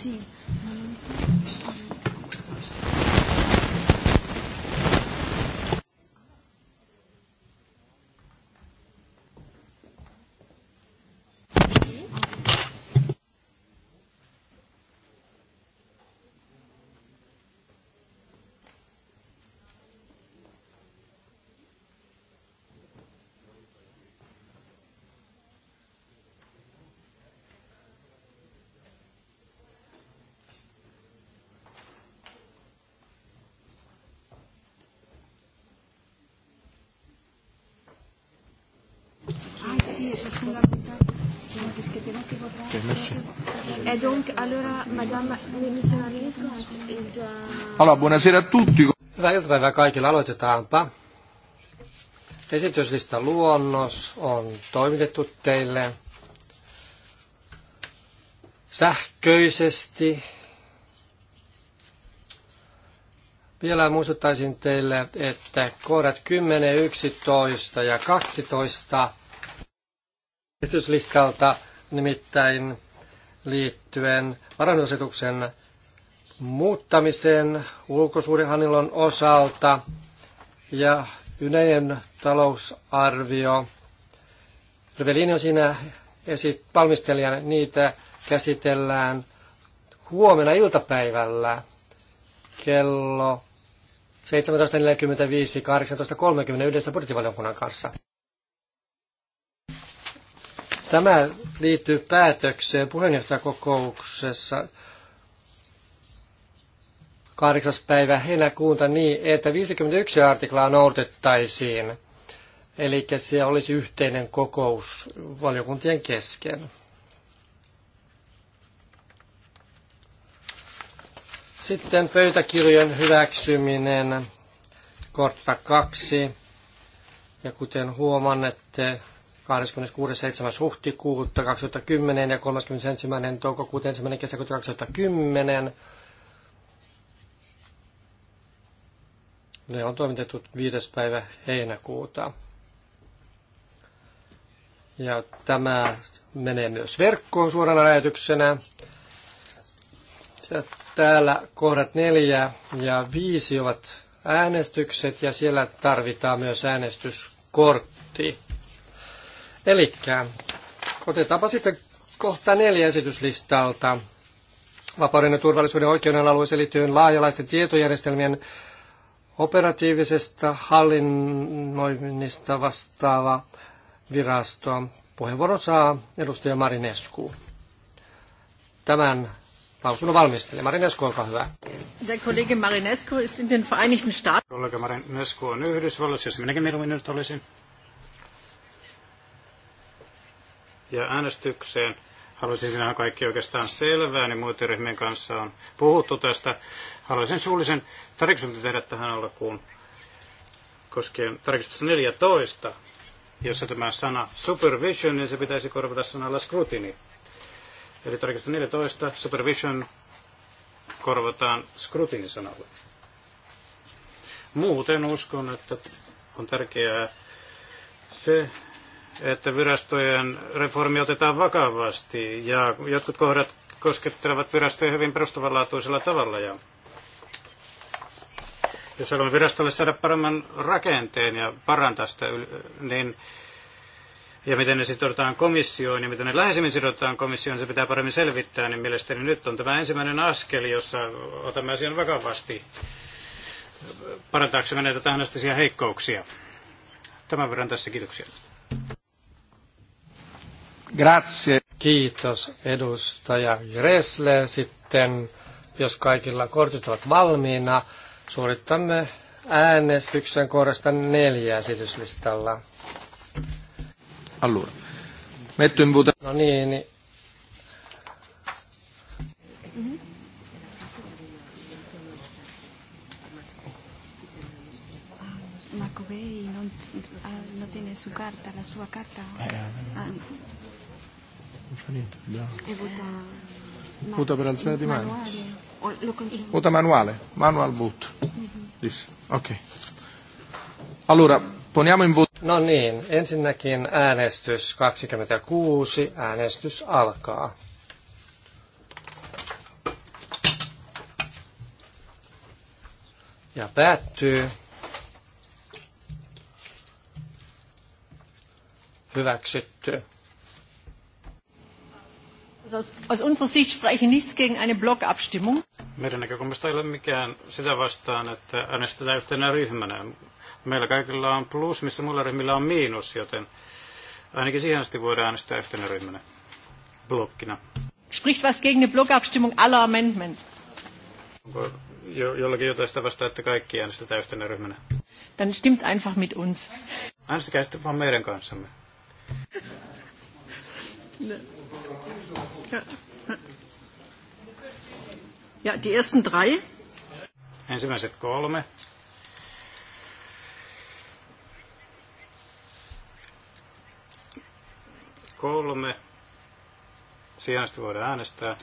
Sì. Allora, buonasera a tutti. Hyvää iltapäivää kaikille. Aloitetaanpa. Esityslista luonnos on toimitettu teille sähköisesti. Vielä muistuttaisin teille, että kohdat 10, 11 ja 12 esityslistalta nimittäin liittyen varannusetuksen muuttamisen ulkosuudenhannilon osalta ja yleinen talousarvio. Rövelin on siinä esit- valmistelijana, niitä käsitellään huomenna iltapäivällä kello 17.45-18.30 yhdessä budjettivaliokunnan kanssa. Tämä liittyy päätökseen puheenjohtajakokouksessa 8. päivä heinäkuuta niin, että 51 artiklaa noudatettaisiin. Eli se olisi yhteinen kokous valiokuntien kesken. Sitten pöytäkirjojen hyväksyminen, kortta kaksi. Ja kuten huomannette, 26.7. huhtikuuta 2010 ja 31. toukokuuta 1. kesäkuuta 2010. Ne on toimitettu 5. päivä heinäkuuta. Ja tämä menee myös verkkoon suorana lähetyksenä. Ja täällä kohdat 4 ja 5 ovat äänestykset ja siellä tarvitaan myös äänestyskortti. Eli otetaanpa sitten kohta neljä esityslistalta. Vapauden ja turvallisuuden oikeuden alueeseen liittyen laajalaisten tietojärjestelmien operatiivisesta hallinnoinnista vastaava virasto. Puheenvuoron saa edustaja Marinescu. Tämän lausunnon valmistelija. Marinescu, olkaa hyvä. Der Kollege Marinescu ist in den Vereinigten Staaten. Kollega Marinescu on Yhdysvalloissa, jos minäkin mieluummin nyt olisin. ja äänestykseen. Haluaisin sinähän kaikki oikeastaan selvää, niin muiden ryhmien kanssa on puhuttu tästä. Haluaisin suullisen tarkistuksen tehdä tähän alkuun koskien tarkistusta 14, jossa tämä sana supervision, niin se pitäisi korvata sanalla scrutiny. Eli tarkistus 14, supervision korvataan scrutiny-sanalla. Muuten uskon, että on tärkeää se, että virastojen reformi otetaan vakavasti ja jotkut kohdat koskettelevat virastoja hyvin perustavanlaatuisella tavalla. Ja jos haluamme virastolle saada paremman rakenteen ja parantaa sitä, niin ja miten ne sitoudutaan komissioon ja miten ne läheisemmin sidotaan komissioon, se pitää paremmin selvittää, niin mielestäni nyt on tämä ensimmäinen askel, jossa otamme asian vakavasti parantaaksemme näitä tähänastisia heikkouksia. Tämän verran tässä kiitoksia. Grazie. Kiitos edustaja Gressle. Sitten, jos kaikilla kortit ovat valmiina, suorittamme äänestyksen kohdasta neljä esityslistalla. Allora. Metto in vuota. No niin. niin. Macovei non, ah, non tiene su carta, la sua carta. Eh, eh, eh. ah, niente. Abbiamo... E vota... Ma... Vota per alzare di mano? Vota manuale, manual boot. Mm-hmm. Ok. Allora, poniamo in voto. No niin, ensinnäkin äänestys 26, äänestys alkaa. Ja päättyy. Hyväksytty aus, aus unserer Sicht spreche nichts gegen eine Blockabstimmung. Meidän näkökulmasta ei ole mikään sitä vastaan, että äänestetään yhtenä ryhmänä. Meillä kaikilla on plus, missä muilla ryhmillä on miinus, joten ainakin siihen asti voidaan äänestää yhtenä ryhmänä blokkina. Spricht was gegen eine Blockabstimmung aller Amendments? Onko jo, jollakin jotain sitä vastaan, että kaikki äänestetään yhtenä ryhmänä? Dann stimmt einfach mit uns. Äänestäkää sitten vaan meidän kanssamme. no. Ja. Ja, die ersten drei. Ensimmäiset kolme. Kolme. Sijasta voidaan äänestää.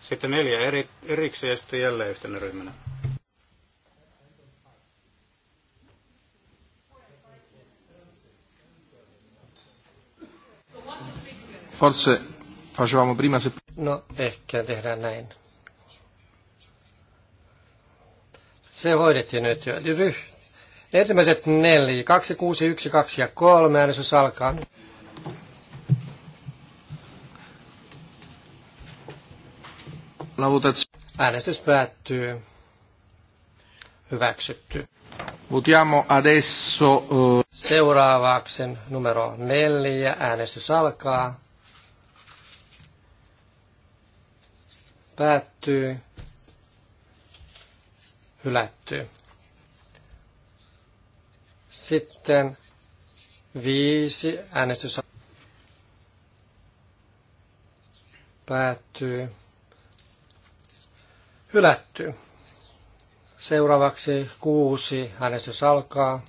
Sitten neljä eri, erikseen ja sitten jälleen yhtenä ryhmänä. forse facevamo prima se... No, ehkä tehdään näin. Se hoidettiin nyt jo. Ensimmäiset neljä, kaksi, kuusi, yksi, kaksi ja kolme, äänestys alkaa. Lavutat. Äänestys päättyy. Hyväksytty. Votiamo adesso... Uh... Seuraavaksi numero neljä, äänestys alkaa. Päättyy. hylättyy. Sitten viisi äänestys päättyy. hylättyy. Seuraavaksi kuusi äänestys alkaa.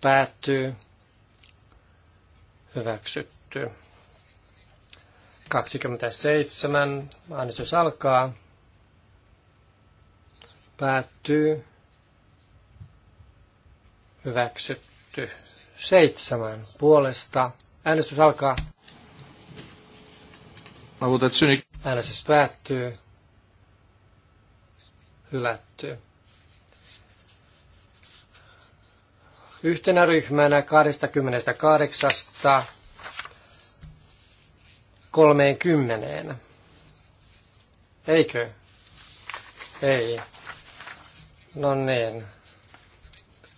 Päättyy. Hyväksytty. 27. Äänestys alkaa. Päättyy. Hyväksytty. Seitsemän puolesta. Äänestys alkaa. Äänestys päättyy. Hylätty. Yhtenä ryhmänä 28 kolmeen kymmeneen Eikö? Ei. No niin.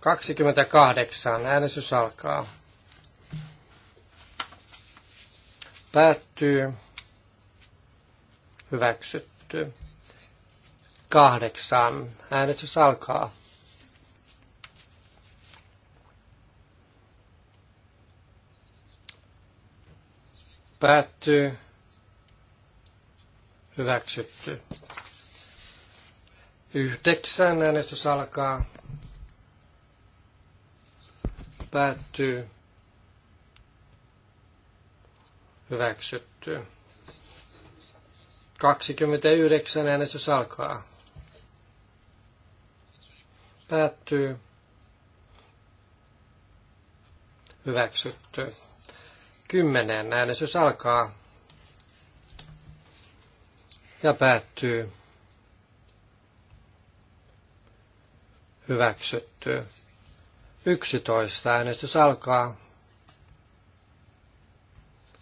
28. Äänestys alkaa. Päättyy. Hyväksytty. Kahdeksan. Äänestys alkaa. Päättyy. Hyväksytty. Yhdeksän äänestys alkaa. Päättyy. Hyväksytty. 29 äänestys alkaa. Päättyy. Hyväksytty kymmeneen Äänestys alkaa ja päättyy. Hyväksytty. 11. Äänestys alkaa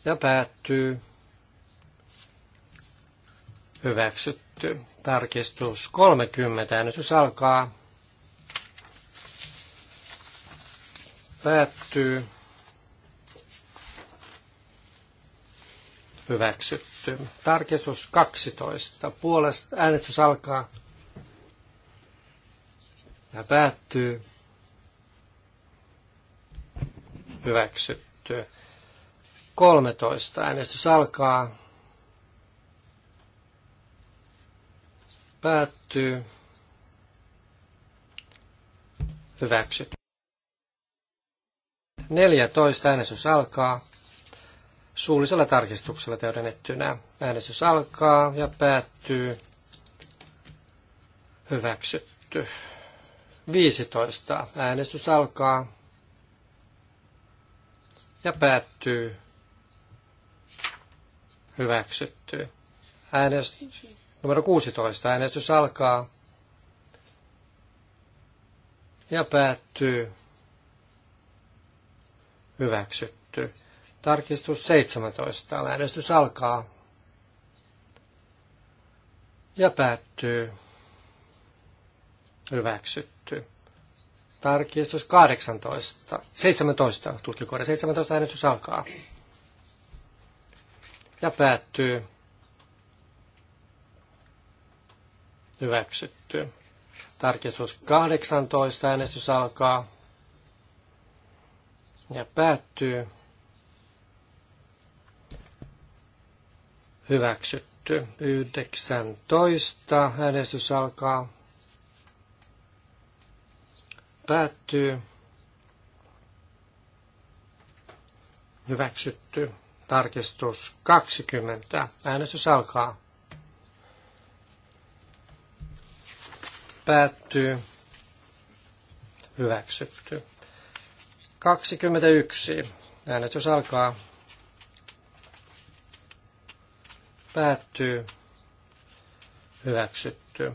ja päättyy. Hyväksytty. Tarkistus 30. Äänestys alkaa. Päättyy. hyväksytty. Tarkistus 12. Puolesta äänestys alkaa ja päättyy. Hyväksytty. 13. Äänestys alkaa. Päättyy. Hyväksytty. 14. Äänestys alkaa suullisella tarkistuksella täydennettynä. Äänestys alkaa ja päättyy. Hyväksytty. 15. Äänestys alkaa ja päättyy. Hyväksytty. Äänestys, numero 16. Äänestys alkaa ja päättyy. Hyväksytty. Tarkistus 17. Äänestys alkaa ja päättyy. Hyväksytty. Tarkistus 18. 17. Tutkikohde 17. Äänestys alkaa ja päättyy. Hyväksytty. Tarkistus 18. Äänestys alkaa ja päättyy. hyväksytty. 19. Äänestys alkaa. Päättyy. Hyväksytty. Tarkistus 20. Äänestys alkaa. Päättyy. Hyväksytty. 21. Äänestys alkaa. Päättyy. Hyväksytty.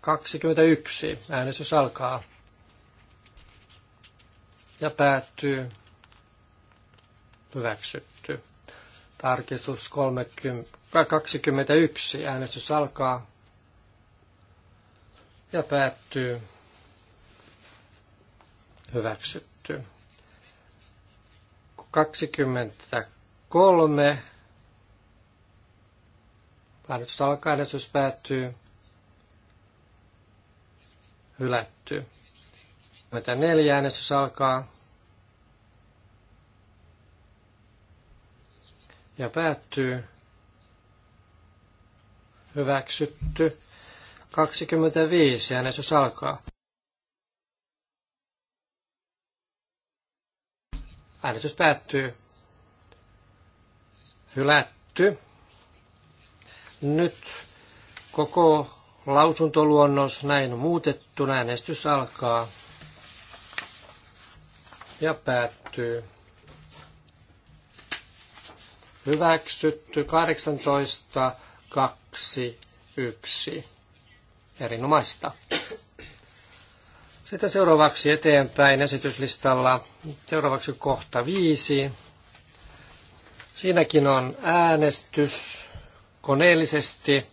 21. Äänestys alkaa. Ja päättyy. Hyväksytty. Tarkistus 30, 21. Äh, Äänestys alkaa. Ja päättyy. Hyväksytty. 23 Lähdetys alkaa, äänestys päättyy. Hylätty. 24 äänestys alkaa. Ja päättyy. Hyväksytty. 25 äänestys alkaa. Äänestys päättyy. Hylätty. Nyt koko lausuntoluonnos näin muutettu, äänestys alkaa ja päättyy. Hyväksytty 18, 2, 1. Erinomaista. Sitten seuraavaksi eteenpäin esityslistalla. Seuraavaksi kohta viisi. Siinäkin on äänestys koneellisesti.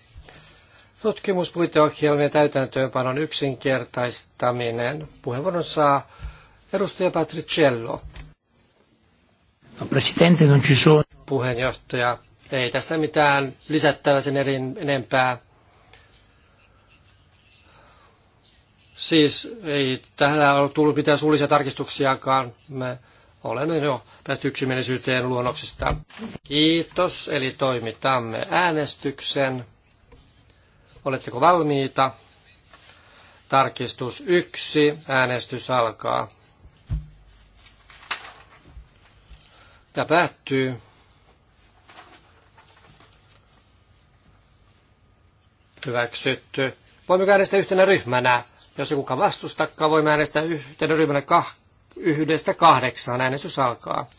Tutkimuspuiteohjelmien täytäntöönpanon yksinkertaistaminen. Puheenvuoron saa edustaja Patriciello. No, presidente, non ci sono. Puheenjohtaja, ei tässä mitään lisättävää sen eri, enempää. Siis ei tähän ole tullut mitään suullisia tarkistuksiakaan. Me Olemme jo päästy yksimielisyyteen luonnoksesta. Kiitos, eli toimitamme äänestyksen. Oletteko valmiita? Tarkistus yksi. Äänestys alkaa. Ja päättyy. Hyväksytty. Voimme äänestää yhtenä ryhmänä. Jos joku vastustakaan, voimme äänestää yhtenä ryhmänä kah- yhdestä kahdeksaan äänestys alkaa.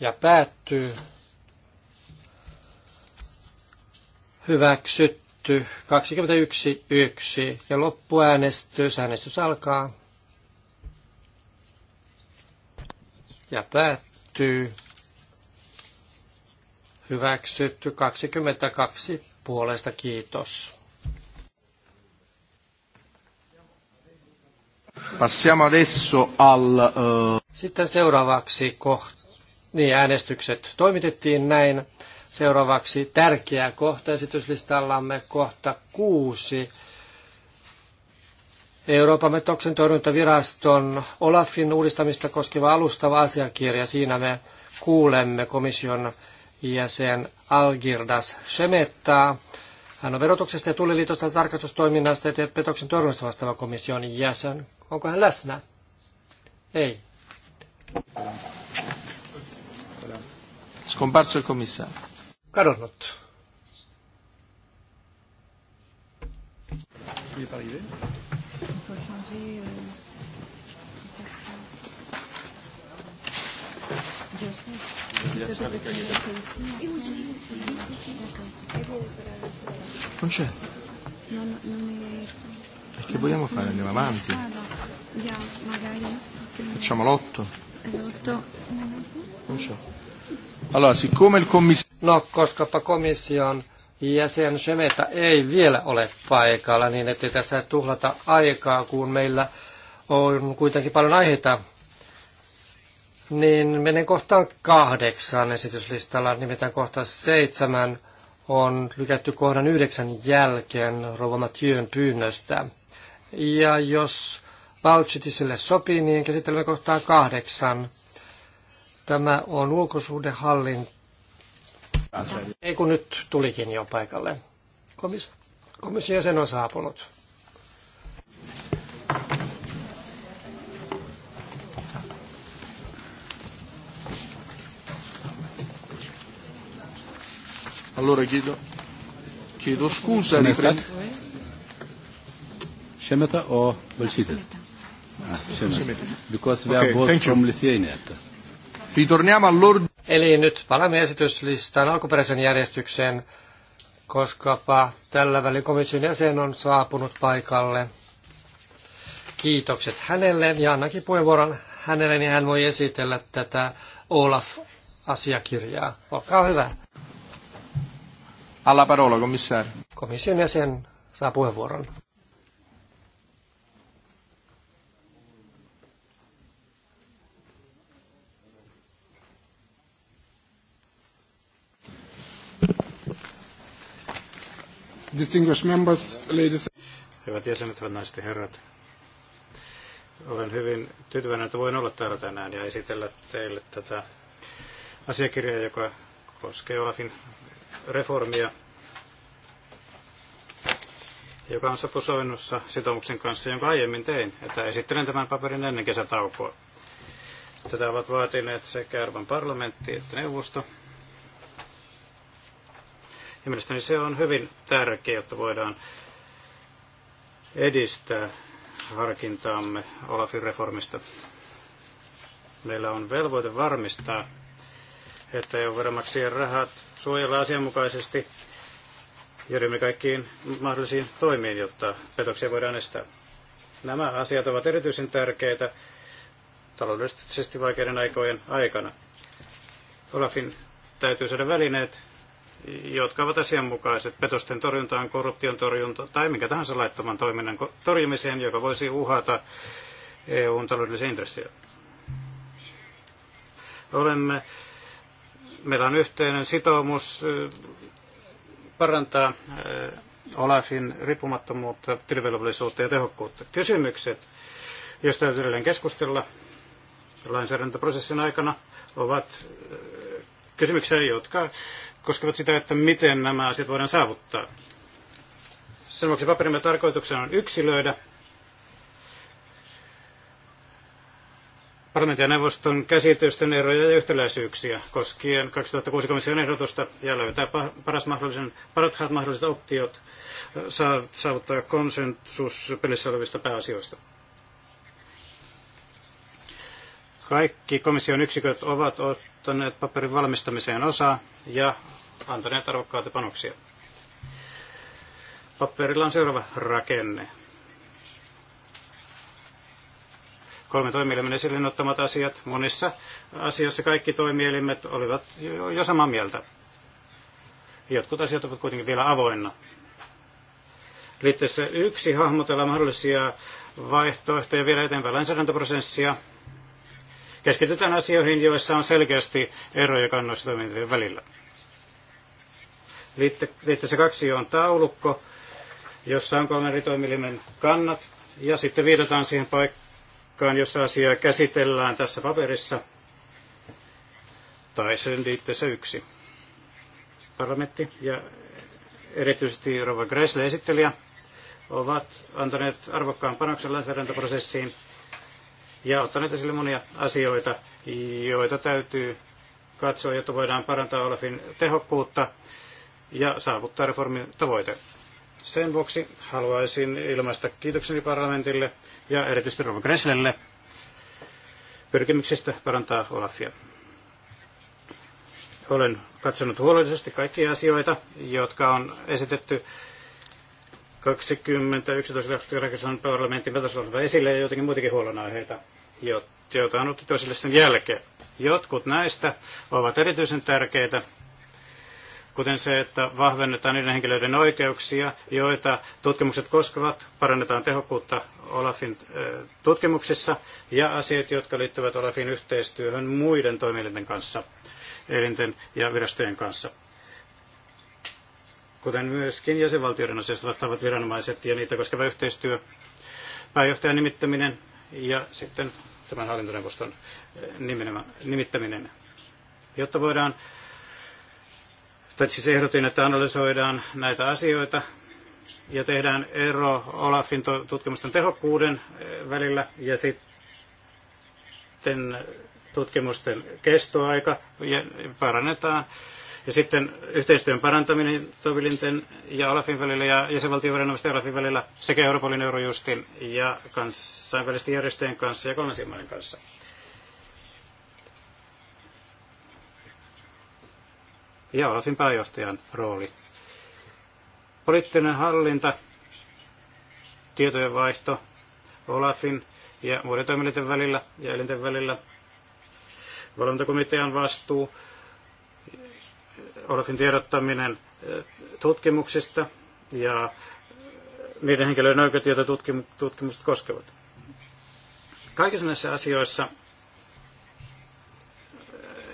Ja päättyy. Hyväksytty 21.1. Ja loppuäänestys. Äänestys alkaa. Ja päättyy. Hyväksytty 22 puolesta kiitos. Passiamo adesso al... Uh... Sitten seuraavaksi kohta. Niin, äänestykset toimitettiin näin. Seuraavaksi tärkeä kohta esityslistallamme, kohta kuusi. Euroopan metoksen torjuntaviraston Olafin uudistamista koskeva alustava asiakirja. Siinä me kuulemme komission jäsen Algirdas Shemettaa. Hän on verotuksesta ja tulliliitosta tarkastustoiminnasta ja petoksen torjunnasta vastaava komission jäsen. Onko hän läsnä? Ei. Scomparso il commissario. Kadonnut. Il n'est Non c'è. Non, non è... Che vogliamo fare? Andiamo avanti. Facciamo l'otto. Non c'è. Allora, siccome il commissario... No, koska pa komission jäsen Semeta ei vielä ole paikalla, niin ettei tässä tuhlata aikaa, kun meillä on kuitenkin paljon aiheita, niin menen kohtaan kahdeksan esityslistalla, nimittäin kohta seitsemän on lykätty kohdan yhdeksän jälkeen Rova Mathieu'n pyynnöstä. Ja jos Balchiti sille sopii, niin käsittelemme kohtaa kahdeksan. Tämä on ulkosuhdehallin... Ei kun nyt tulikin jo paikalle. Komis- komission jäsen on saapunut. Allora chiedo, chiedo scusa, riprendo. Shemeta or Belsita? Shemeta. Ah, Because we both from Lithuania. Eli nyt palaamme esityslistan alkuperäisen järjestykseen, koska tällä välin komission jäsen on saapunut paikalle. Kiitokset hänelle ja annakin puheenvuoron hänelle, niin hän voi esitellä tätä Olaf-asiakirjaa. Olkaa hyvä. Alla parola, komissaari. Komission jäsen saa puheenvuoron. Distinguished members, ladies. Hyvät jäsenet, hyvät naiset ja herrat. Olen hyvin tyytyväinen, että voin olla täällä tänään ja esitellä teille tätä asiakirjaa, joka koskee Olafin reformia, joka on sopusoinnussa sitoumuksen kanssa, jonka aiemmin tein, että esittelen tämän paperin ennen kesätaukoa. Tätä ovat vaatineet sekä Euroopan parlamentti että neuvosto, ja mielestäni se on hyvin tärkeä, jotta voidaan edistää harkintaamme Olafin reformista. Meillä on velvoite varmistaa, että EU-veronmaksajien rahat suojellaan asianmukaisesti ja ryhmä kaikkiin mahdollisiin toimiin, jotta petoksia voidaan estää. Nämä asiat ovat erityisen tärkeitä taloudellisesti vaikeiden aikojen aikana. Olafin täytyy saada välineet, jotka ovat asianmukaiset petosten torjuntaan, korruption torjuntaan tai minkä tahansa laittoman toiminnan torjumiseen, joka voisi uhata EUn taloudellisia intressejä. Olemme, meillä on yhteinen sitoumus parantaa Olafin riippumattomuutta, tilivelvollisuutta ja tehokkuutta. Kysymykset, joista täytyy edelleen keskustella lainsäädäntöprosessin aikana, ovat kysymyksiä, jotka koskevat sitä, että miten nämä asiat voidaan saavuttaa. Sen vuoksi paperimme tarkoituksena on yksilöidä parlamentin ja neuvoston käsitysten eroja ja yhtäläisyyksiä koskien 2006 komission ehdotusta ja löytää paras mahdollisen, parhaat mahdolliset optiot saavuttaa konsensus pelissä olevista pääasioista. Kaikki komission yksiköt ovat ottaneet paperin valmistamiseen osaa ja antaneet arvokkaita panoksia. Paperilla on seuraava rakenne. kolme toimielimen esille ottamat asiat. Monissa asioissa kaikki toimielimet olivat jo samaa mieltä. Jotkut asiat ovat kuitenkin vielä avoinna. Liitteessä yksi hahmotella mahdollisia vaihtoehtoja vielä eteenpäin lainsäädäntöprosessia keskitytään asioihin, joissa on selkeästi eroja kannustoimintojen välillä. Liitteessä kaksi on taulukko, jossa on kolmen eri toimilimen kannat, ja sitten viitataan siihen paikkaan, jossa asiaa käsitellään tässä paperissa, tai sen liitteessä yksi. Parlamentti ja erityisesti Rova Gressle esittelijä ovat antaneet arvokkaan panoksen lainsäädäntöprosessiin ja ottaneet esille monia asioita, joita täytyy katsoa, jotta voidaan parantaa Olafin tehokkuutta ja saavuttaa reformin tavoite. Sen vuoksi haluaisin ilmaista kiitokseni parlamentille ja erityisesti Rova Gresslelle pyrkimyksestä parantaa Olafia. Olen katsonut huolellisesti kaikkia asioita, jotka on esitetty 20.11.29 parlamentin vetosolta esille ja jotenkin muitakin huolenaiheita, joita on otettu esille sen jälkeen. Jotkut näistä ovat erityisen tärkeitä, kuten se, että vahvennetaan niiden henkilöiden oikeuksia, joita tutkimukset koskevat, parannetaan tehokkuutta Olafin tutkimuksissa ja asiat, jotka liittyvät Olafin yhteistyöhön muiden toimielinten kanssa, elinten ja virastojen kanssa kuten myöskin jäsenvaltioiden asioista vastaavat viranomaiset ja niitä koskeva yhteistyö, pääjohtajan nimittäminen ja sitten tämän hallintoneuvoston eh, nimittäminen, jotta voidaan, tai siis ehdotin, että analysoidaan näitä asioita ja tehdään ero Olafin tutkimusten tehokkuuden eh, välillä ja sitten tutkimusten kestoaika ja parannetaan ja sitten yhteistyön parantaminen tovilinten ja Olafin välillä ja jäsenvaltioviranomaisten ja Olafin välillä sekä Europolin, Eurojustin ja kansainvälisten järjestöjen kanssa ja kolmansien maiden kanssa. Ja Olafin pääjohtajan rooli. Poliittinen hallinta, tietojenvaihto Olafin ja muiden toimielinten välillä ja elinten välillä. Valvontakomitean vastuu, Olafin tiedottaminen eh, tutkimuksista ja niiden henkilöiden oikeudet, joita tutkimukset koskevat. Kaikissa näissä asioissa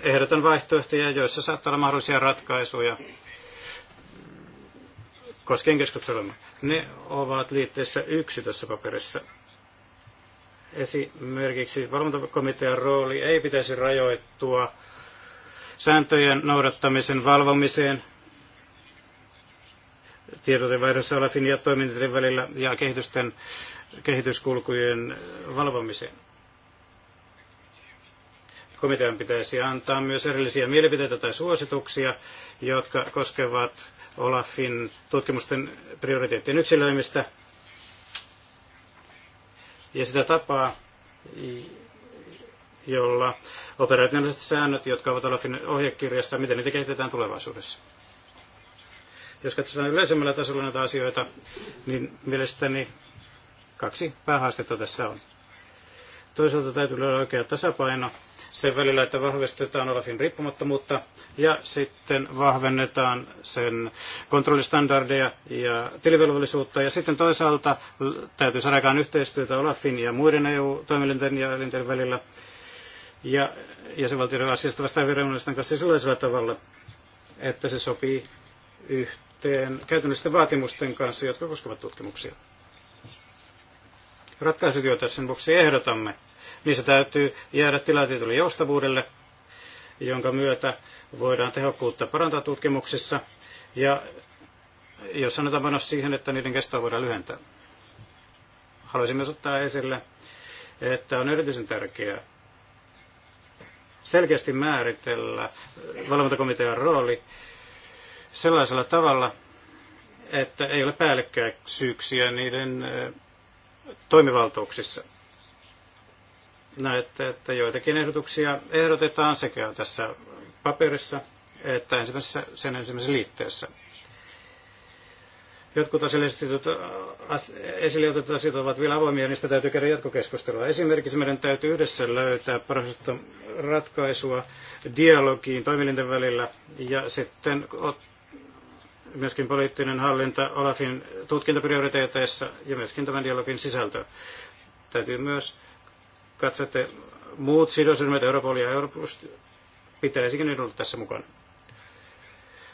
eh, ehdotan vaihtoehtoja, joissa saattaa olla mahdollisia ratkaisuja koskien keskustelua. Ne ovat liitteessä yksi tässä paperissa. Esimerkiksi valvontakomitean rooli ei pitäisi rajoittua sääntöjen noudattamisen valvomiseen tiedotevaihdossa Olafin ja toimintojen välillä ja kehitysten, kehityskulkujen valvomiseen. Komitean pitäisi antaa myös erillisiä mielipiteitä tai suosituksia, jotka koskevat Olafin tutkimusten prioriteettien yksilöimistä ja sitä tapaa, jolla operatiiviset säännöt, jotka ovat Olafin ohjekirjassa, miten niitä kehitetään tulevaisuudessa. Jos katsotaan yleisemmällä tasolla näitä asioita, niin mielestäni kaksi päähaastetta tässä on. Toisaalta täytyy olla oikea tasapaino sen välillä, että vahvistetaan Olafin riippumattomuutta ja sitten vahvennetaan sen kontrollistandardeja ja tilivelvollisuutta. Ja sitten toisaalta täytyy saada aikaan yhteistyötä Olafin ja muiden EU-toimielinten ja elinten välillä ja jäsenvaltioiden asiasta vastaan viranomaisten kanssa sellaisella tavalla, että se sopii yhteen käytännöllisten vaatimusten kanssa, jotka koskevat tutkimuksia. joita sen vuoksi ehdotamme. Niissä täytyy jäädä tilatietolle joustavuudelle, jonka myötä voidaan tehokkuutta parantaa tutkimuksissa ja jos annetaan panos siihen, että niiden kestoa voidaan lyhentää. Haluaisin myös ottaa esille, että on erityisen tärkeää, selkeästi määritellä valvontakomitean rooli sellaisella tavalla, että ei ole päällekkäisyyksiä niiden toimivaltuuksissa. No, että, että joitakin ehdotuksia ehdotetaan sekä tässä paperissa että ensimmäisessä, sen ensimmäisessä liitteessä. Jotkut esille otetut asiat ovat vielä avoimia, niistä täytyy käydä jatkokeskustelua. Esimerkiksi meidän täytyy yhdessä löytää parasta ratkaisua dialogiin toimielinten välillä ja sitten myöskin poliittinen hallinta Olafin tutkintaprioriteeteissa ja myöskin tämän dialogin sisältö. Täytyy myös katsoa, että muut sidosryhmät, Europol ja Europus, pitäisikin olla tässä mukana.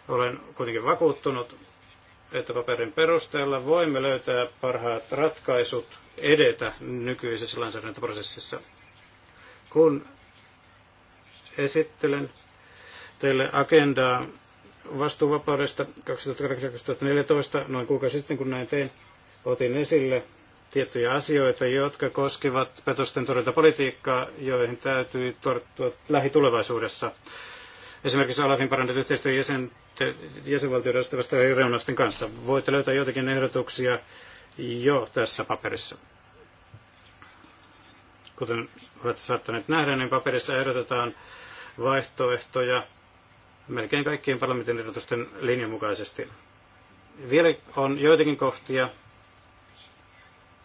Olen kuitenkin vakuuttunut, että paperin perusteella voimme löytää parhaat ratkaisut edetä nykyisessä lainsäädäntöprosessissa. Kun esittelen teille agendaa vastuuvapaudesta 2014 noin kuukausi sitten, kun näin tein, otin esille tiettyjä asioita, jotka koskivat petosten torjuntapolitiikkaa, joihin täytyy tarttua lähitulevaisuudessa. Esimerkiksi Alafin parannetut yhteistyön jäsen jäsenvaltioiden ystävästä eri reunasten kanssa. Voitte löytää joitakin ehdotuksia jo tässä paperissa. Kuten olette saattaneet nähdä, niin paperissa ehdotetaan vaihtoehtoja melkein kaikkien parlamentin ehdotusten linjan mukaisesti. Vielä on joitakin kohtia,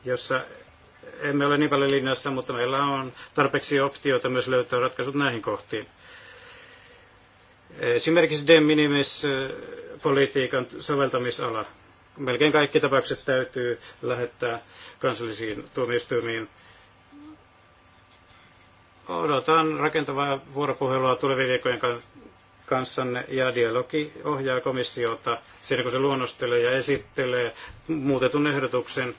jossa emme ole niin paljon linjassa, mutta meillä on tarpeeksi optioita myös löytää ratkaisut näihin kohtiin. Esimerkiksi de minimis politiikan soveltamisala. Melkein kaikki tapaukset täytyy lähettää kansallisiin tuomioistuimiin. Odotan rakentavaa vuoropuhelua tulevien viikkojen kanssanne ja dialogi ohjaa komissiota siinä, kun se luonnostelee ja esittelee muutetun ehdotuksen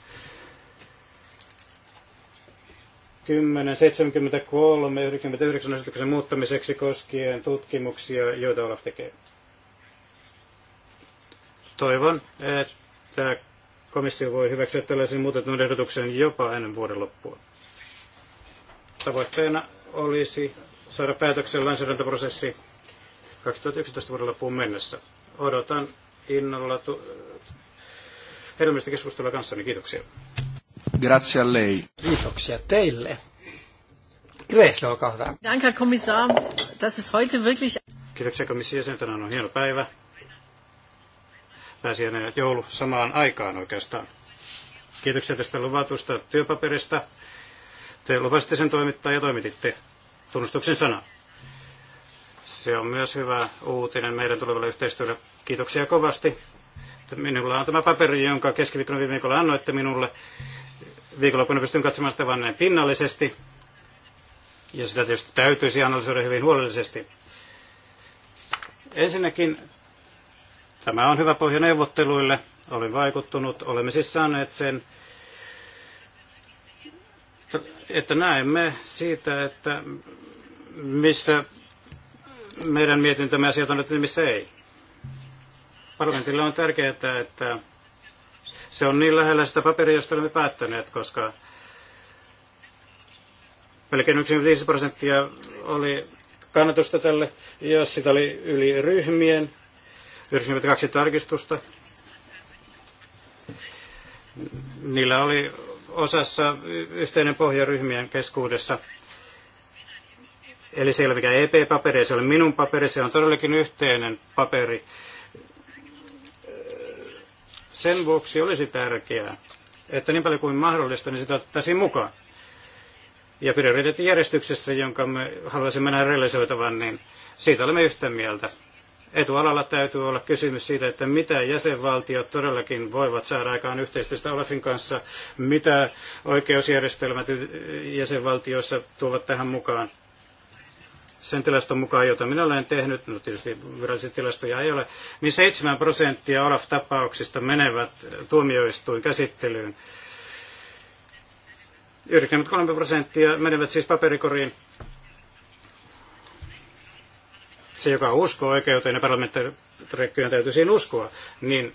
10, 73, 99 asetuksen muuttamiseksi koskien tutkimuksia, joita Olaf tekee. Toivon, että komissio voi hyväksyä tällaisen muutetun ehdotuksen jopa ennen vuoden loppua. Tavoitteena olisi saada päätöksen lainsäädäntöprosessi 2011 vuoden loppuun mennessä. Odotan innolla tu- hedelmällistä keskustelua kanssani. Kiitoksia. Grazie a lei. Kiitoksia teille. Gressle, olkaa hyvä. Danke, Kommissar. Das ist heute wirklich... Kiitoksia komission Tänään on hieno päivä. Pääsiäinen ja joulu samaan aikaan oikeastaan. Kiitoksia tästä luvatusta työpaperista. Te lupasitte sen toimittaa ja toimititte tunnustuksen sana. Se on myös hyvä uutinen meidän tulevalle yhteistyölle. Kiitoksia kovasti. Minulla on tämä paperi, jonka keskiviikkona viime viikolla annoitte minulle viikonloppuna pystyn katsomaan sitä vain näin pinnallisesti, ja sitä tietysti täytyisi analysoida hyvin huolellisesti. Ensinnäkin tämä on hyvä pohja neuvotteluille. Olin vaikuttunut, olemme siis saaneet sen, että näemme siitä, että missä meidän mietintämme asiat on, että missä ei. Parlamentille on tärkeää, että se on niin lähellä sitä paperia, josta olemme päättäneet, koska melkein 95 prosenttia oli kannatusta tälle, ja sitä oli yli ryhmien, 92 tarkistusta. Niillä oli osassa yhteinen pohja ryhmien keskuudessa. Eli se ei ole mikään EP-paperi, se ei ole minun paperi, se on todellakin yhteinen paperi sen vuoksi olisi tärkeää, että niin paljon kuin mahdollista, niin sitä otettaisiin mukaan. Ja prioriteettijärjestyksessä, jonka me haluaisimme nähdä realisoitavan, niin siitä olemme yhtä mieltä. Etualalla täytyy olla kysymys siitä, että mitä jäsenvaltiot todellakin voivat saada aikaan yhteistyöstä Olafin kanssa, mitä oikeusjärjestelmät jäsenvaltioissa tuovat tähän mukaan sen tilaston mukaan, jota minä olen tehnyt, no tietysti virallisia tilastoja ei ole, niin 7 prosenttia Olaf-tapauksista menevät tuomioistuin käsittelyyn. 93 prosenttia menevät siis paperikoriin. Se, joka uskoo oikeuteen ja täytyy siinä uskoa, niin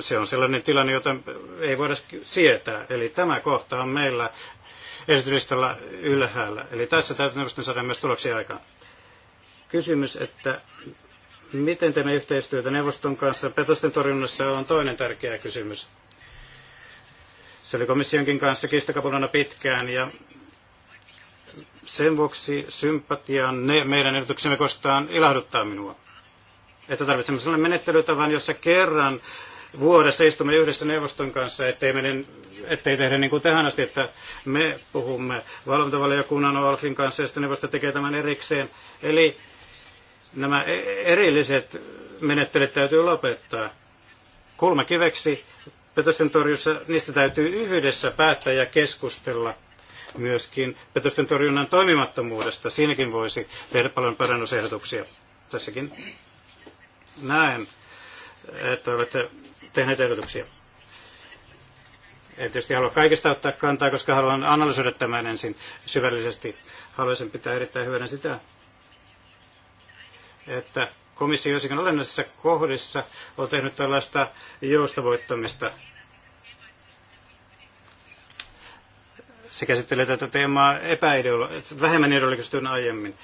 se on sellainen tilanne, jota ei voida sietää. Eli tämä kohta on meillä esityslistalla ylhäällä. Eli tässä täytyy neuvoston saada myös tuloksia aikaan. Kysymys, että miten teemme yhteistyötä neuvoston kanssa petosten torjunnassa on toinen tärkeä kysymys. Se oli komissionkin kanssa kiistakapulana pitkään ja sen vuoksi sympatian ne meidän ehdotuksemme kostaan ilahduttaa minua. Että tarvitsemme sellainen menettelytavan, jossa kerran vuodessa istumme yhdessä neuvoston kanssa, ettei, mene, ettei tehdä niin kuin tähän asti, että me puhumme valvontavaliokunnan OALFin kanssa ja sitten neuvosto tekee tämän erikseen. Eli nämä e- erilliset menettelyt täytyy lopettaa. kiveksi petosten torjussa niistä täytyy yhdessä päättää ja keskustella myöskin petosten torjunnan toimimattomuudesta. Siinäkin voisi tehdä paljon parannusehdotuksia. Tässäkin näen, että olette tehneet ehdotuksia. En tietysti halua kaikista ottaa kantaa, koska haluan analysoida tämän ensin syvällisesti. Haluaisin pitää erittäin hyvänä sitä, että komissio jossakin olennaisissa kohdissa on tehnyt tällaista joustavoittamista. Se käsittelee tätä teemaa epäideolo- vähemmän ideologisesti kuin aiemmin.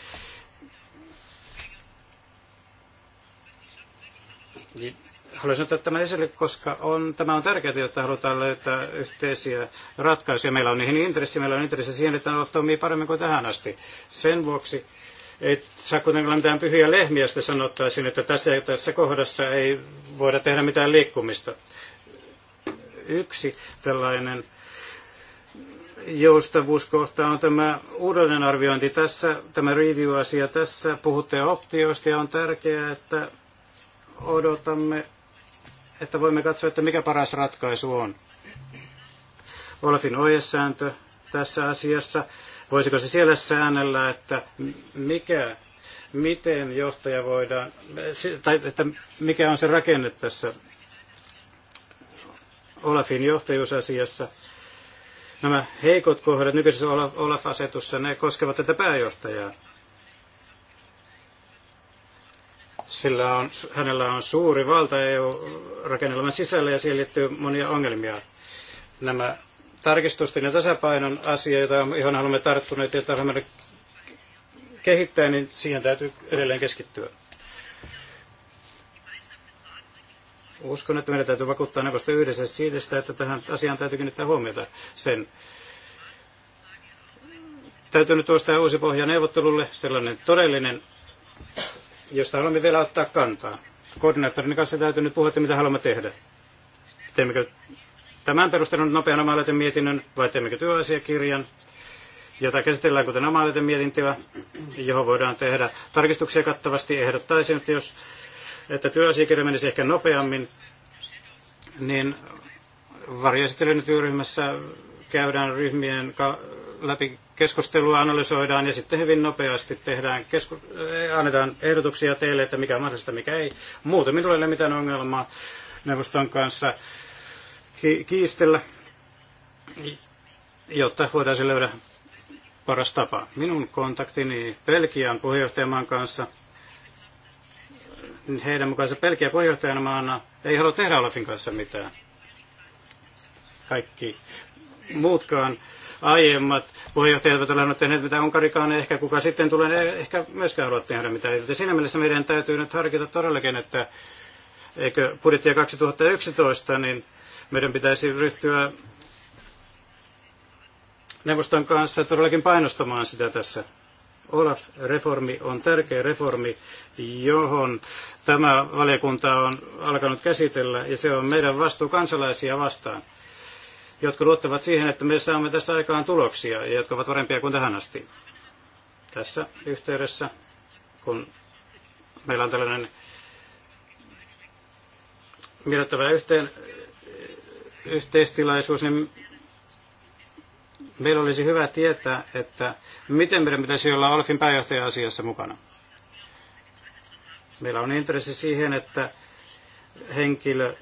Haluaisin ottaa tämän esille, koska on, tämä on tärkeää, jotta halutaan löytää yhteisiä ratkaisuja. Meillä on niihin intressi, meillä on intressi siihen, että ne toimii paremmin kuin tähän asti. Sen vuoksi ei saa kuitenkaan mitään pyhiä lehmiä, josta sanottaisiin, että tässä, tässä kohdassa ei voida tehdä mitään liikkumista. Yksi tällainen joustavuuskohta on tämä uudelleenarviointi tässä, tämä review-asia tässä. Puhutte optioista ja on tärkeää, että odotamme että voimme katsoa, että mikä paras ratkaisu on. Olafin ohjesääntö tässä asiassa. Voisiko se siellä säännellä, että mikä, miten johtaja voidaan, tai että mikä on se rakenne tässä Olafin johtajuusasiassa. Nämä heikot kohdat nykyisessä Olaf-asetussa, ne koskevat tätä pääjohtajaa. Sillä on, hänellä on suuri valta EU-rakennelman sisällä ja siihen liittyy monia ongelmia. Nämä tarkistusten ja tasapainon asia, joita ihan olemme tarttuneet ja joita kehittää, niin siihen täytyy edelleen keskittyä. Uskon, että meidän täytyy vakuuttaa neuvosto yhdessä siitä, että tähän asiaan täytyy kiinnittää huomiota sen. Täytyy nyt tuosta uusi pohja neuvottelulle, sellainen todellinen josta haluamme vielä ottaa kantaa. Koordinaattorin kanssa täytyy nyt puhua, että mitä haluamme tehdä. Teemmekö tämän perustelun nopean oma mietinnön vai teemmekö työasiakirjan, jota käsitellään kuten oma mietintöä, johon voidaan tehdä tarkistuksia kattavasti. Ehdottaisin, että jos että työasiakirja menisi ehkä nopeammin, niin varjoesittelyn työryhmässä käydään ryhmien läpi keskustelua analysoidaan ja sitten hyvin nopeasti tehdään kesku- eh, annetaan ehdotuksia teille, että mikä on mahdollista, mikä ei. Muuten minulla ei ole mitään ongelmaa neuvoston kanssa ki- kiistellä, jotta voitaisiin löydä paras tapa. Minun kontaktini Pelkian puheenjohtajamaan kanssa, heidän mukaansa Belgia puheenjohtajamaana ei halua tehdä Olafin kanssa mitään. Kaikki muutkaan aiemmat puheenjohtajat ovat olleet tehneet mitä Unkarikaan, ja ehkä kuka sitten tulee, ehkä myöskään halua tehdä mitään. Ja siinä mielessä meidän täytyy nyt harkita todellakin, että eikö budjettia 2011, niin meidän pitäisi ryhtyä neuvoston kanssa todellakin painostamaan sitä tässä. Olaf-reformi on tärkeä reformi, johon tämä valiokunta on alkanut käsitellä, ja se on meidän vastuu kansalaisia vastaan jotka luottavat siihen, että me saamme tässä aikaan tuloksia, ja jotka ovat parempia kuin tähän asti. Tässä yhteydessä, kun meillä on tällainen miellyttävä yhteen, yhteistilaisuus, niin meillä olisi hyvä tietää, että miten meidän pitäisi olla Olfin pääjohtaja-asiassa mukana. Meillä on intressi siihen, että henkilö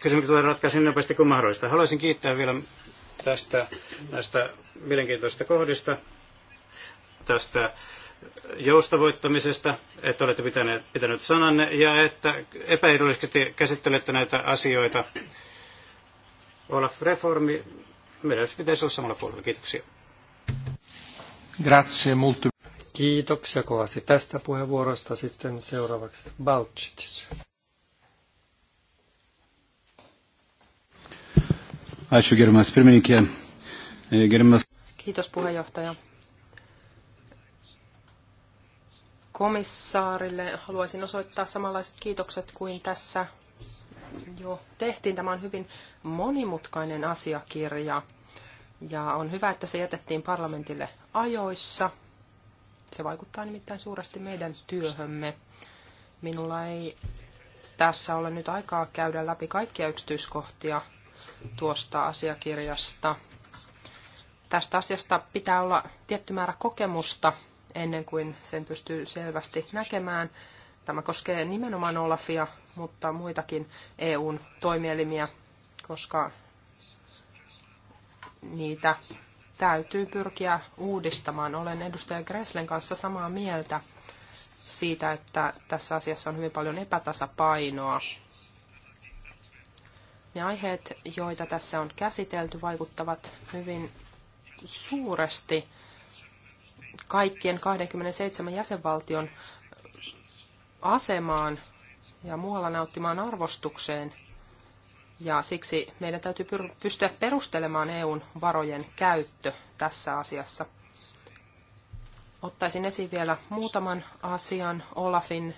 kysymykset tulee ratkaisin niin nopeasti kuin mahdollista. Haluaisin kiittää vielä tästä, näistä mielenkiintoisista kohdista, tästä joustavoittamisesta, että olette pitäneet, pitänyt sananne ja että epäedullisesti käsittelette näitä asioita. Olaf Reformi, meidän pitäisi olla samalla puolella. Kiitoksia. Grazie molto. Kiitoksia kovasti tästä puheenvuorosta. Sitten seuraavaksi Balchitis. Ačiū gerimas pirmininkė. E, gerimas. Kiitos puheenjohtaja. Komissaarille haluaisin osoittaa samanlaiset kiitokset kuin tässä jo tehtiin. Tämä on hyvin monimutkainen asiakirja ja on hyvä, että se jätettiin parlamentille ajoissa. Se vaikuttaa nimittäin suuresti meidän työhömme. Minulla ei tässä ole nyt aikaa käydä läpi kaikkia yksityiskohtia tuosta asiakirjasta. Tästä asiasta pitää olla tietty määrä kokemusta ennen kuin sen pystyy selvästi näkemään. Tämä koskee nimenomaan Olafia, mutta muitakin EUn toimielimiä, koska niitä täytyy pyrkiä uudistamaan. Olen edustaja Greslen kanssa samaa mieltä siitä, että tässä asiassa on hyvin paljon epätasapainoa. Ne aiheet, joita tässä on käsitelty, vaikuttavat hyvin suuresti kaikkien 27 jäsenvaltion asemaan ja muualla nauttimaan arvostukseen. Ja siksi meidän täytyy pystyä perustelemaan EUn varojen käyttö tässä asiassa. Ottaisin esiin vielä muutaman asian Olafin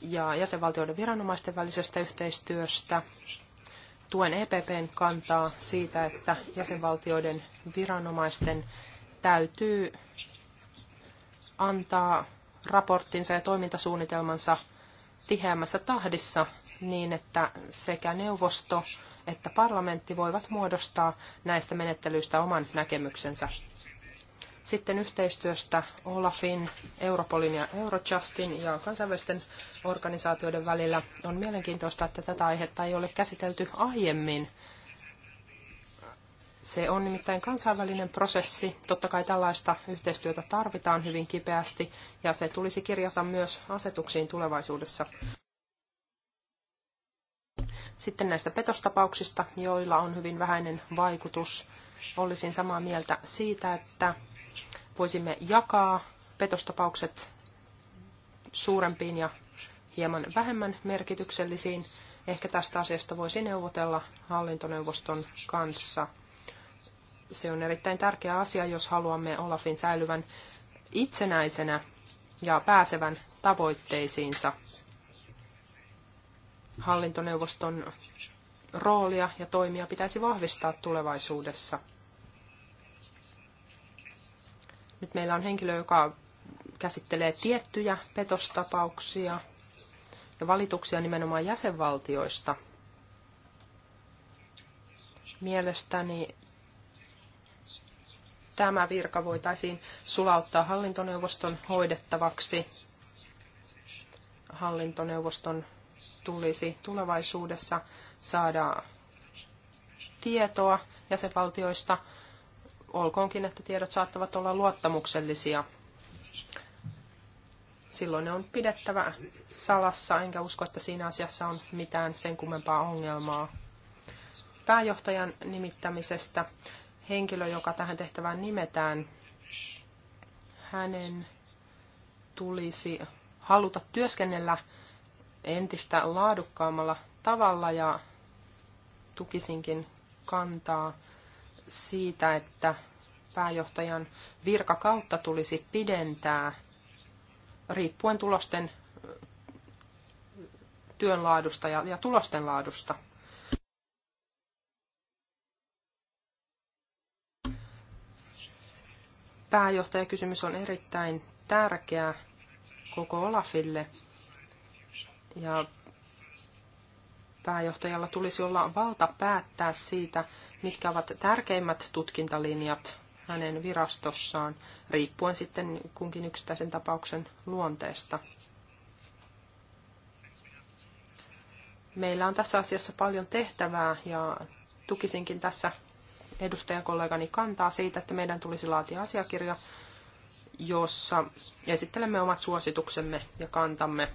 ja jäsenvaltioiden viranomaisten välisestä yhteistyöstä tuen EPPn kantaa siitä, että jäsenvaltioiden viranomaisten täytyy antaa raporttinsa ja toimintasuunnitelmansa tiheämmässä tahdissa niin, että sekä neuvosto että parlamentti voivat muodostaa näistä menettelyistä oman näkemyksensä. Sitten yhteistyöstä Olafin, Europolin ja Eurojustin ja kansainvälisten organisaatioiden välillä on mielenkiintoista, että tätä aihetta ei ole käsitelty aiemmin. Se on nimittäin kansainvälinen prosessi. Totta kai tällaista yhteistyötä tarvitaan hyvin kipeästi ja se tulisi kirjata myös asetuksiin tulevaisuudessa. Sitten näistä petostapauksista, joilla on hyvin vähäinen vaikutus, olisin samaa mieltä siitä, että voisimme jakaa petostapaukset suurempiin ja hieman vähemmän merkityksellisiin. Ehkä tästä asiasta voisi neuvotella hallintoneuvoston kanssa. Se on erittäin tärkeä asia, jos haluamme Olafin säilyvän itsenäisenä ja pääsevän tavoitteisiinsa. Hallintoneuvoston roolia ja toimia pitäisi vahvistaa tulevaisuudessa. Nyt meillä on henkilö, joka käsittelee tiettyjä petostapauksia ja valituksia nimenomaan jäsenvaltioista. Mielestäni tämä virka voitaisiin sulauttaa hallintoneuvoston hoidettavaksi. Hallintoneuvoston tulisi tulevaisuudessa saada tietoa jäsenvaltioista olkoonkin, että tiedot saattavat olla luottamuksellisia. Silloin ne on pidettävä salassa, enkä usko, että siinä asiassa on mitään sen kummempaa ongelmaa. Pääjohtajan nimittämisestä henkilö, joka tähän tehtävään nimetään, hänen tulisi haluta työskennellä entistä laadukkaammalla tavalla ja tukisinkin kantaa, siitä, että pääjohtajan virkakautta tulisi pidentää riippuen tulosten työn laadusta ja, ja tulosten laadusta. Pääjohtajakysymys on erittäin tärkeä koko Olafille ja pääjohtajalla tulisi olla valta päättää siitä, mitkä ovat tärkeimmät tutkintalinjat hänen virastossaan, riippuen sitten kunkin yksittäisen tapauksen luonteesta. Meillä on tässä asiassa paljon tehtävää ja tukisinkin tässä edustajakollegani kantaa siitä, että meidän tulisi laatia asiakirja, jossa esittelemme omat suosituksemme ja kantamme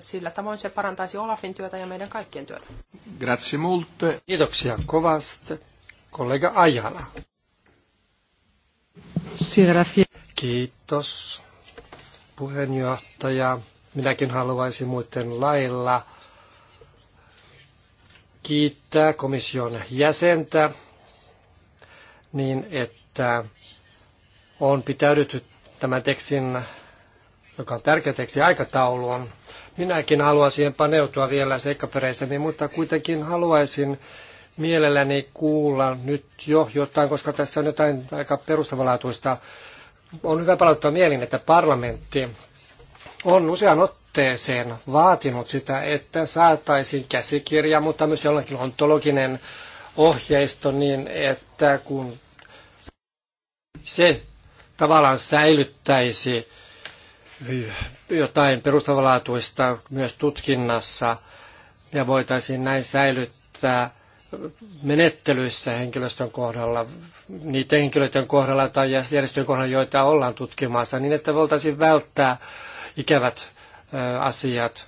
sillä tavoin se parantaisi Olafin työtä ja meidän kaikkien työtä. Grazie molto. Kiitoksia kovasti. Kollega Ajala. Si, grazie. Kiitos puheenjohtaja. Minäkin haluaisin muiden lailla kiittää komission jäsentä niin, että on pitäydytty tämän tekstin, joka on tärkeä teksti, aikatauluun. Minäkin haluan siihen paneutua vielä seikkaperäisemmin, mutta kuitenkin haluaisin mielelläni kuulla nyt jo jotain, koska tässä on jotain aika perustavanlaatuista. On hyvä palauttaa mieliin, että parlamentti on usean otteeseen vaatinut sitä, että saataisiin käsikirja, mutta myös jollakin ontologinen ohjeisto niin, että kun se tavallaan säilyttäisi jotain perustavanlaatuista myös tutkinnassa ja voitaisiin näin säilyttää menettelyissä henkilöstön kohdalla, niiden henkilöiden kohdalla tai järjestöjen kohdalla, joita ollaan tutkimassa, niin että voitaisiin välttää ikävät asiat.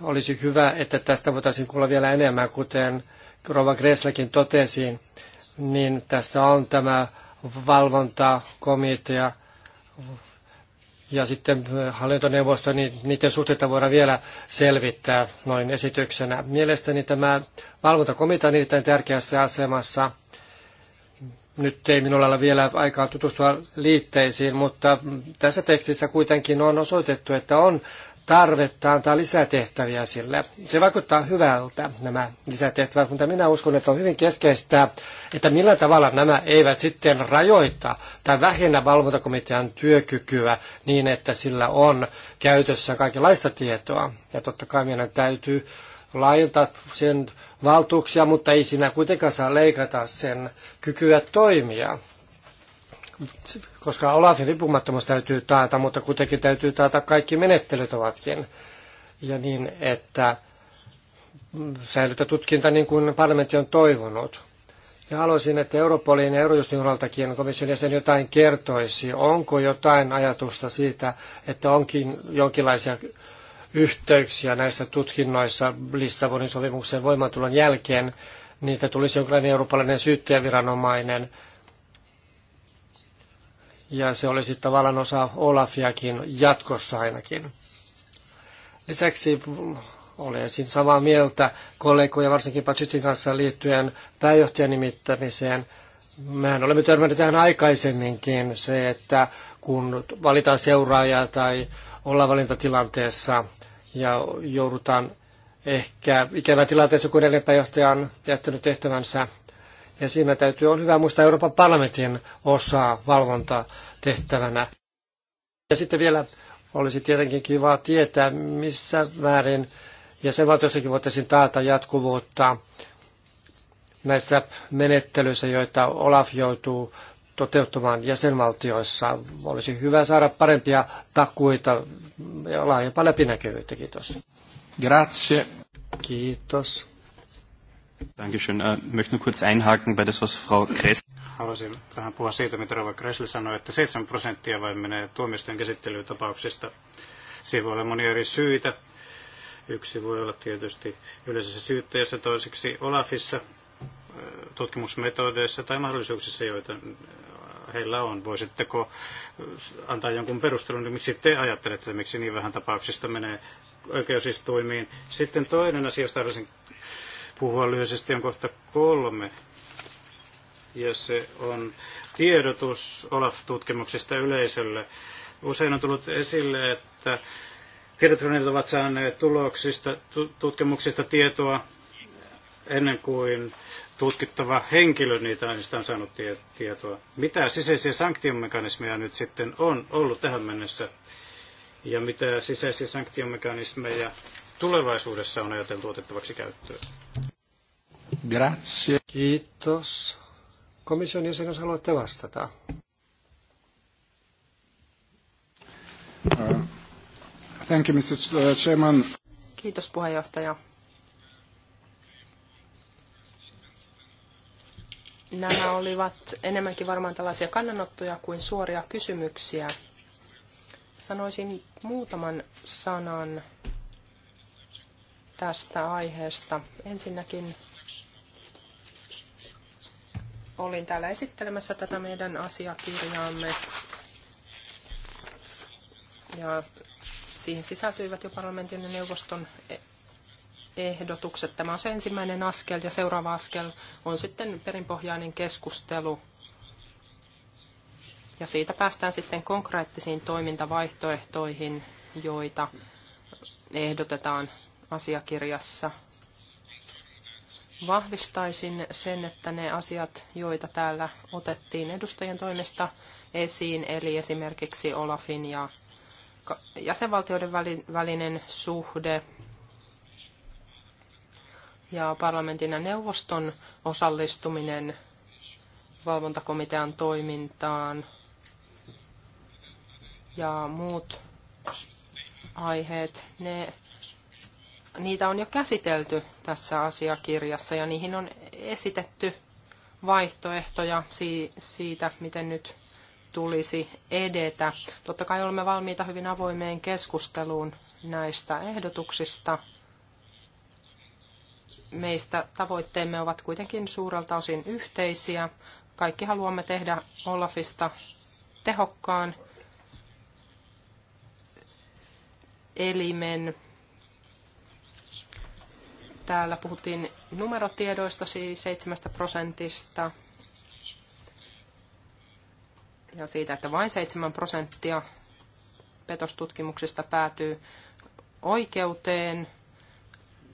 Olisi hyvä, että tästä voitaisiin kuulla vielä enemmän, kuten Rova Gresläkin totesi, niin tässä on tämä valvontakomitea, ja sitten äh, hallintoneuvosto, niin niiden suhteita voidaan vielä selvittää noin esityksenä. Mielestäni tämä valvontakomitea on erittäin tärkeässä asemassa. Nyt ei minulla ole vielä aikaa tutustua liitteisiin, mutta tässä tekstissä kuitenkin on osoitettu, että on tarvetta antaa lisätehtäviä sille. Se vaikuttaa hyvältä, nämä lisätehtävät, mutta minä uskon, että on hyvin keskeistä, että millä tavalla nämä eivät sitten rajoita tai vähennä valvontakomitean työkykyä niin, että sillä on käytössä kaikenlaista tietoa. Ja totta kai meidän täytyy laajentaa sen valtuuksia, mutta ei siinä kuitenkaan saa leikata sen kykyä toimia koska Olafin riippumattomuus täytyy taata, mutta kuitenkin täytyy taata kaikki menettelyt ovatkin Ja niin, että säilytä tutkinta niin kuin parlamentti on toivonut. Ja haluaisin, että Europolin ja Eurojustin uraltakin komission jäsen jotain kertoisi. Onko jotain ajatusta siitä, että onkin jonkinlaisia yhteyksiä näissä tutkinnoissa Lissabonin sopimuksen voimaantulon jälkeen, niitä tulisi jonkinlainen eurooppalainen syyttäjäviranomainen, ja se olisi tavallaan osa Olafiakin jatkossa ainakin. Lisäksi olisin samaa mieltä kollegoja, varsinkin Patsitsin kanssa liittyen pääjohtajan nimittämiseen. Mehän olemme törmänneet tähän aikaisemminkin se, että kun valitaan seuraajaa tai ollaan valintatilanteessa ja joudutaan ehkä ikävä tilanteessa, kun edelleen pääjohtaja on jättänyt tehtävänsä, ja siinä täytyy on hyvä muistaa Euroopan parlamentin osaa valvontatehtävänä. Ja sitten vielä olisi tietenkin kiva tietää, missä määrin valtiossakin voitaisiin taata jatkuvuutta näissä menettelyissä, joita Olaf joutuu toteuttamaan jäsenvaltioissa. Olisi hyvä saada parempia takuita ja laajempaa läpinäkyvyyttä. Kiitos. Grazie. Kiitos. Dankeschön. Äh, möchte nur kurz einhaken bei das, was Frau Kress... Haluaisin vähän puhua siitä, mitä Rova Kressl sanoi, että 7 prosenttia vain menee tuomioistuin käsittelytapauksista. Siihen voi olla monia eri syitä. Yksi voi olla tietysti yleisessä syyttäjässä, toiseksi Olafissa, äh, tutkimusmetodeissa tai mahdollisuuksissa, joita äh, heillä on. Voisitteko antaa jonkun perustelun, niin miksi te ajattelette, että miksi niin vähän tapauksista menee oikeusistuimiin. Sitten toinen asia, josta haluaisin puhua lyhyesti on kohta kolme. Ja se on tiedotus Olaf-tutkimuksista yleisölle. Usein on tullut esille, että tiedotusvälineet ovat saaneet tuloksista, tutkimuksista tietoa ennen kuin tutkittava henkilö niitä niistä on saanut tie- tietoa. Mitä sisäisiä sanktiomekanismeja nyt sitten on ollut tähän mennessä ja mitä sisäisiä sanktiomekanismeja tulevaisuudessa on ajateltu otettavaksi käyttöön? Grazie. Kiitos. Komission jäsen, haluatte vastata. Uh, thank you, Mr. Uh, Chairman. Kiitos puheenjohtaja. Nämä olivat enemmänkin varmaan tällaisia kannanottoja kuin suoria kysymyksiä. Sanoisin muutaman sanan tästä aiheesta. Ensinnäkin olin täällä esittelemässä tätä meidän asiakirjaamme. Ja siihen sisältyivät jo parlamentin ja neuvoston e- ehdotukset. Tämä on se ensimmäinen askel ja seuraava askel on sitten perinpohjainen keskustelu. Ja siitä päästään sitten konkreettisiin toimintavaihtoehtoihin, joita ehdotetaan asiakirjassa vahvistaisin sen, että ne asiat, joita täällä otettiin edustajien toimesta esiin, eli esimerkiksi Olafin ja jäsenvaltioiden välinen suhde ja parlamentin ja neuvoston osallistuminen valvontakomitean toimintaan ja muut aiheet, ne niitä on jo käsitelty tässä asiakirjassa ja niihin on esitetty vaihtoehtoja siitä, miten nyt tulisi edetä. Totta kai olemme valmiita hyvin avoimeen keskusteluun näistä ehdotuksista. Meistä tavoitteemme ovat kuitenkin suurelta osin yhteisiä. Kaikki haluamme tehdä Olafista tehokkaan elimen, Täällä puhuttiin numerotiedoista, siis seitsemästä prosentista. Ja siitä, että vain 7 prosenttia petostutkimuksista päätyy oikeuteen.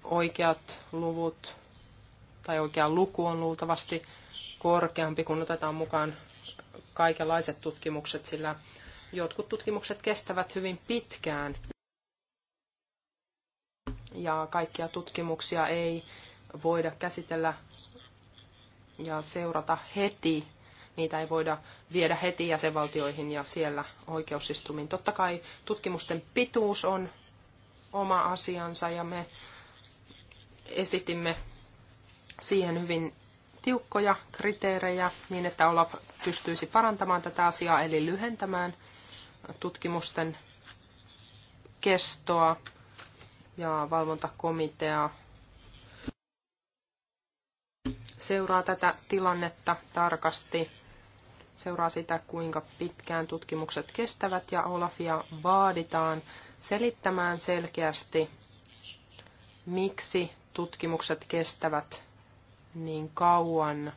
Oikeat luvut tai oikea luku on luultavasti korkeampi, kun otetaan mukaan kaikenlaiset tutkimukset, sillä jotkut tutkimukset kestävät hyvin pitkään ja kaikkia tutkimuksia ei voida käsitellä ja seurata heti. Niitä ei voida viedä heti jäsenvaltioihin ja siellä oikeusistumiin. Totta kai tutkimusten pituus on oma asiansa ja me esitimme siihen hyvin tiukkoja kriteerejä niin, että Olaf pystyisi parantamaan tätä asiaa eli lyhentämään tutkimusten kestoa ja valvontakomitea seuraa tätä tilannetta tarkasti, seuraa sitä, kuinka pitkään tutkimukset kestävät ja Olafia vaaditaan selittämään selkeästi, miksi tutkimukset kestävät niin kauan,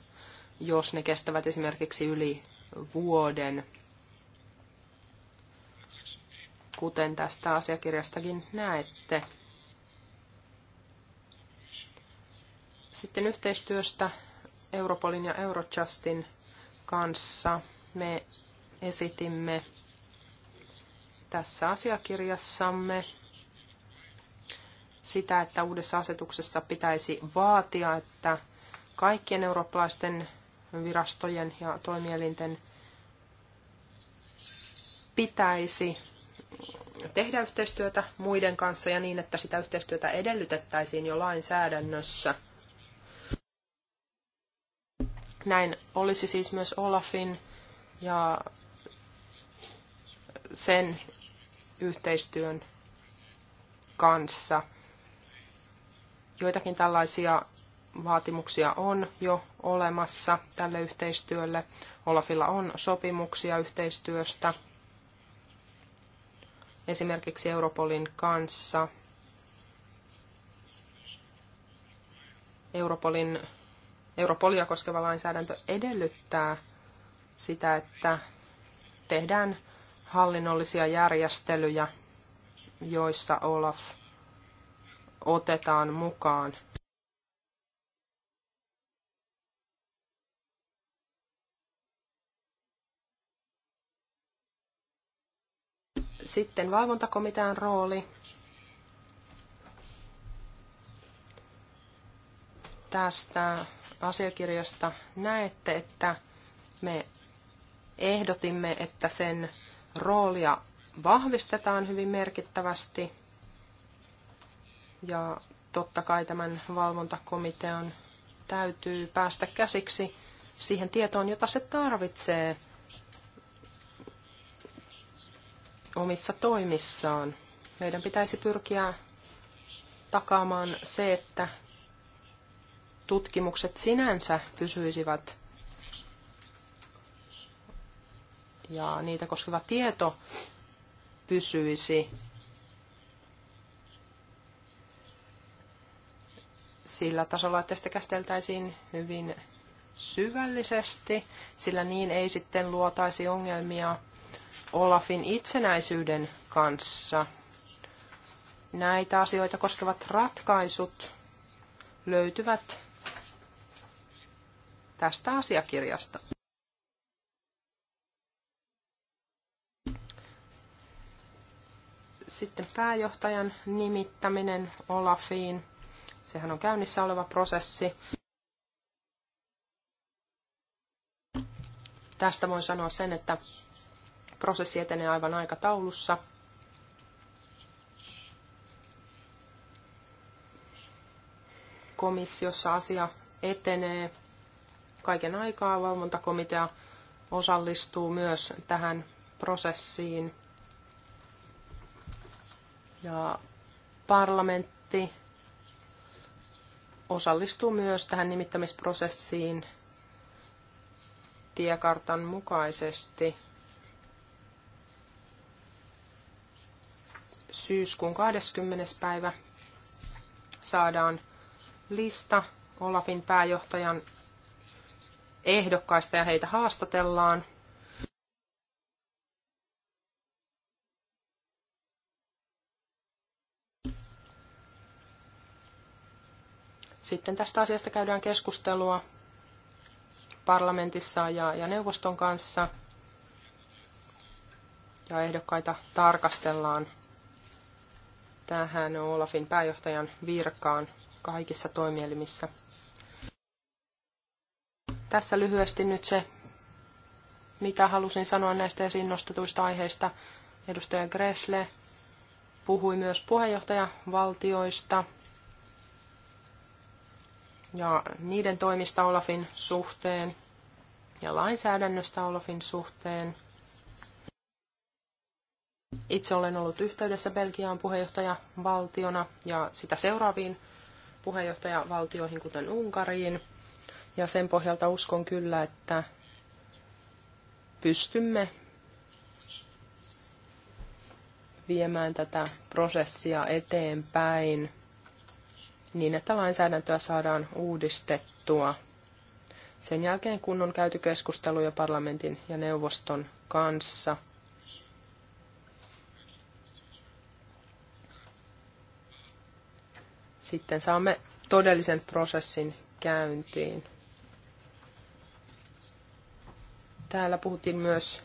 jos ne kestävät esimerkiksi yli vuoden, kuten tästä asiakirjastakin näette. Sitten yhteistyöstä Europolin ja Eurojustin kanssa me esitimme tässä asiakirjassamme sitä, että uudessa asetuksessa pitäisi vaatia, että kaikkien eurooppalaisten virastojen ja toimielinten pitäisi tehdä yhteistyötä muiden kanssa ja niin, että sitä yhteistyötä edellytettäisiin jo lainsäädännössä – näin olisi siis myös Olafin ja sen yhteistyön kanssa. Joitakin tällaisia vaatimuksia on jo olemassa tälle yhteistyölle. Olafilla on sopimuksia yhteistyöstä esimerkiksi Europolin kanssa. Europolin Europolia koskeva lainsäädäntö edellyttää sitä, että tehdään hallinnollisia järjestelyjä, joissa Olaf otetaan mukaan. Sitten valvontakomitean rooli. Tästä asiakirjasta näette, että me ehdotimme, että sen roolia vahvistetaan hyvin merkittävästi. Ja totta kai tämän valvontakomitean täytyy päästä käsiksi siihen tietoon, jota se tarvitsee omissa toimissaan. Meidän pitäisi pyrkiä takaamaan se, että tutkimukset sinänsä pysyisivät ja niitä koskeva tieto pysyisi sillä tasolla, että sitä käsiteltäisiin hyvin syvällisesti, sillä niin ei sitten luotaisi ongelmia Olafin itsenäisyyden kanssa. Näitä asioita koskevat ratkaisut löytyvät tästä asiakirjasta. Sitten pääjohtajan nimittäminen Olafiin. Sehän on käynnissä oleva prosessi. Tästä voin sanoa sen, että prosessi etenee aivan aikataulussa. Komissiossa asia etenee kaiken aikaa. Valvontakomitea osallistuu myös tähän prosessiin. Ja parlamentti osallistuu myös tähän nimittämisprosessiin tiekartan mukaisesti. Syyskuun 20. päivä saadaan lista Olafin pääjohtajan ehdokkaista ja heitä haastatellaan. Sitten tästä asiasta käydään keskustelua parlamentissa ja, ja neuvoston kanssa ja ehdokkaita tarkastellaan tähän Olafin pääjohtajan virkaan kaikissa toimielimissä. Tässä lyhyesti nyt se, mitä halusin sanoa näistä esiin nostetuista aiheista. Edustaja Gressle puhui myös puheenjohtajavaltioista ja niiden toimista Olafin suhteen ja lainsäädännöstä Olafin suhteen. Itse olen ollut yhteydessä Belgiaan puheenjohtajavaltiona ja sitä seuraaviin puheenjohtajavaltioihin, kuten Unkariin. Ja sen pohjalta uskon kyllä, että pystymme viemään tätä prosessia eteenpäin niin, että lainsäädäntöä saadaan uudistettua. Sen jälkeen, kun on käyty keskusteluja parlamentin ja neuvoston kanssa, sitten saamme todellisen prosessin käyntiin. Täällä puhuttiin myös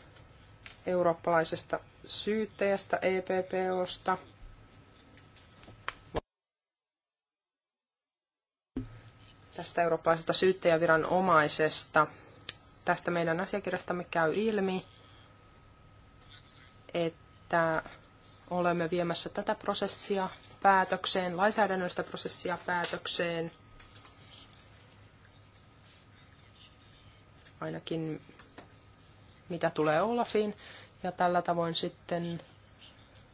eurooppalaisesta syyttäjästä EPPOsta. Tästä eurooppalaisesta syyttäjäviranomaisesta. Tästä meidän asiakirjastamme käy ilmi, että olemme viemässä tätä prosessia päätökseen, lainsäädännöllistä prosessia päätökseen. Ainakin mitä tulee Olafiin. Ja tällä tavoin sitten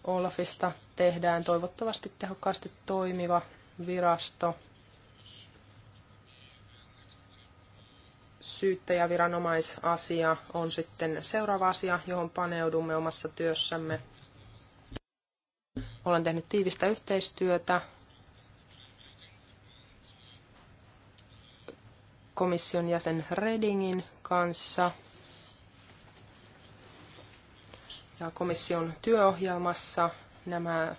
Olafista tehdään toivottavasti tehokkaasti toimiva virasto, syyttäjäviranomaisasia on sitten seuraava asia, johon paneudumme omassa työssämme. Olen tehnyt tiivistä yhteistyötä komission jäsen Redingin kanssa ja komission työohjelmassa nämä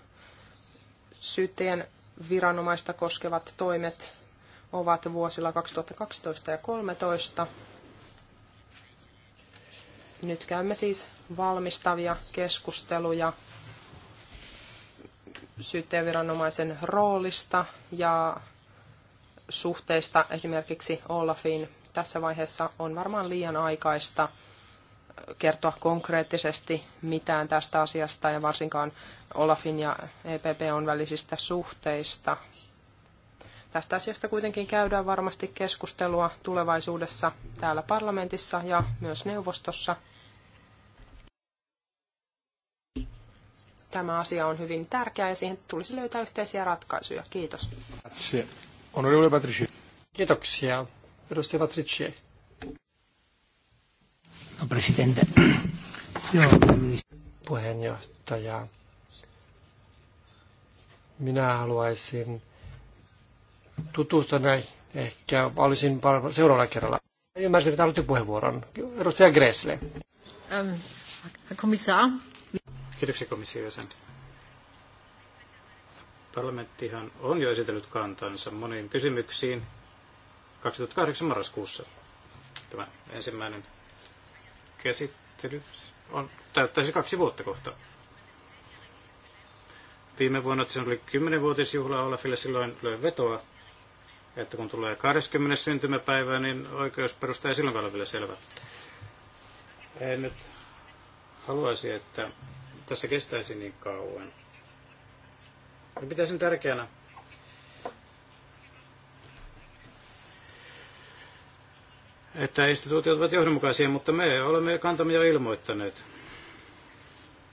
syyttäjän viranomaista koskevat toimet ovat vuosilla 2012 ja 2013. Nyt käymme siis valmistavia keskusteluja syyttäjäviranomaisen roolista ja suhteista esimerkiksi Olafiin. Tässä vaiheessa on varmaan liian aikaista kertoa konkreettisesti mitään tästä asiasta ja varsinkaan Olafin ja EPPn välisistä suhteista. Tästä asiasta kuitenkin käydään varmasti keskustelua tulevaisuudessa täällä parlamentissa ja myös neuvostossa. Tämä asia on hyvin tärkeä ja siihen tulisi löytää yhteisiä ratkaisuja. Kiitos. Kiitoksia. Edustaja Patrici. No, presidente. Joo, puheenjohtaja. Minä haluaisin tutustua näihin. Ehkä olisin seuraavalla kerralla. Ymmärsin, että aloitti puheenvuoron. Edustaja Gressle. Ähm, Kiitoksia komissio jäsen. Parlamenttihan on jo esitellyt kantansa moniin kysymyksiin 2008 marraskuussa. Tämä ensimmäinen käsittely on, täyttäisi kaksi vuotta kohta. Viime vuonna se oli 10-vuotisjuhla Olafille, silloin löi vetoa, että kun tulee 20. syntymäpäivä, niin oikeusperusta ei silloin ole vielä selvä. En nyt haluaisi, että tässä kestäisi niin kauan. pitäisin tärkeänä, että instituutiot ovat johdonmukaisia, mutta me olemme kantamme jo ilmoittaneet.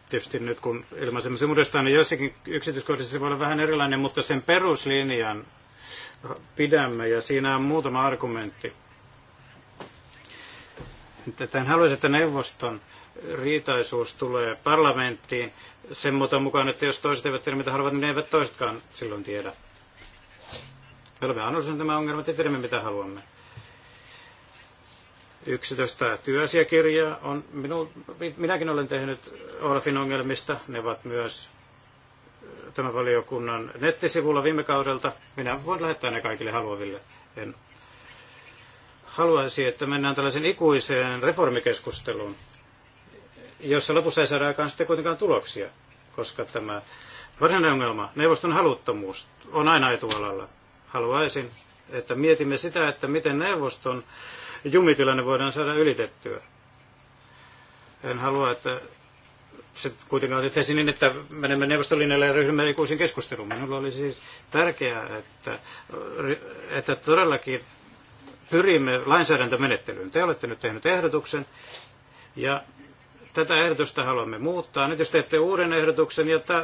Tietysti nyt kun ilmaisemme sen uudestaan, niin joissakin yksityiskohdissa se voi olla vähän erilainen, mutta sen peruslinjan pidämme ja siinä on muutama argumentti. Että en haluaisi, että neuvoston riitaisuus tulee parlamenttiin sen muuta mukaan, että jos toiset eivät tiedä mitä haluavat, niin ne eivät toisetkaan silloin tiedä. Me olemme tämä ongelma, ongelmat tiedämme mitä haluamme. 11 työasiakirjaa on, minu, minäkin olen tehnyt Olafin ongelmista, ne ovat myös tämän valiokunnan nettisivulla viime kaudelta. Minä voin lähettää ne kaikille haluaville. En haluaisi, että mennään tällaisen ikuiseen reformikeskusteluun, jossa lopussa ei saada aikaan sitten kuitenkaan tuloksia, koska tämä varsinainen ongelma, neuvoston haluttomuus, on aina etualalla. Haluaisin, että mietimme sitä, että miten neuvoston jumitilanne voidaan saada ylitettyä. En halua, että se kuitenkaan otettaisiin niin, että menemme neuvostolinjalle ja ryhmämme ikuisin keskusteluun. Minulla oli siis tärkeää, että, että todellakin pyrimme lainsäädäntömenettelyyn. Te olette nyt tehnyt ehdotuksen ja tätä ehdotusta haluamme muuttaa. Nyt jos teette uuden ehdotuksen ja ta-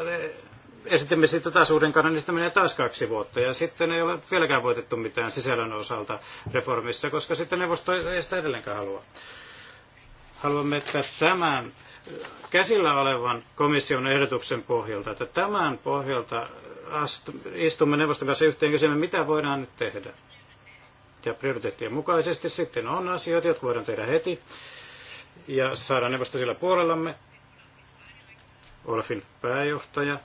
esitimme siitä taas uuden kannan, niin sitä menee taas kaksi vuotta. Ja sitten ei ole vieläkään voitettu mitään sisällön osalta reformissa, koska sitten neuvosto ei sitä edelleenkään halua. Haluamme, että tämän käsillä olevan komission ehdotuksen pohjalta, että tämän pohjalta istumme neuvoston kanssa yhteen kysymme, mitä voidaan nyt tehdä. Ja prioriteettien mukaisesti sitten on asioita, jotka voidaan tehdä heti ja saada neuvosto sillä puolellamme. Olfin pääjohtaja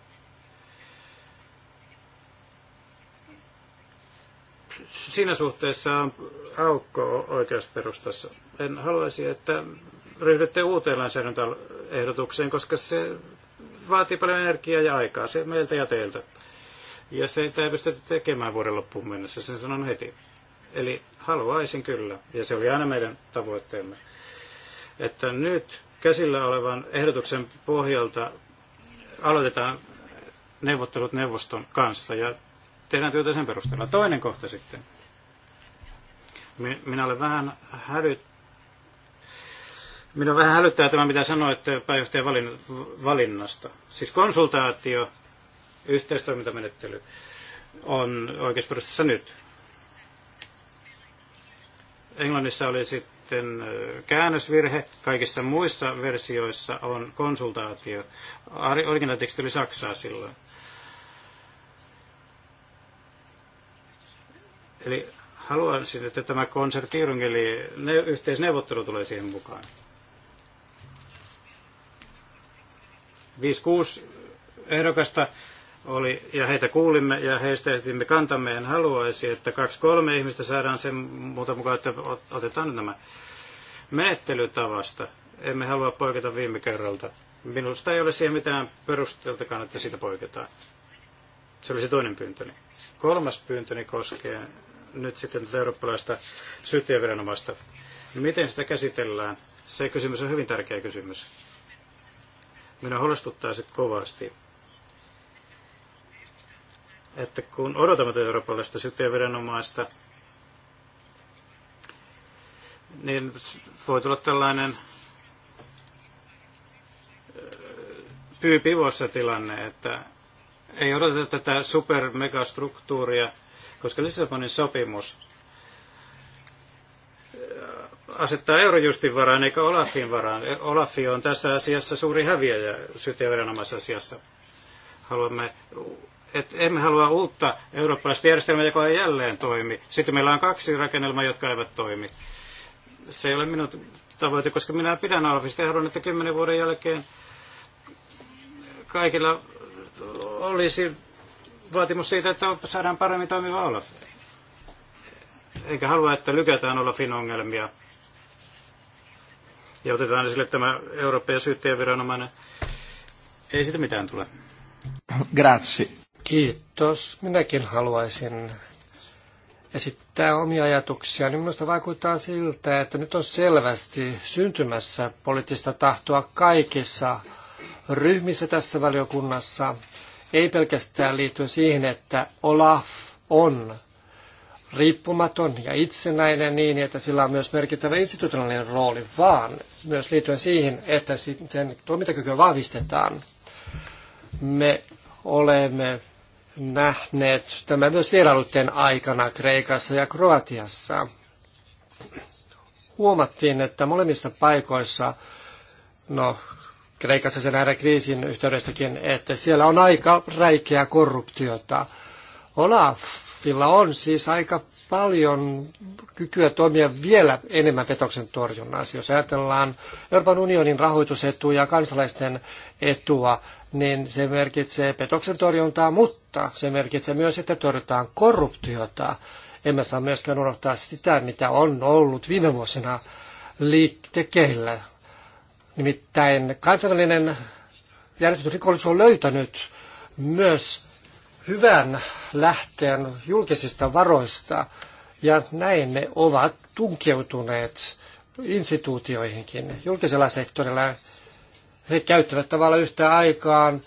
siinä suhteessa on aukko oikeusperustassa. En haluaisi, että ryhdytte uuteen lainsäädäntöehdotukseen, koska se vaatii paljon energiaa ja aikaa se meiltä ja teiltä. Ja se ei pystytä tekemään vuoden loppuun mennessä, sen sanon heti. Eli haluaisin kyllä, ja se oli aina meidän tavoitteemme, että nyt käsillä olevan ehdotuksen pohjalta aloitetaan neuvottelut neuvoston kanssa ja tehdään työtä sen perusteella. Toinen kohta sitten. Minä olen vähän hälyt... Minä vähän hälyttää tämä, mitä että pääjohtajan valinnasta. Siis konsultaatio, yhteistoimintamenettely on oikeusperustassa nyt. Englannissa oli sitten käännösvirhe, kaikissa muissa versioissa on konsultaatio. Originaaliteksti oli saksaa silloin. Eli Haluaisin, että tämä konsertiirung, eli ne, yhteisneuvottelu tulee siihen mukaan. 5-6 ehdokasta oli, ja heitä kuulimme ja heistä esitimme kantamme. En haluaisi, että kaksi kolme ihmistä saadaan sen muuta mukaan, että otetaan nämä menettelytavasta. Emme halua poiketa viime kerralta. Minusta ei ole siihen mitään perusteltakaan, että siitä poiketaan. Se oli se toinen pyyntöni. Kolmas pyyntöni koskee nyt sitten tätä eurooppalaista syyttäjäviranomaista. No miten sitä käsitellään? Se kysymys on hyvin tärkeä kysymys. Minä huolestuttaa se kovasti, että kun odotamme tätä eurooppalaista syyttäjäviranomaista, niin voi tulla tällainen äh, pyypivossa tilanne, että ei odoteta tätä supermegastruktuuria, koska Lissabonin sopimus äh, asettaa Eurojustin varaan eikä Olafin varaan. E, Olafi on tässä asiassa suuri häviäjä syyttäjäviranomaisasiassa. Haluamme, et emme halua uutta eurooppalaista järjestelmää, joka ei jälleen toimi. Sitten meillä on kaksi rakennelmaa, jotka eivät toimi. Se ei ole minun tavoite, koska minä pidän Olafista ja haluan, että kymmenen vuoden jälkeen kaikilla olisi vaatimus siitä, että saadaan paremmin toimiva Olaf. Enkä halua, että lykätään Olafin ongelmia. Ja otetaan esille tämä Euroopan ja syyttäjäviranomainen. Ei siitä mitään tule. Grazie. Kiitos. Minäkin haluaisin esittää omia ajatuksia, niin minusta vaikuttaa siltä, että nyt on selvästi syntymässä poliittista tahtoa kaikissa ryhmissä tässä valiokunnassa ei pelkästään liity siihen, että Olaf on riippumaton ja itsenäinen niin, että sillä on myös merkittävä institutionaalinen rooli, vaan myös liittyen siihen, että sen toimintakykyä vahvistetaan. Me olemme nähneet tämä myös vierailuiden aikana Kreikassa ja Kroatiassa. Huomattiin, että molemmissa paikoissa, no Kreikassa se nähdään kriisin yhteydessäkin, että siellä on aika räikeä korruptiota. Olafilla on siis aika paljon kykyä toimia vielä enemmän petoksen torjunnassa. Jos ajatellaan Euroopan unionin rahoitusetua ja kansalaisten etua, niin se merkitsee petoksen torjuntaa, mutta se merkitsee myös, että torjutaan korruptiota. Emme saa myöskään unohtaa sitä, mitä on ollut viime vuosina liikkeellä Nimittäin kansainvälinen järjestysrikollisuus on löytänyt myös hyvän lähteen julkisista varoista, ja näin ne ovat tunkeutuneet instituutioihinkin julkisella sektorilla. He käyttävät tavallaan yhtä aikaan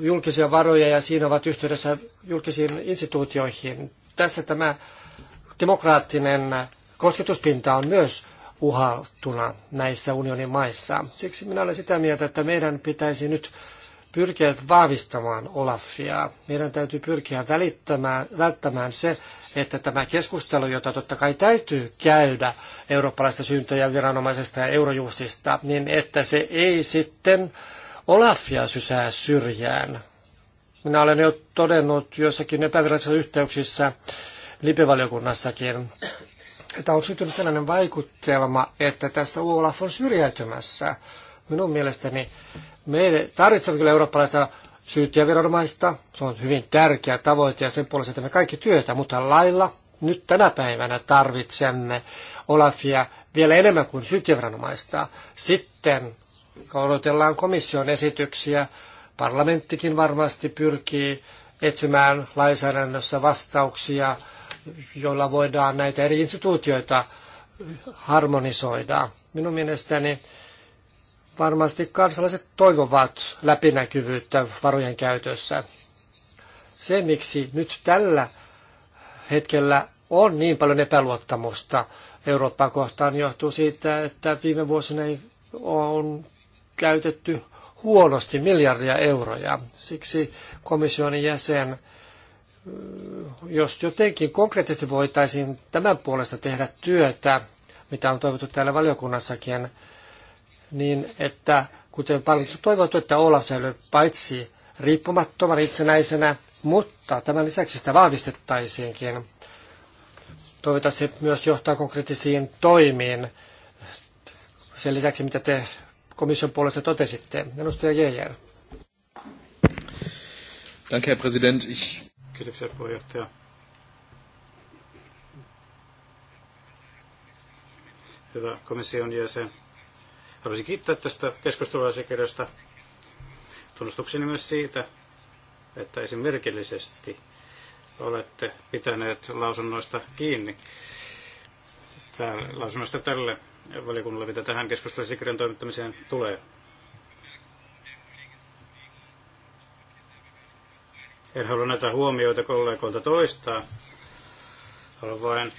julkisia varoja ja siinä ovat yhteydessä julkisiin instituutioihin. Tässä tämä demokraattinen kosketuspinta on myös uhattuna näissä unionin maissa. Siksi minä olen sitä mieltä, että meidän pitäisi nyt pyrkiä vahvistamaan Olafia. Meidän täytyy pyrkiä välittämään, välttämään se, että tämä keskustelu, jota totta kai täytyy käydä eurooppalaista syntöjä viranomaisesta ja eurojustista, niin että se ei sitten Olafia sysää syrjään. Minä olen jo todennut jossakin epävirallisissa yhteyksissä Lipivaliokunnassakin, että on syntynyt sellainen vaikutelma, että tässä Olaf on syrjäytymässä. Minun mielestäni me tarvitsemme kyllä eurooppalaista viranomaista. Se on hyvin tärkeä tavoite ja sen puolesta me kaikki työtä, mutta lailla nyt tänä päivänä tarvitsemme Olafia vielä enemmän kuin syyttäjäviranomaista. Sitten odotellaan komission esityksiä, parlamenttikin varmasti pyrkii etsimään lainsäädännössä vastauksia jolla voidaan näitä eri instituutioita harmonisoida. Minun mielestäni varmasti kansalaiset toivovat läpinäkyvyyttä varojen käytössä. Se, miksi nyt tällä hetkellä on niin paljon epäluottamusta Eurooppaa kohtaan, johtuu siitä, että viime vuosina ei on käytetty huonosti miljardia euroja. Siksi komission jäsen jos jotenkin konkreettisesti voitaisiin tämän puolesta tehdä työtä, mitä on toivottu täällä valiokunnassakin, niin että kuten paljon on toivottu, että Olaf säilyy paitsi riippumattoman itsenäisenä, mutta tämän lisäksi sitä vahvistettaisiinkin. Toivottavasti myös johtaa konkreettisiin toimiin sen lisäksi, mitä te komission puolesta totesitte. Edustaja Jäger. Danke, Herr Präsident. Ich Kiitoksia puheenjohtaja. Hyvä komission jäsen. Haluaisin kiittää tästä keskusteluasiakirjasta. Tunnustukseni myös siitä, että esimerkillisesti olette pitäneet lausunnoista kiinni. Tää, lausunnoista tälle valiokunnalle, mitä tähän keskusteluasiakirjan toimittamiseen tulee. En halua näitä huomioita kollegoilta toistaa. Haluan vain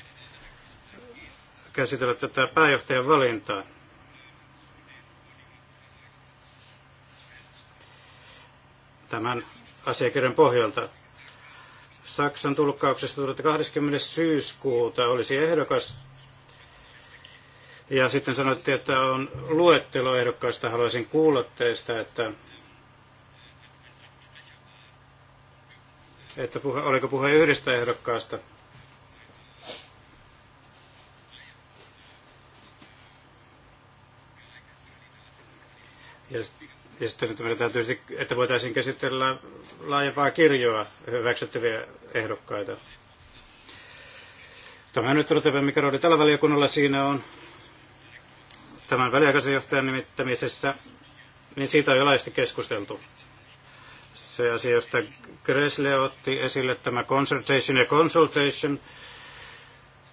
käsitellä tätä pääjohtajan valintaa. Tämän asiakirjan pohjalta. Saksan tulkkauksesta 20. syyskuuta olisi ehdokas. Ja sitten sanottiin, että on luettelo ehdokkaista. Haluaisin kuulla teistä, että että puhe, oliko puhe yhdestä ehdokkaasta. Ja, ja sitten nyt meidän täytyy, että voitaisiin käsitellä laajempaa kirjoa hyväksyttäviä ehdokkaita. Tämä nyt rotetaan, mikä rooli tällä valiokunnalla siinä on tämän väliaikaisen johtajan nimittämisessä, niin siitä on jo laajasti keskusteltu se asia, josta otti esille tämä consultation ja consultation.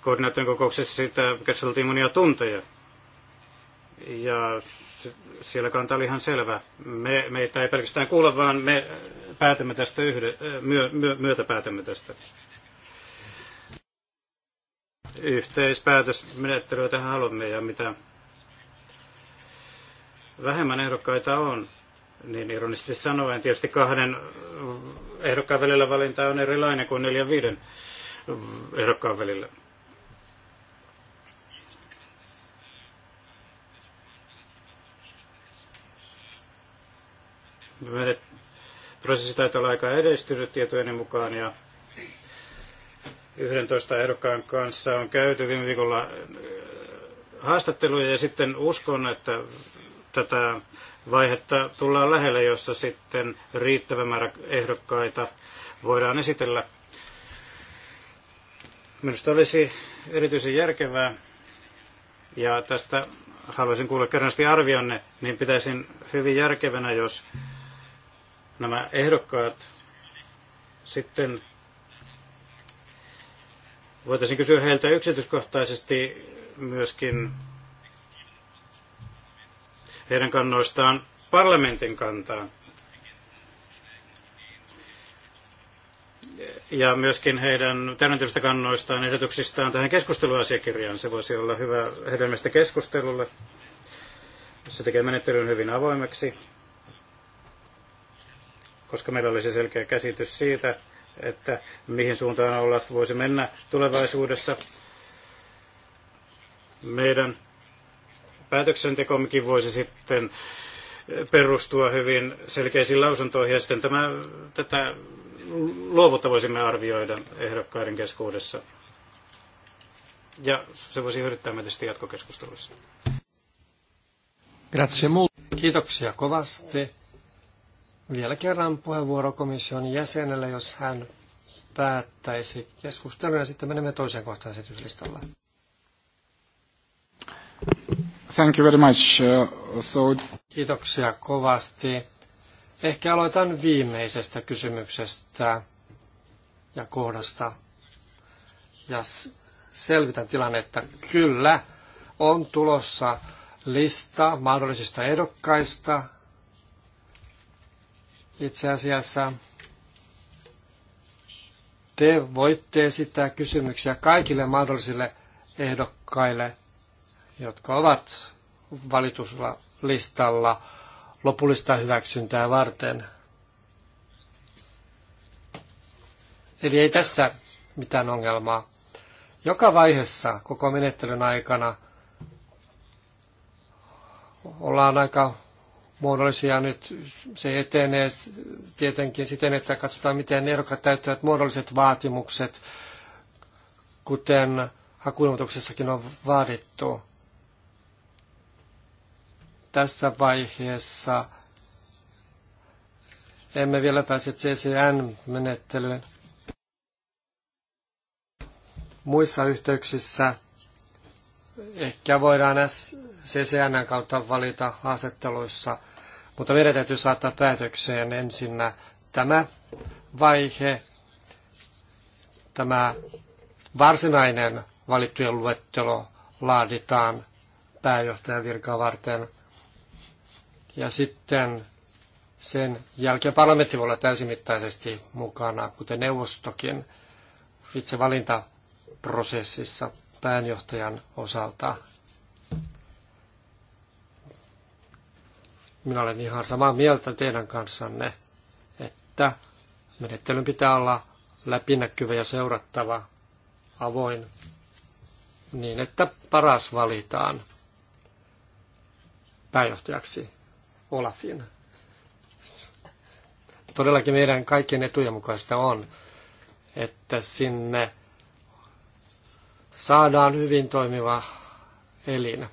Koordinaation kokouksessa sitä keskusteltiin monia tunteja. Ja siellä kanta oli ihan selvä. Me, meitä ei pelkästään kuulla, vaan me päätämme tästä yhde, myö, myö, myötä päätämme tästä. Yhteispäätösmenettelyä tähän haluamme ja mitä vähemmän ehdokkaita on, niin ironisesti sanoen, tietysti kahden ehdokkaan välillä valinta on erilainen kuin neljän viiden ehdokkaan välillä. Meidän prosessi taitaa olla aika edistynyt tietojeni mukaan ja 11 ehdokkaan kanssa on käyty viime viikolla haastatteluja ja sitten uskon, että tätä vaihetta tullaan lähelle, jossa sitten riittävä määrä ehdokkaita voidaan esitellä. Minusta olisi erityisen järkevää, ja tästä haluaisin kuulla kerrasti arvionne, niin pitäisin hyvin järkevänä, jos nämä ehdokkaat sitten voitaisiin kysyä heiltä yksityiskohtaisesti myöskin heidän kannoistaan parlamentin kantaan. Ja myöskin heidän täydentävistä kannoistaan, ehdotuksistaan tähän keskusteluasiakirjaan. Se voisi olla hyvä hedelmästä keskustelulle. Se tekee menettelyn hyvin avoimeksi, koska meillä olisi selkeä käsitys siitä, että mihin suuntaan olla voisi mennä tulevaisuudessa meidän päätöksentekomikin voisi sitten perustua hyvin selkeisiin lausuntoihin ja sitten tämä, tätä luovuutta voisimme arvioida ehdokkaiden keskuudessa. Ja se voisi hyödyttää meitä sitten jatkokeskustelussa. Grazie Kiitoksia kovasti. Vielä kerran puheenvuoro komission jäsenelle, jos hän päättäisi keskustelun ja sitten menemme toiseen kohtaan esityslistalla. Thank you very much. Uh, Kiitoksia kovasti. Ehkä aloitan viimeisestä kysymyksestä ja kohdasta. Ja selvitän tilannetta. Kyllä, on tulossa lista mahdollisista ehdokkaista. Itse asiassa te voitte esittää kysymyksiä kaikille mahdollisille ehdokkaille jotka ovat valituslistalla lopullista hyväksyntää varten. Eli ei tässä mitään ongelmaa. Joka vaiheessa koko menettelyn aikana ollaan aika muodollisia nyt. Se etenee tietenkin siten, että katsotaan, miten ehdokkaat täyttävät muodolliset vaatimukset, kuten hakuilmoituksessakin on vaadittu tässä vaiheessa emme vielä pääse CCN-menettelyyn. Muissa yhteyksissä ehkä voidaan CCN kautta valita asetteluissa, mutta meidän täytyy saattaa päätökseen ensin tämä vaihe, tämä varsinainen valittujen luettelo laaditaan pääjohtajan virkaa varten – ja sitten sen jälkeen parlamentti voi olla täysimittaisesti mukana, kuten neuvostokin itse valintaprosessissa pääjohtajan osalta. Minä olen ihan samaa mieltä teidän kanssanne, että menettelyn pitää olla läpinäkyvä ja seurattava, avoin, niin että paras valitaan pääjohtajaksi. Olafin. Todellakin meidän kaikkien etujen mukaista on, että sinne saadaan hyvin toimiva elin.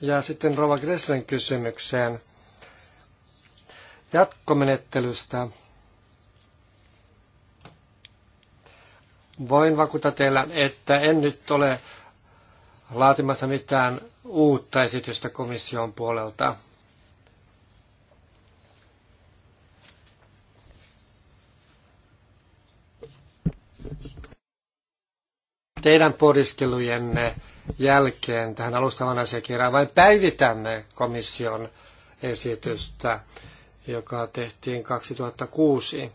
Ja sitten Rova Gresslen kysymykseen jatkomenettelystä. Voin vakuuttaa teillä, että en nyt ole laatimassa mitään uutta esitystä komission puolelta. Teidän pohdiskelujenne jälkeen tähän alustavan asiakirjaan vain päivitämme komission esitystä, joka tehtiin 2006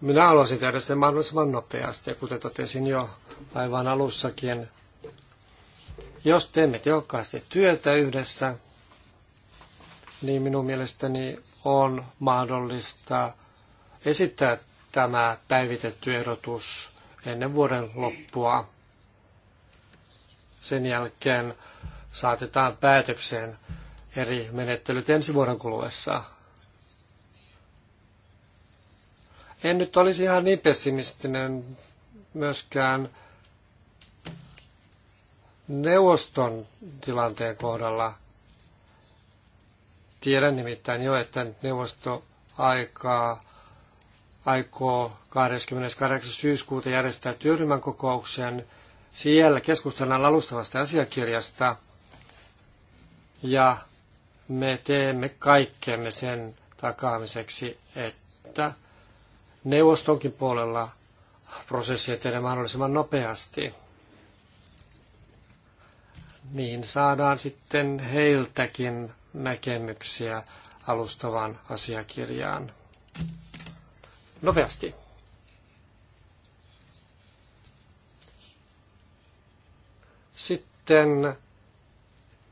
Minä haluaisin tehdä sen mahdollisimman nopeasti, kuten totesin jo aivan alussakin. Jos teemme tehokkaasti työtä yhdessä, niin minun mielestäni on mahdollista esittää tämä päivitetty ehdotus ennen vuoden loppua. Sen jälkeen saatetaan päätökseen eri menettelyt ensi vuoden kuluessa. En nyt olisi ihan niin pessimistinen myöskään neuvoston tilanteen kohdalla. Tiedän nimittäin jo, että neuvosto aikaa aikoo 28. syyskuuta järjestää työryhmän kokouksen. Siellä keskustellaan alustavasta asiakirjasta ja me teemme kaikkemme sen takaamiseksi, että neuvostonkin puolella prosessi etenee mahdollisimman nopeasti, niin saadaan sitten heiltäkin näkemyksiä alustavan asiakirjaan. Nopeasti. Sitten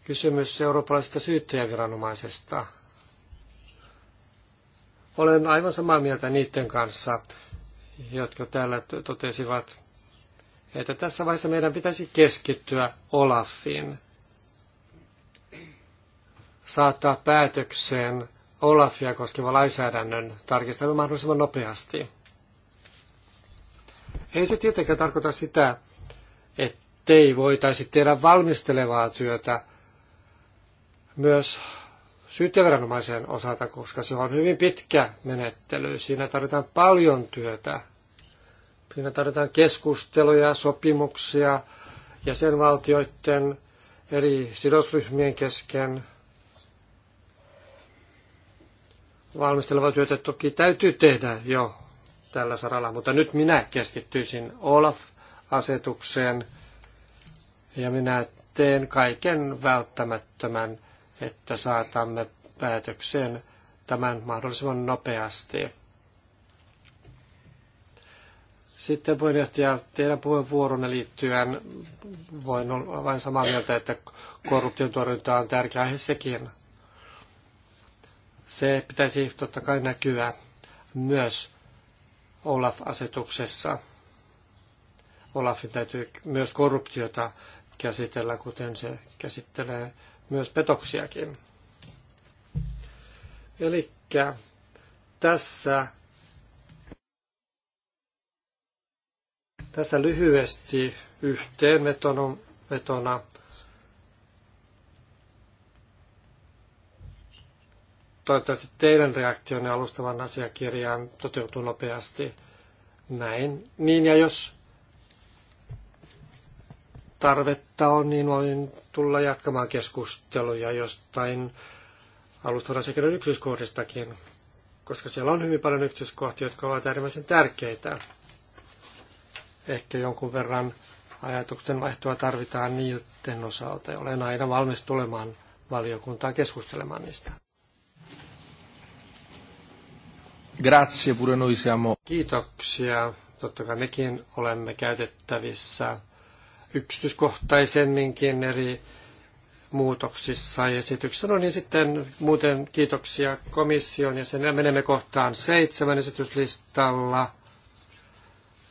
kysymys eurooppalaisesta syyttäjäviranomaisesta – olen aivan samaa mieltä niiden kanssa, jotka täällä totesivat, että tässä vaiheessa meidän pitäisi keskittyä Olafiin, saattaa päätökseen Olafia koskeva lainsäädännön tarkistelu mahdollisimman nopeasti. Ei se tietenkään tarkoita sitä, ettei voitaisi tehdä valmistelevaa työtä myös syyttäjäviranomaisen osalta, koska se on hyvin pitkä menettely. Siinä tarvitaan paljon työtä. Siinä tarvitaan keskusteluja, sopimuksia jäsenvaltioiden eri sidosryhmien kesken. Valmistelevaa työtä toki täytyy tehdä jo tällä saralla, mutta nyt minä keskittyisin Olaf-asetukseen ja minä teen kaiken välttämättömän – että saatamme päätöksen tämän mahdollisimman nopeasti. Sitten puheenjohtaja, teidän puheenvuoronne liittyen voin olla vain samaa mieltä, että korruption torjunta on tärkeä aihe sekin. Se pitäisi totta kai näkyä myös Olaf-asetuksessa. Olafin täytyy myös korruptiota käsitellä, kuten se käsittelee myös petoksiakin. Eli tässä, tässä lyhyesti yhteenvetona toivottavasti teidän reaktionne alustavan asiakirjaan toteutuu nopeasti. Näin. Niin ja jos tarvetta on, niin voin tulla jatkamaan keskusteluja jostain alustavarasiakirjan yksityiskohdistakin, koska siellä on hyvin paljon yksityiskohtia, jotka ovat äärimmäisen tärkeitä. Ehkä jonkun verran ajatuksen vaihtoa tarvitaan niiden osalta ja olen aina valmis tulemaan valiokuntaa keskustelemaan niistä. Grazie, pure noi siamo. Kiitoksia. Totta kai mekin olemme käytettävissä yksityiskohtaisemminkin eri muutoksissa ja esityksissä. No niin sitten muuten kiitoksia komission ja sen menemme kohtaan seitsemän esityslistalla.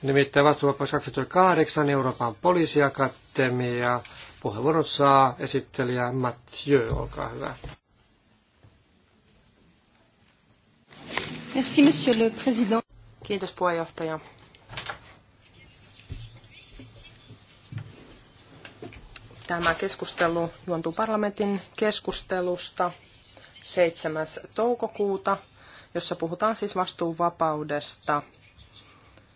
Nimittäin vastuuvapaus 2008 Euroopan poliisiakatemia. Puheenvuoron saa esittelijä Mathieu, olkaa hyvä. Merci, monsieur le président. Kiitos puheenjohtaja. Tämä keskustelu juontuu parlamentin keskustelusta 7. toukokuuta, jossa puhutaan siis vastuuvapaudesta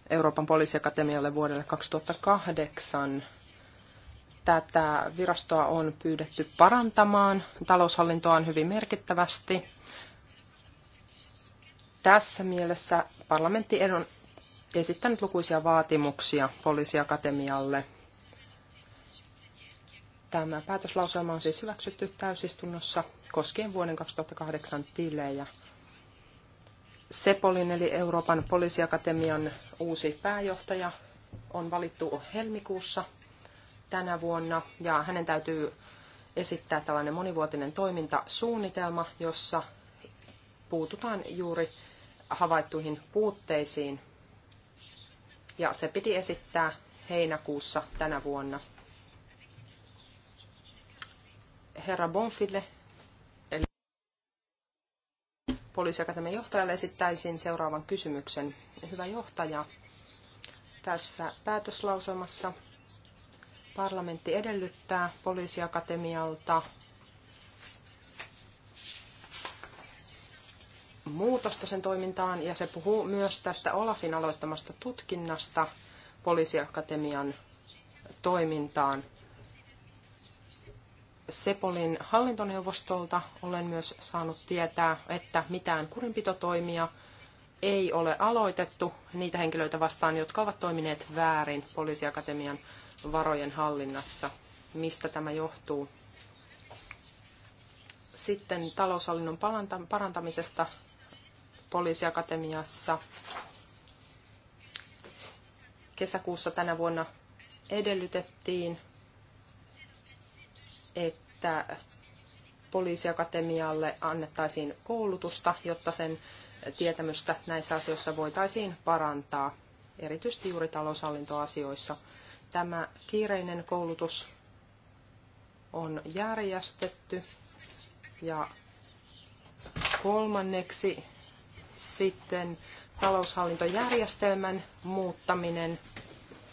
Euroopan poliisiakatemialle vuodelle 2008. Tätä virastoa on pyydetty parantamaan taloushallintoaan hyvin merkittävästi. Tässä mielessä parlamentti on esittänyt lukuisia vaatimuksia poliisiakatemialle – Tämä päätöslauselma on siis hyväksytty täysistunnossa koskien vuoden 2008 tilejä. Sepolin eli Euroopan poliisiakatemian uusi pääjohtaja on valittu helmikuussa tänä vuonna ja hänen täytyy esittää tällainen monivuotinen toimintasuunnitelma, jossa puututaan juuri havaittuihin puutteisiin. Ja se piti esittää heinäkuussa tänä vuonna. herra Bonfille, eli poliisiakatemian johtajalle, esittäisin seuraavan kysymyksen. Hyvä johtaja, tässä päätöslauselmassa parlamentti edellyttää poliisiakatemialta muutosta sen toimintaan ja se puhuu myös tästä Olafin aloittamasta tutkinnasta poliisiakatemian toimintaan Sepolin hallintoneuvostolta olen myös saanut tietää, että mitään kurinpitotoimia ei ole aloitettu niitä henkilöitä vastaan, jotka ovat toimineet väärin poliisiakatemian varojen hallinnassa. Mistä tämä johtuu? Sitten taloushallinnon parantamisesta poliisiakatemiassa. Kesäkuussa tänä vuonna edellytettiin että poliisiakatemialle annettaisiin koulutusta, jotta sen tietämystä näissä asioissa voitaisiin parantaa, erityisesti juuri taloushallintoasioissa. Tämä kiireinen koulutus on järjestetty ja kolmanneksi sitten taloushallintojärjestelmän muuttaminen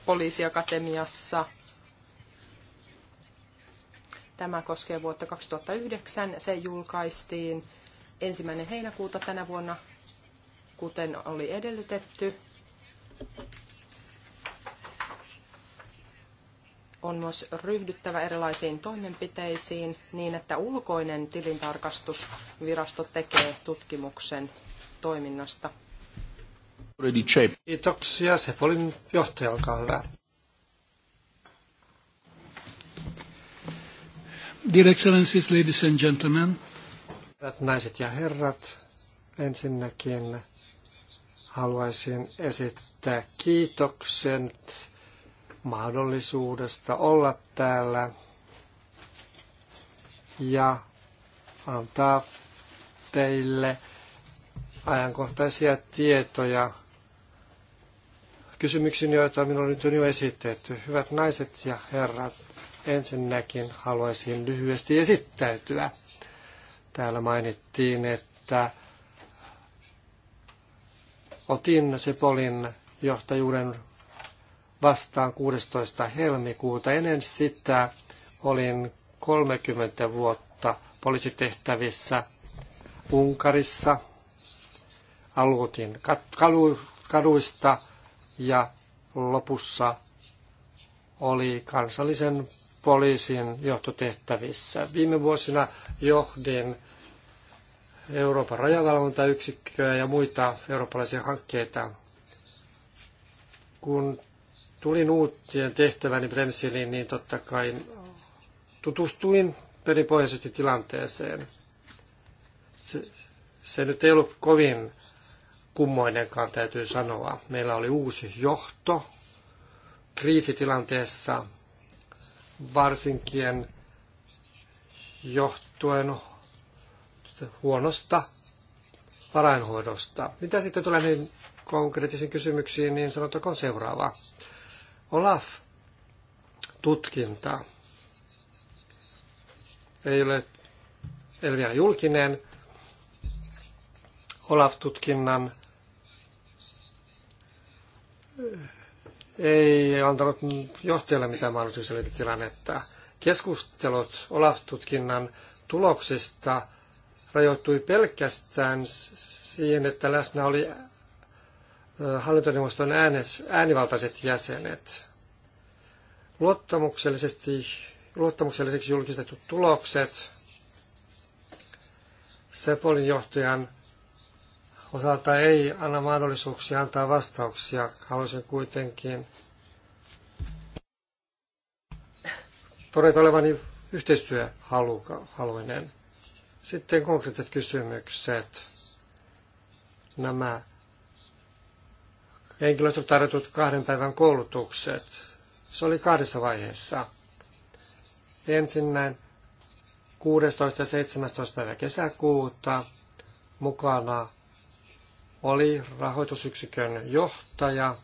poliisiakatemiassa – Tämä koskee vuotta 2009. Se julkaistiin ensimmäinen heinäkuuta tänä vuonna, kuten oli edellytetty. On myös ryhdyttävä erilaisiin toimenpiteisiin niin, että ulkoinen tilintarkastusvirasto tekee tutkimuksen toiminnasta. Kiitoksia. Sepolin johtaja, olkaa hyvä. Dear Excellencies, ladies and gentlemen. Hyvät naiset ja herrat, ensinnäkin haluaisin esittää kiitokset mahdollisuudesta olla täällä ja antaa teille ajankohtaisia tietoja kysymyksiin, joita minulle nyt on jo esitetty. Hyvät naiset ja herrat, Ensinnäkin haluaisin lyhyesti esittäytyä. Täällä mainittiin, että otin Sepolin johtajuuden vastaan 16. helmikuuta. Ennen sitä olin 30 vuotta poliisitehtävissä Unkarissa. Aluutin kaduista ja lopussa oli kansallisen poliisin johtotehtävissä. Viime vuosina johdin Euroopan rajavalvontayksikköä ja muita eurooppalaisia hankkeita. Kun tulin uutien tehtäväni Bremsiliin, niin totta kai tutustuin perinpohjaisesti tilanteeseen. Se, se nyt ei ollut kovin kummoinenkaan, täytyy sanoa. Meillä oli uusi johto kriisitilanteessa – varsinkin johtuen huonosta varainhoidosta. Mitä sitten tulee niin konkreettisiin kysymyksiin, niin sanottakoon seuraava. Olaf-tutkinta ei ole, ei ole vielä julkinen. Olaf-tutkinnan ei antanut johtajalle mitään mahdollisuuksia selvitä tilannetta. Keskustelut Olaf-tutkinnan tuloksista rajoittui pelkästään siihen, että läsnä oli hallintoneuvoston äänivaltaiset jäsenet. Luottamuksellisesti, luottamukselliseksi julkistetut tulokset Sepolin johtajan osalta ei anna mahdollisuuksia antaa vastauksia. Haluaisin kuitenkin todeta olevani yhteistyöhaluinen. Sitten konkreettiset kysymykset. Nämä henkilöstö tarjotut kahden päivän koulutukset. Se oli kahdessa vaiheessa. Ensinnäin 16. ja 17. päivä kesäkuuta mukana oli rahoitusyksikön johtaja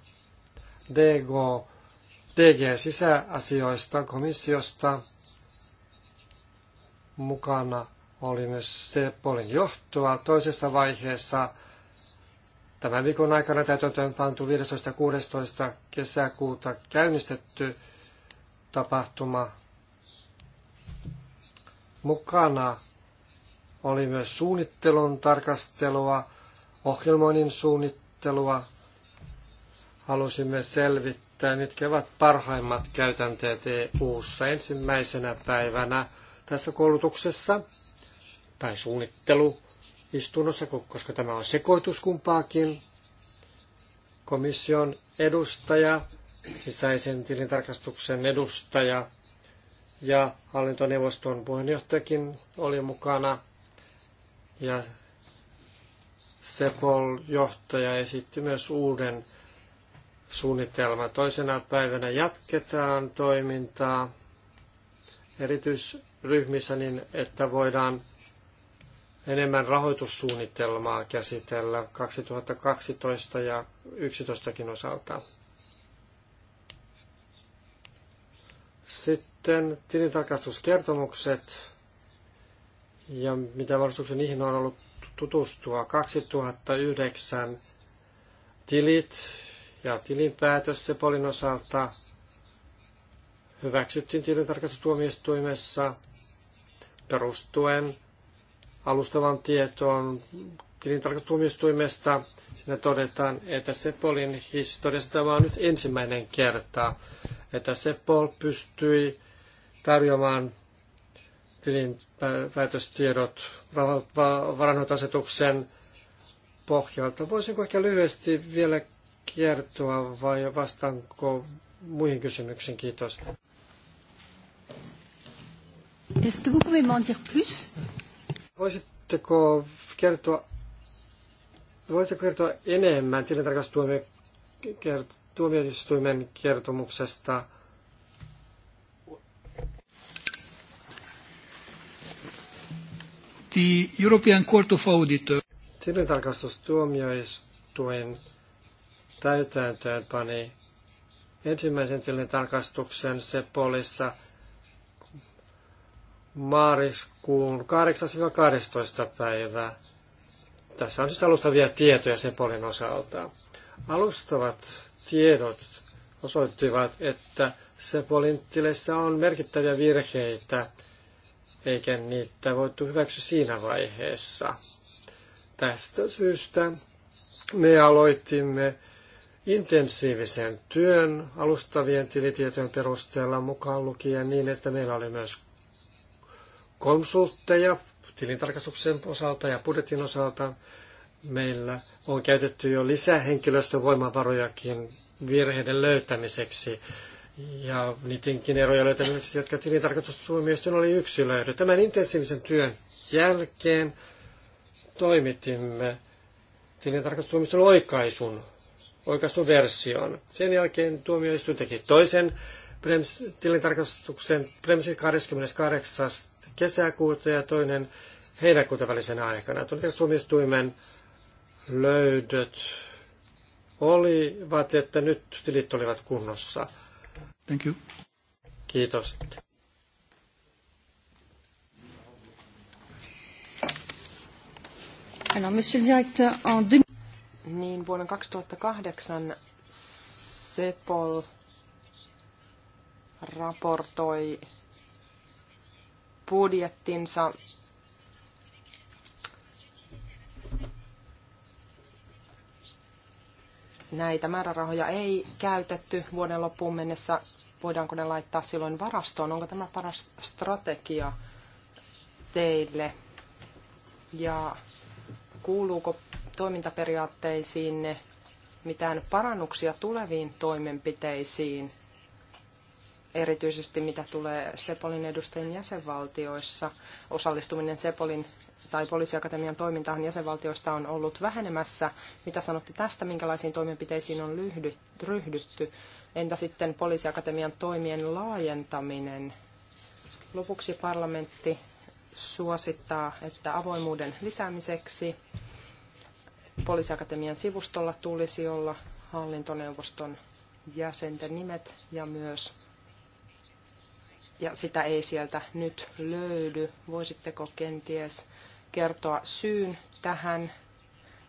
DG, DG sisäasioista komissiosta. Mukana oli myös Sepolin johtoa toisessa vaiheessa. Tämän viikon aikana täytäntöön pantu 15.16. kesäkuuta käynnistetty tapahtuma. Mukana oli myös suunnittelun tarkastelua ohjelmoinnin suunnittelua. Halusimme selvittää, mitkä ovat parhaimmat käytänteet EU-ssa ensimmäisenä päivänä tässä koulutuksessa tai suunnitteluistunnossa, koska tämä on sekoitus kumpaakin. Komission edustaja, sisäisen tilintarkastuksen edustaja ja hallintoneuvoston puheenjohtajakin oli mukana. Ja Sepol johtaja esitti myös uuden suunnitelman. Toisena päivänä jatketaan toimintaa erityisryhmissä niin, että voidaan enemmän rahoitussuunnitelmaa käsitellä 2012 ja 2011 osalta. Sitten tilintarkastuskertomukset ja mitä varustuksen niihin on ollut tutustua 2009 tilit ja tilinpäätös Sepolin osalta hyväksyttiin tilintarkastustuomioistuimessa perustuen alustavan tietoon tilintarkastustuomioistuimesta. Siinä todetaan, että Sepolin historiassa tämä on nyt ensimmäinen kerta, että Sepol pystyi tarjoamaan tilinpäätöstiedot varanhoitoasetuksen pohjalta. Voisinko ehkä lyhyesti vielä kertoa vai vastaanko muihin kysymyksiin? Kiitos. Est-ce que vous m'en dire plus? Voisitteko kertoa, voisitteko kertoa enemmän tilintarkastustuomioistuimen kertomuksesta? the European Court of Auditor. Tilintarkastustuomioistuin täytäntöön pani ensimmäisen tilintarkastuksen Sepolissa maariskuun 8-12 päivää. Tässä on siis alustavia tietoja Sepolin osalta. Alustavat tiedot osoittivat, että Sepolin tilissä on merkittäviä virheitä – eikä niitä voitu hyväksyä siinä vaiheessa. Tästä syystä me aloitimme intensiivisen työn alustavien tilitietojen perusteella mukaan lukien niin, että meillä oli myös konsultteja tilintarkastuksen osalta ja budjetin osalta. Meillä on käytetty jo lisää henkilöstövoimavarojakin virheiden löytämiseksi ja niidenkin eroja löytämiseksi, jotka tilintarkastustuomioistuin oli yksilöidy. Tämän intensiivisen työn jälkeen toimitimme tilintarkastustuomioistuin oikaisun, oikaisun version. Sen jälkeen tuomioistuin teki toisen brems, tilintarkastuksen Bremsin 28. kesäkuuta ja toinen heinäkuuta välisen aikana. Tuomioistuimen löydöt olivat, että nyt tilit olivat kunnossa. Thank you. Kiitos. Alors, monsieur le directeur, en Niin vuonna 2008 Sepol raportoi budjettinsa näitä määrärahoja ei käytetty vuoden loppuun mennessä voidaanko ne laittaa silloin varastoon? Onko tämä paras strategia teille? Ja kuuluuko toimintaperiaatteisiinne mitään parannuksia tuleviin toimenpiteisiin, erityisesti mitä tulee Sepolin edustajien jäsenvaltioissa. Osallistuminen Sepolin tai poliisiakatemian toimintaan jäsenvaltioista on ollut vähenemässä. Mitä sanotte tästä, minkälaisiin toimenpiteisiin on ryhdytty? Entä sitten poliisiakatemian toimien laajentaminen? Lopuksi parlamentti suosittaa, että avoimuuden lisäämiseksi poliisiakatemian sivustolla tulisi olla hallintoneuvoston jäsenten nimet ja myös ja sitä ei sieltä nyt löydy. Voisitteko kenties kertoa syyn tähän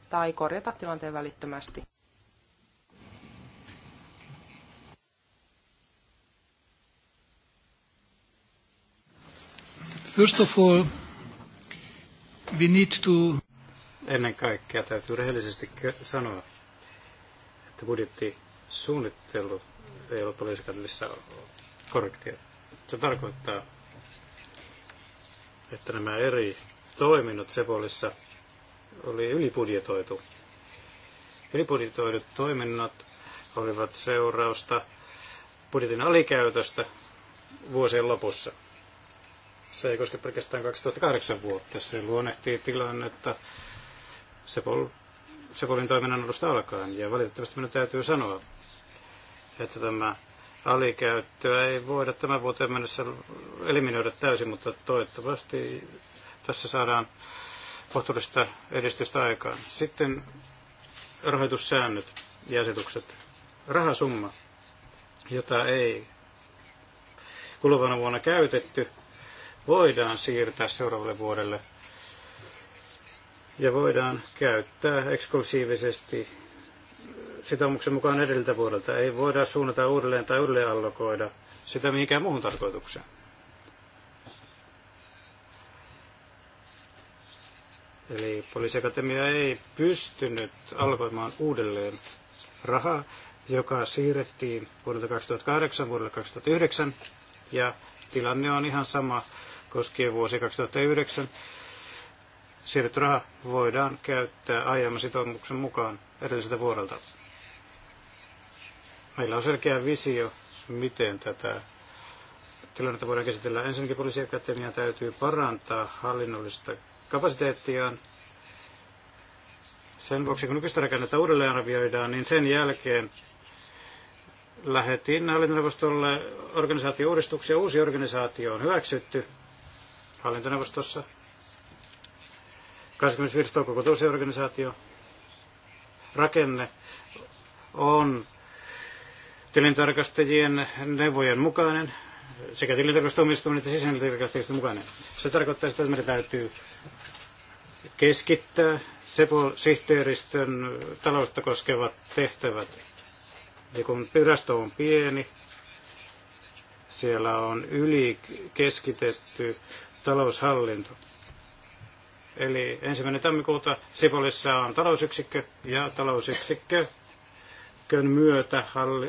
tai korjata tilanteen välittömästi? First of all, we need to... Ennen kaikkea täytyy rehellisesti sanoa, että budjettisuunnittelu ei ole poliisikallissa korrektia. Se tarkoittaa, että nämä eri toiminnot Sepolissa oli ylibudjetoitu. Ylibudjetoidut toiminnot olivat seurausta budjetin alikäytöstä vuosien lopussa – se ei koske pelkästään 2008 vuotta. Se luonnehtii tilannetta Sepol, Sepolin toiminnan alusta alkaen. Ja valitettavasti minun täytyy sanoa, että tämä alikäyttöä ei voida tämän vuoteen mennessä eliminoida täysin, mutta toivottavasti tässä saadaan kohtuullista edistystä aikaan. Sitten rahoitussäännöt ja asetukset. Rahasumma, jota ei kuluvana vuonna käytetty, voidaan siirtää seuraavalle vuodelle ja voidaan käyttää eksklusiivisesti sitoumuksen mukaan edeltä vuodelta. Ei voida suunnata uudelleen tai uudelleen allokoida sitä mihinkään muuhun tarkoitukseen. Eli poliisiakatemia ei pystynyt alkoimaan uudelleen rahaa, joka siirrettiin vuodelta 2008 vuodelle 2009. Ja tilanne on ihan sama koskien vuosi 2009 siirretty raha voidaan käyttää aiemman sitoumuksen mukaan edelliseltä vuodelta. Meillä on selkeä visio, miten tätä tilannetta voidaan käsitellä. Ensinnäkin poliisiakatemia täytyy parantaa hallinnollista kapasiteettiaan. Sen vuoksi, kun nykyistä rakennetta uudelleen arvioidaan, niin sen jälkeen lähetin hallintoneuvostolle organisaatio-uudistuksia. Uusi organisaatio on hyväksytty hallintoneuvostossa. 25. toukokuuta uusi organisaatio. Rakenne on tilintarkastajien neuvojen mukainen, sekä tilintarkastustuomioistuimen että sisäntilintarkastajien tilintarkastajien mukainen. Se tarkoittaa sitä, että meidän täytyy keskittää SEPO-sihteeristön taloutta koskevat tehtävät. Ja kun virasto on pieni, siellä on yli keskitetty taloushallinto. Eli ensimmäinen tammikuuta Sipolissa on talousyksikkö ja talousyksikkö myötä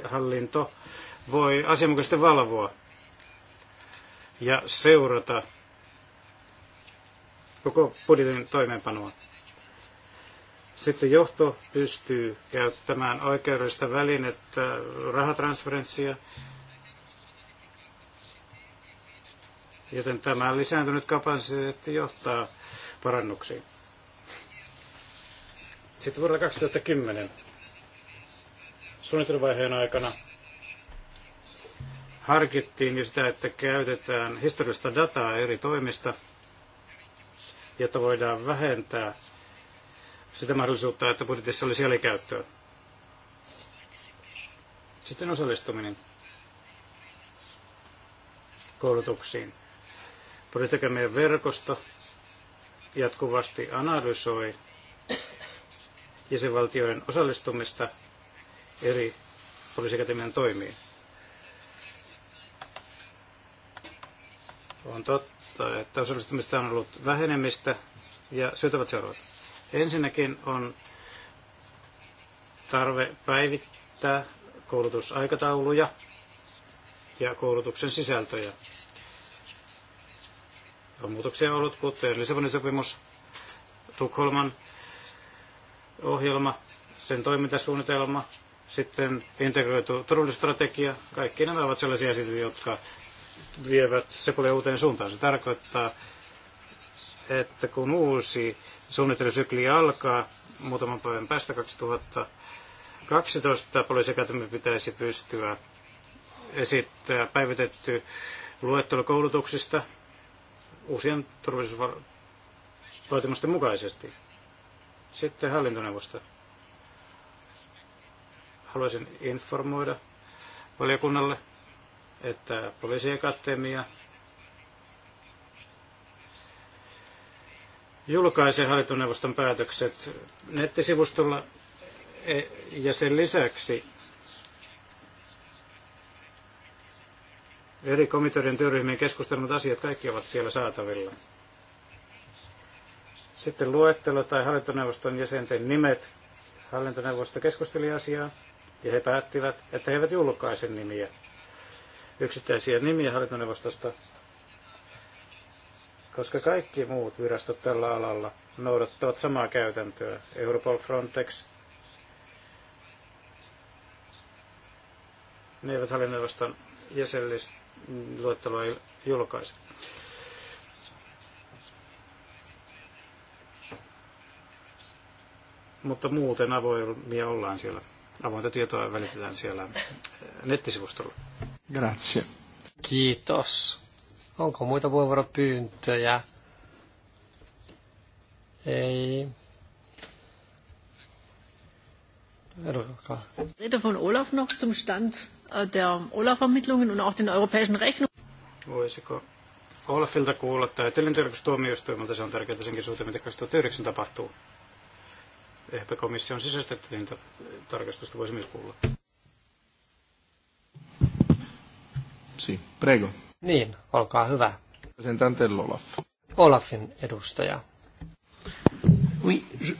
hallinto voi asianmukaisesti valvoa ja seurata koko budjetin toimeenpanoa. Sitten johto pystyy käyttämään oikeudellista välinettä rahatransferenssia Joten tämä lisääntynyt kapasiteetti johtaa parannuksiin. Sitten vuodella 2010 suunnitelvaiheen aikana harkittiin jo sitä, että käytetään historiallista dataa eri toimista, jotta voidaan vähentää sitä mahdollisuutta, että budjetissa olisi jälikäyttöä. Sitten osallistuminen koulutuksiin meidän verkosto jatkuvasti analysoi jäsenvaltioiden osallistumista eri poliisikatemian toimiin. On totta, että osallistumista on ollut vähenemistä ja syötävät seuraavat. Ensinnäkin on tarve päivittää koulutusaikatauluja ja koulutuksen sisältöjä on muutoksia ollut, kuten Lissabonin sopimus, Tukholman ohjelma, sen toimintasuunnitelma, sitten integroitu turvallisuusstrategia. Kaikki nämä ovat sellaisia asioita, jotka vievät Sepolia uuteen suuntaan. Se tarkoittaa, että kun uusi suunnittelusykli alkaa muutaman päivän päästä 2012, poliisikäytämme pitäisi pystyä esittää päivitetty luettelo koulutuksista, uusien turvallisuusvaatimusten mukaisesti. Sitten hallintoneuvosto. Haluaisin informoida valiokunnalle, että poliisiakatemia julkaisee hallintoneuvoston päätökset nettisivustolla e- ja sen lisäksi eri komiteoiden työryhmien keskustelut asiat, kaikki ovat siellä saatavilla. Sitten luettelo tai hallintoneuvoston jäsenten nimet. Hallintoneuvosto keskusteli asiaa ja he päättivät, että he eivät julkaise nimiä. Yksittäisiä nimiä hallintoneuvostosta, koska kaikki muut virastot tällä alalla noudattavat samaa käytäntöä. Europol, Frontex, ne eivät hallintoneuvoston jäsenlistä, luetteloa julkaise. Mutta muuten avoimia ollaan siellä. Avointa tietoa välitetään siellä nettisivustolla. Grazie. Kiitos. Onko muita puheenvuoropyyntöjä? Ei. Rede von Olaf noch zum Stand Äh, der Olaf-ermittlungen und auch den europäischen Rechnung. Voisiko Olafilta kuulla tai tuomioistuimelta, se on tärkeää senkin suhteen, mitä 2009 tapahtuu. Ehkä komission sisäistä tarkastusta voisi myös kuulla. Si, prego. Niin, olkaa hyvä. Sen Representante Olaf. Olafin edustaja. Oui, je,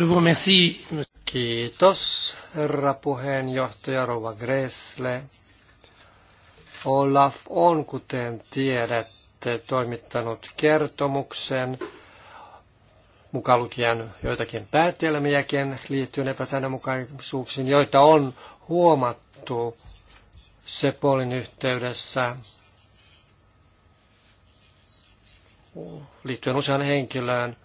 je vous remercie. Kiitos, herra puheenjohtaja Rova Gressle. Olaf on, kuten tiedätte, toimittanut kertomuksen, mukaan lukien joitakin päätelmiäkin liittyen epäsäännönmukaisuuksiin, joita on huomattu Sepolin yhteydessä liittyen usean henkilöön,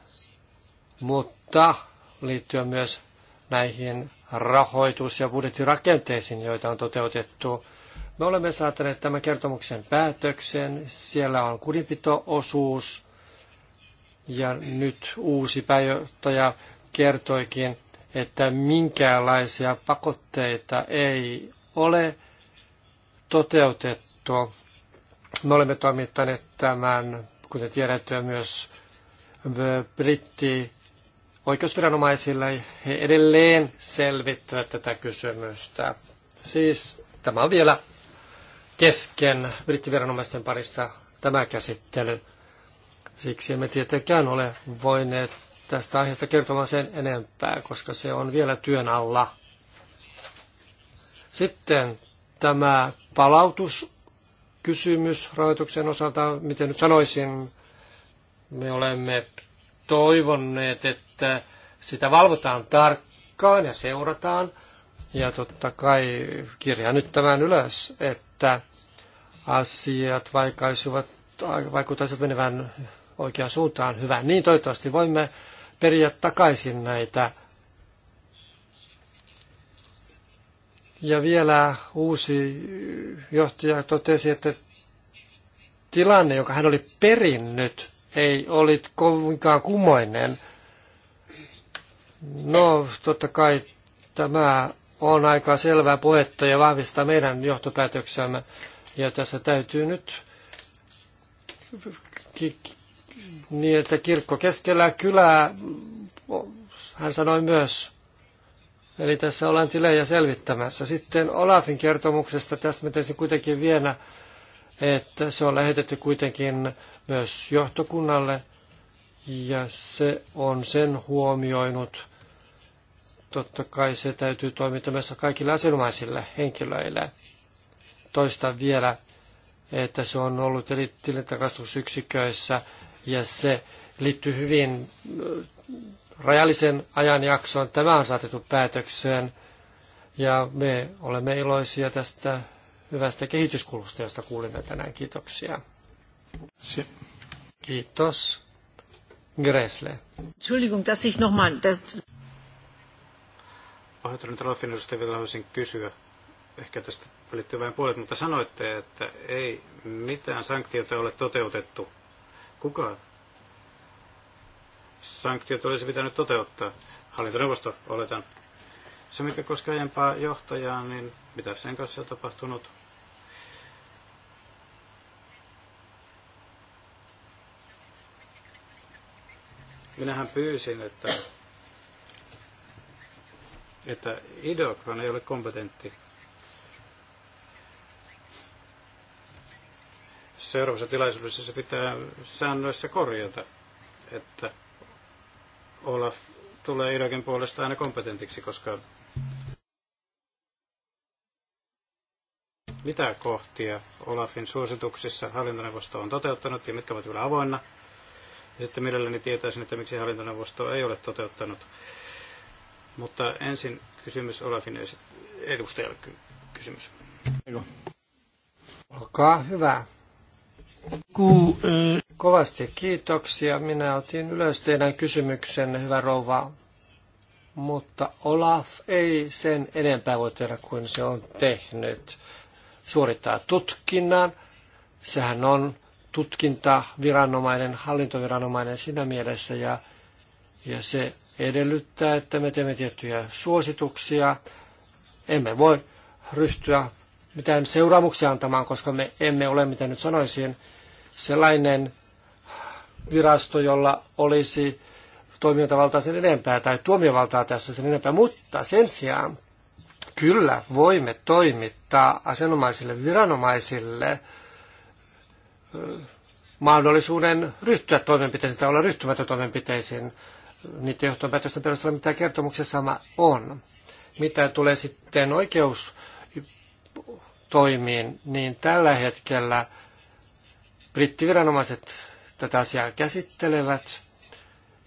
mutta liittyen myös näihin rahoitus- ja budjettirakenteisiin, joita on toteutettu. Me olemme saattaneet tämän kertomuksen päätöksen. Siellä on kurinpito-osuus ja nyt uusi pääjohtaja kertoikin, että minkäänlaisia pakotteita ei ole toteutettu. Me olemme toimittaneet tämän, kuten tiedätte, myös britti oikeusviranomaisille. He edelleen selvittävät tätä kysymystä. Siis tämä on vielä kesken brittiviranomaisten parissa tämä käsittely. Siksi emme tietenkään ole voineet tästä aiheesta kertomaan sen enempää, koska se on vielä työn alla. Sitten tämä palautuskysymys rahoituksen osalta, miten nyt sanoisin, me olemme toivonneet, että että sitä valvotaan tarkkaan ja seurataan. Ja totta kai kirjaan nyt tämän ylös, että asiat vaikaisuvat, vaikuttaisivat menevän oikeaan suuntaan. Hyvä, niin toivottavasti voimme periä takaisin näitä. Ja vielä uusi johtaja totesi, että tilanne, joka hän oli perinnyt, ei ollut kovinkaan kumoinen. No, totta kai tämä on aika selvää puhetta ja vahvistaa meidän johtopäätöksemme. Ja tässä täytyy nyt niin, että kirkko keskellä kylää, hän sanoi myös. Eli tässä ollaan tilejä selvittämässä. Sitten Olafin kertomuksesta täsmätäisin kuitenkin vielä, että se on lähetetty kuitenkin myös johtokunnalle – ja se on sen huomioinut. Totta kai se täytyy toimita myös kaikille asianomaisille henkilöille. Toistan vielä, että se on ollut eri tilintarkastusyksiköissä ja se liittyy hyvin rajallisen ajanjaksoon. Tämä on saatettu päätökseen ja me olemme iloisia tästä hyvästä kehityskulusta, josta kuulimme tänään. Kiitoksia. Kiitos. Gräsle. Entschuldigung, dass ich nochmal... Pahoittelen Rolfin vielä haluaisin kysyä. Ehkä tästä välittyy vain puolet, mutta sanoitte, että ei mitään sanktiota ole toteutettu. Kuka sanktiot olisi pitänyt toteuttaa? Hallintoneuvosto, oletan. Se, mikä koskee aiempaa johtajaa, niin mitä sen kanssa on tapahtunut? Minähän pyysin, että, että idokran ei ole kompetentti seuraavassa tilaisuudessa se pitää säännöissä korjata, että Olaf tulee Irakin puolesta aina kompetentiksi, koska mitä kohtia Olafin suosituksissa hallintoneuvosto on toteuttanut ja mitkä ovat vielä avoinna. Ja sitten mielelläni tietäisin, että miksi hallintoneuvosto ei ole toteuttanut. Mutta ensin kysymys Olafin edustajalle kysymys. Eiko. Olkaa hyvä. Ku, äh... Kovasti kiitoksia. Minä otin ylös teidän kysymyksen, hyvä rouva. Mutta Olaf ei sen enempää voi tehdä kuin se on tehnyt. Suorittaa tutkinnan. Sehän on tutkintaviranomainen, hallintoviranomainen siinä mielessä ja, ja se edellyttää, että me teemme tiettyjä suosituksia. Emme voi ryhtyä mitään seuraamuksia antamaan, koska me emme ole, mitä nyt sanoisin, sellainen virasto, jolla olisi toimintavaltaa sen enempää tai tuomiovaltaa tässä sen enempää, mutta sen sijaan kyllä voimme toimittaa asianomaisille viranomaisille – mahdollisuuden ryhtyä toimenpiteisiin tai olla ryhtymättä toimenpiteisiin niiden johtopäätösten perusteella, mitä kertomuksessa on. Mitä tulee sitten oikeus toimiin, niin tällä hetkellä brittiviranomaiset tätä asiaa käsittelevät.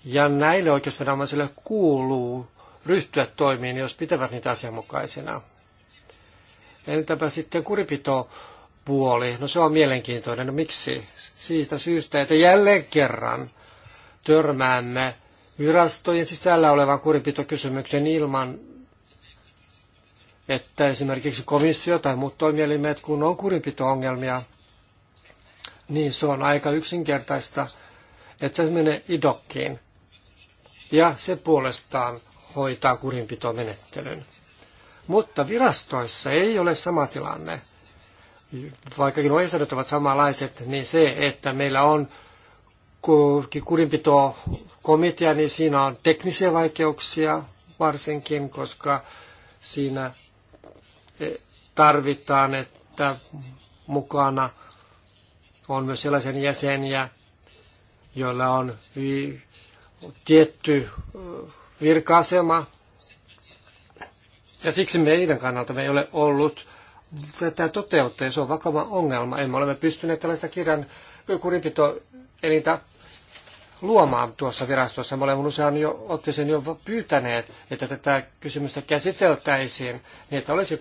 Ja näille oikeusviranomaisille kuuluu ryhtyä toimiin, jos pitävät niitä asianmukaisina. Entäpä sitten kuripito puoli. No se on mielenkiintoinen. No miksi? Siitä syystä, että jälleen kerran törmäämme virastojen sisällä olevan kurinpitokysymyksen ilman, että esimerkiksi komissio tai muut toimielimet, kun on kurinpito-ongelmia, niin se on aika yksinkertaista, että se menee idokkiin. Ja se puolestaan hoitaa kurinpitomenettelyn. Mutta virastoissa ei ole sama tilanne vaikkakin ohjeisodot ovat samanlaiset, niin se, että meillä on kurinpito komitea, niin siinä on teknisiä vaikeuksia varsinkin, koska siinä e, tarvitaan, että mukana on myös sellaisia jäseniä, joilla on tietty virka-asema. Ja siksi meidän kannalta me ei ole ollut tätä toteuttaa, ja se on vakava ongelma. Emme ole pystyneet tällaista kirjan kurinpito elintä luomaan tuossa virastossa. Me olemme usein jo sen jo pyytäneet, että tätä kysymystä käsiteltäisiin niin, että olisi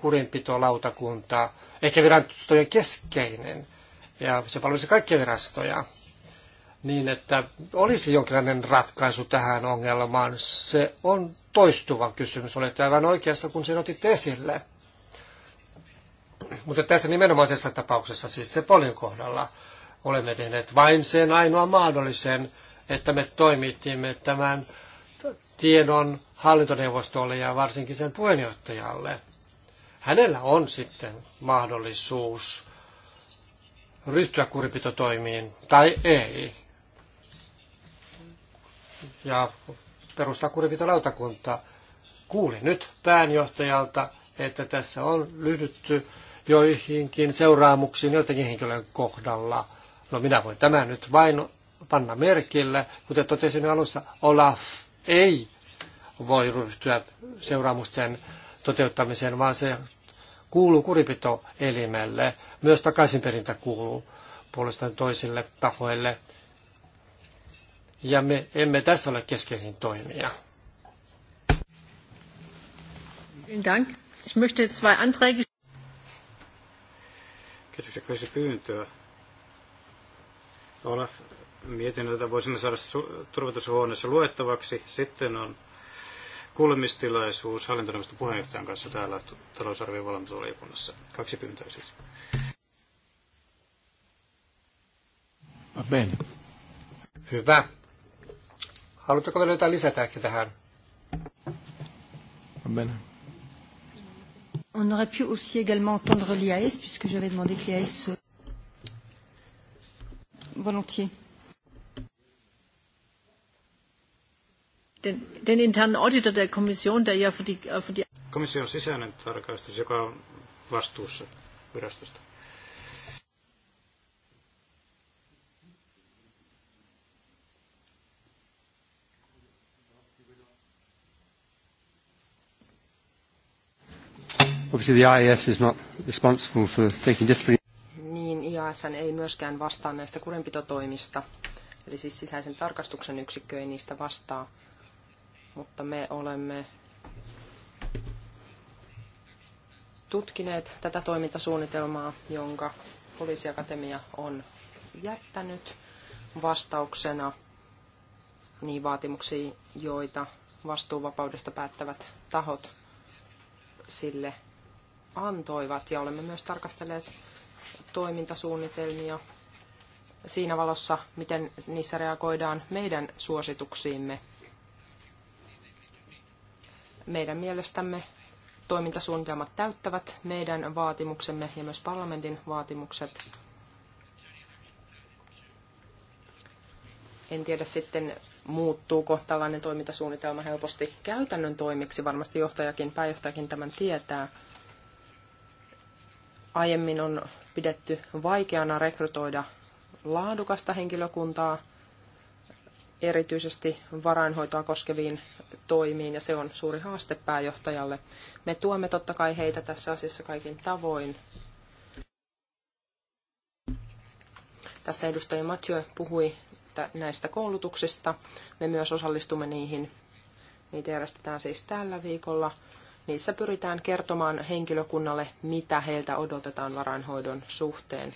lautakuntaa, ehkä virastojen keskeinen, ja se palvelisi kaikkia virastoja, niin että olisi jonkinlainen ratkaisu tähän ongelmaan. Se on toistuva kysymys, olette aivan oikeassa, kun sen otit esille. Mutta tässä nimenomaisessa tapauksessa, siis Sepolin kohdalla, olemme tehneet vain sen ainoa mahdollisen, että me toimittimme tämän tiedon hallintoneuvostolle ja varsinkin sen puheenjohtajalle. Hänellä on sitten mahdollisuus ryhtyä kurinpitotoimiin tai ei. Ja perustaa kurinpitolautakunta. Kuulin nyt päänjohtajalta, että tässä on lyhytty joihinkin seuraamuksiin joitakin henkilön kohdalla. No minä voin tämän nyt vain panna merkille. Kuten totesin alussa, Olaf ei voi ryhtyä seuraamusten toteuttamiseen, vaan se kuuluu kuripitoelimelle. Myös takaisinperintä kuuluu puolestaan toisille tahoille. Ja me emme tässä ole keskeisin toimija. Dank. Ich möchte zwei Anträge Kiitoksia olisi pyyntöä. Olaf mietin, että voisimme saada turvatusuhuoneessa luettavaksi. Sitten on kuulemistilaisuus hallintoneuvoston puheenjohtajan kanssa täällä talousarvion valmistusvaliokunnassa. Kaksi pyyntöä siis. Ah, bene. Hyvä. Haluatteko vielä jotain lisätäkin tähän? Amen. On aurait pu aussi également entendre l'IAS, puisque j'avais demandé que l'IAS... se... Volontiers. Den, den internen Auditor der er Kommission, der ja er für die, øh, für die... Komission sisäinen tarkastus, joka on vastuussa virastosta. Obviously the IAS is not responsible for taking Niin, IAS ei myöskään vastaa näistä kurinpitotoimista. Eli siis sisäisen tarkastuksen yksikkö ei niistä vastaa. Mutta me olemme tutkineet tätä toimintasuunnitelmaa, jonka poliisiakatemia on jättänyt vastauksena niin vaatimuksiin, joita vastuuvapaudesta päättävät tahot sille antoivat ja olemme myös tarkastelleet toimintasuunnitelmia siinä valossa, miten niissä reagoidaan meidän suosituksiimme. Meidän mielestämme toimintasuunnitelmat täyttävät meidän vaatimuksemme ja myös parlamentin vaatimukset. En tiedä sitten, muuttuuko tällainen toimintasuunnitelma helposti käytännön toimiksi. Varmasti johtajakin, pääjohtajakin tämän tietää Aiemmin on pidetty vaikeana rekrytoida laadukasta henkilökuntaa, erityisesti varainhoitoa koskeviin toimiin, ja se on suuri haaste pääjohtajalle. Me tuemme totta kai heitä tässä asiassa kaikin tavoin. Tässä edustaja Mathieu puhui näistä koulutuksista. Me myös osallistumme niihin. Niitä järjestetään siis tällä viikolla. Niissä pyritään kertomaan henkilökunnalle, mitä heiltä odotetaan varainhoidon suhteen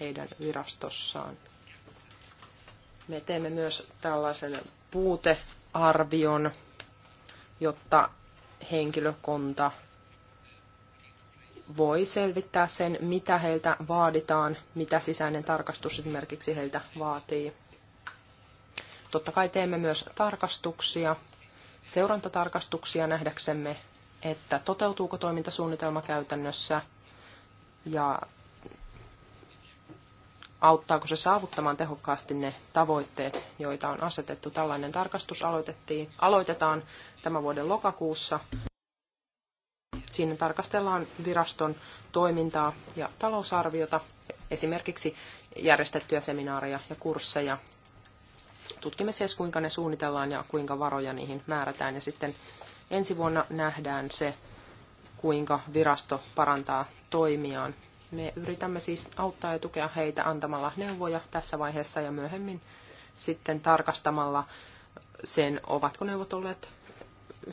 heidän virastossaan. Me teemme myös tällaisen puutearvion, jotta henkilökunta voi selvittää sen, mitä heiltä vaaditaan, mitä sisäinen tarkastus esimerkiksi heiltä vaatii. Totta kai teemme myös tarkastuksia, seurantatarkastuksia nähdäksemme, että toteutuuko toimintasuunnitelma käytännössä ja auttaako se saavuttamaan tehokkaasti ne tavoitteet, joita on asetettu. Tällainen tarkastus aloitettiin, aloitetaan tämän vuoden lokakuussa. Siinä tarkastellaan viraston toimintaa ja talousarviota, esimerkiksi järjestettyjä seminaareja ja kursseja. Tutkimme siis, kuinka ne suunnitellaan ja kuinka varoja niihin määrätään. Ja sitten Ensi vuonna nähdään se, kuinka virasto parantaa toimiaan. Me yritämme siis auttaa ja tukea heitä antamalla neuvoja tässä vaiheessa ja myöhemmin sitten tarkastamalla sen, ovatko neuvot olleet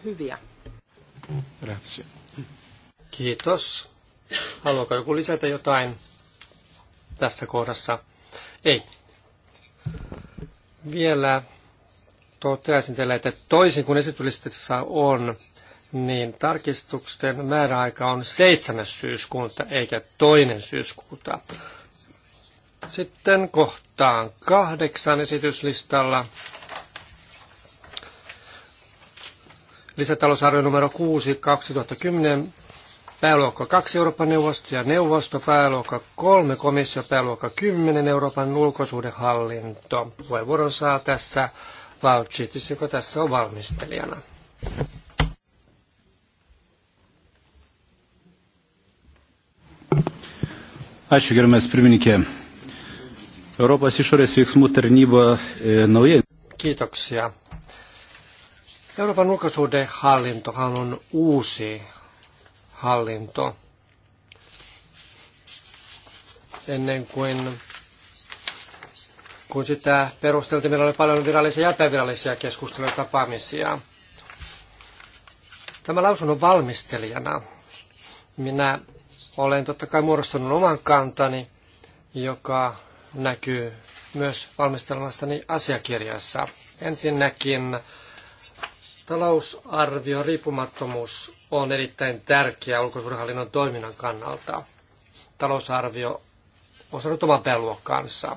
hyviä. Grazie. Kiitos. Haluaako joku lisätä jotain tässä kohdassa? Ei. Vielä toteaisin teille, että toisin kuin esitylistassa on, niin tarkistuksen määräaika on 7. syyskuuta eikä toinen syyskuuta. Sitten kohtaan kahdeksan esityslistalla. Lisätalousarvio numero 6 2010, pääluokka 2 Euroopan neuvosto ja neuvosto, pääluokka 3 komissio, pääluokka 10 Euroopan ulkosuhdehallinto. Puheenvuoron saa tässä Valchitis, joka tässä on valmistelijana. Ačiū, gerbiamas pirmininkė. Europos išorės veiksmų tarnyba e, naujai. Kiitoksia. Euroopan ulkosuhdehallintohan on uusi hallinto. Ennen kuin kun sitä perusteltiin, meillä oli paljon virallisia ja epävirallisia keskusteluja tapaamisia. Tämä lausunnon valmistelijana minä olen totta kai muodostunut oman kantani, joka näkyy myös valmistelmassani asiakirjassa. Ensinnäkin talousarvio riippumattomuus on erittäin tärkeä ulkosuudenhallinnon toiminnan kannalta. Talousarvio on saanut oman pääluokkaansa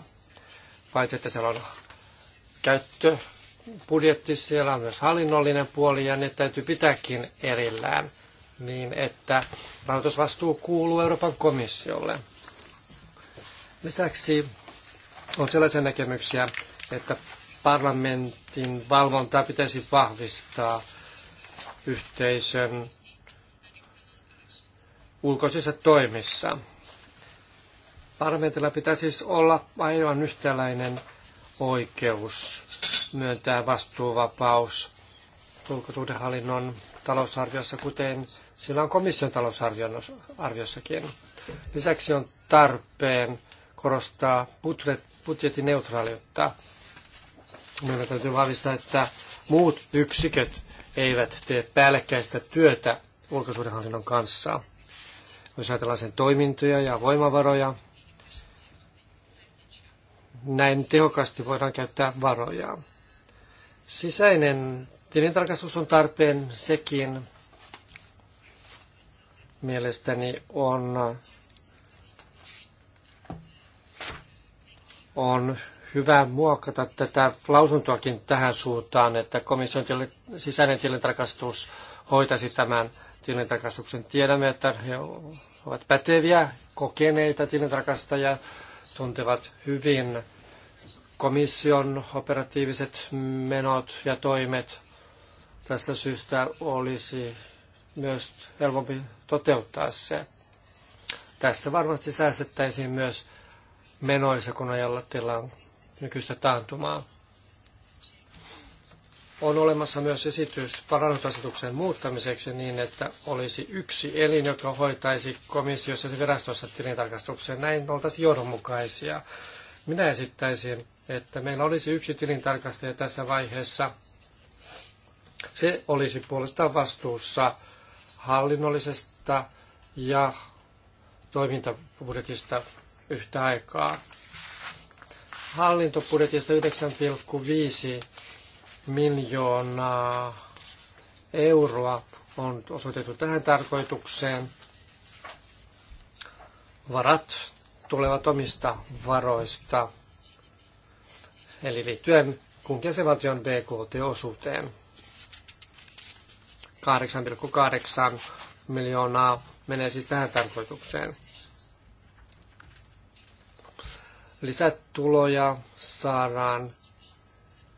paitsi että siellä on käyttö, budjetti, siellä on myös hallinnollinen puoli ja ne täytyy pitääkin erillään niin, että rahoitusvastuu kuuluu Euroopan komissiolle. Lisäksi on sellaisia näkemyksiä, että parlamentin valvontaa pitäisi vahvistaa yhteisön ulkoisissa toimissa. Parlamentilla pitää siis olla aivan yhtäläinen oikeus myöntää vastuuvapaus ulkosuhdehallinnon talousarviossa, kuten sillä on komission talousarviossakin. Lisäksi on tarpeen korostaa budjetineutraaliutta. Meillä täytyy vahvistaa, että muut yksiköt eivät tee päällekkäistä työtä ulkosuhdehallinnon kanssa. Jos ajatellaan sen toimintoja ja voimavaroja, näin tehokkaasti voidaan käyttää varoja. Sisäinen tilintarkastus on tarpeen sekin. Mielestäni on, on hyvä muokata tätä lausuntoakin tähän suuntaan, että komission sisäinen tilintarkastus hoitaisi tämän tilintarkastuksen. Tiedämme, että he ovat päteviä, kokeneita tilintarkastajia, tuntevat hyvin komission operatiiviset menot ja toimet. Tästä syystä olisi myös helpompi toteuttaa se. Tässä varmasti säästettäisiin myös menoissa, kun ajatellaan nykyistä taantumaa. On olemassa myös esitys parannusasetuksen muuttamiseksi niin, että olisi yksi elin, joka hoitaisi komissiossa ja virastossa tilintarkastuksen. Näin oltaisiin johdonmukaisia. Minä esittäisin että meillä olisi yksi tilintarkastaja tässä vaiheessa. Se olisi puolestaan vastuussa hallinnollisesta ja toimintabudjetista yhtä aikaa. Hallintobudjetista 9,5 miljoonaa euroa on osoitettu tähän tarkoitukseen. Varat tulevat omista varoista eli liittyen kunkin jäsenvaltion BKT-osuuteen. 8,8 miljoonaa menee siis tähän tarkoitukseen. Lisätuloja saadaan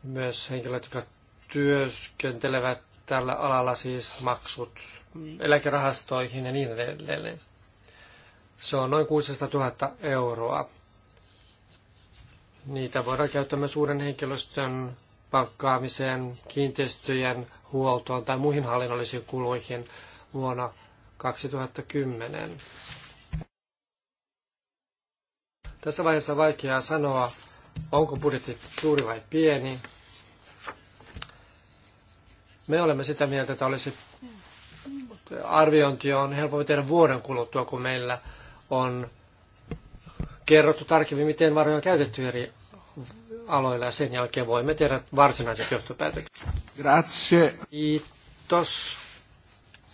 myös henkilöt, jotka työskentelevät tällä alalla, siis maksut eläkerahastoihin ja niin edelleen. Se on noin 600 000 euroa. Niitä voidaan käyttää myös uuden henkilöstön palkkaamiseen, kiinteistöjen huoltoon tai muihin hallinnollisiin kuluihin vuonna 2010. Tässä vaiheessa on vaikeaa sanoa, onko budjetti suuri vai pieni. Me olemme sitä mieltä, että olisi arviointi on helpompi tehdä vuoden kuluttua, kun meillä on kerrottu tarkemmin, miten varoja on käytetty eri aloilla ja sen jälkeen voimme tehdä varsinaiset johtopäätökset. Grazie. Kiitos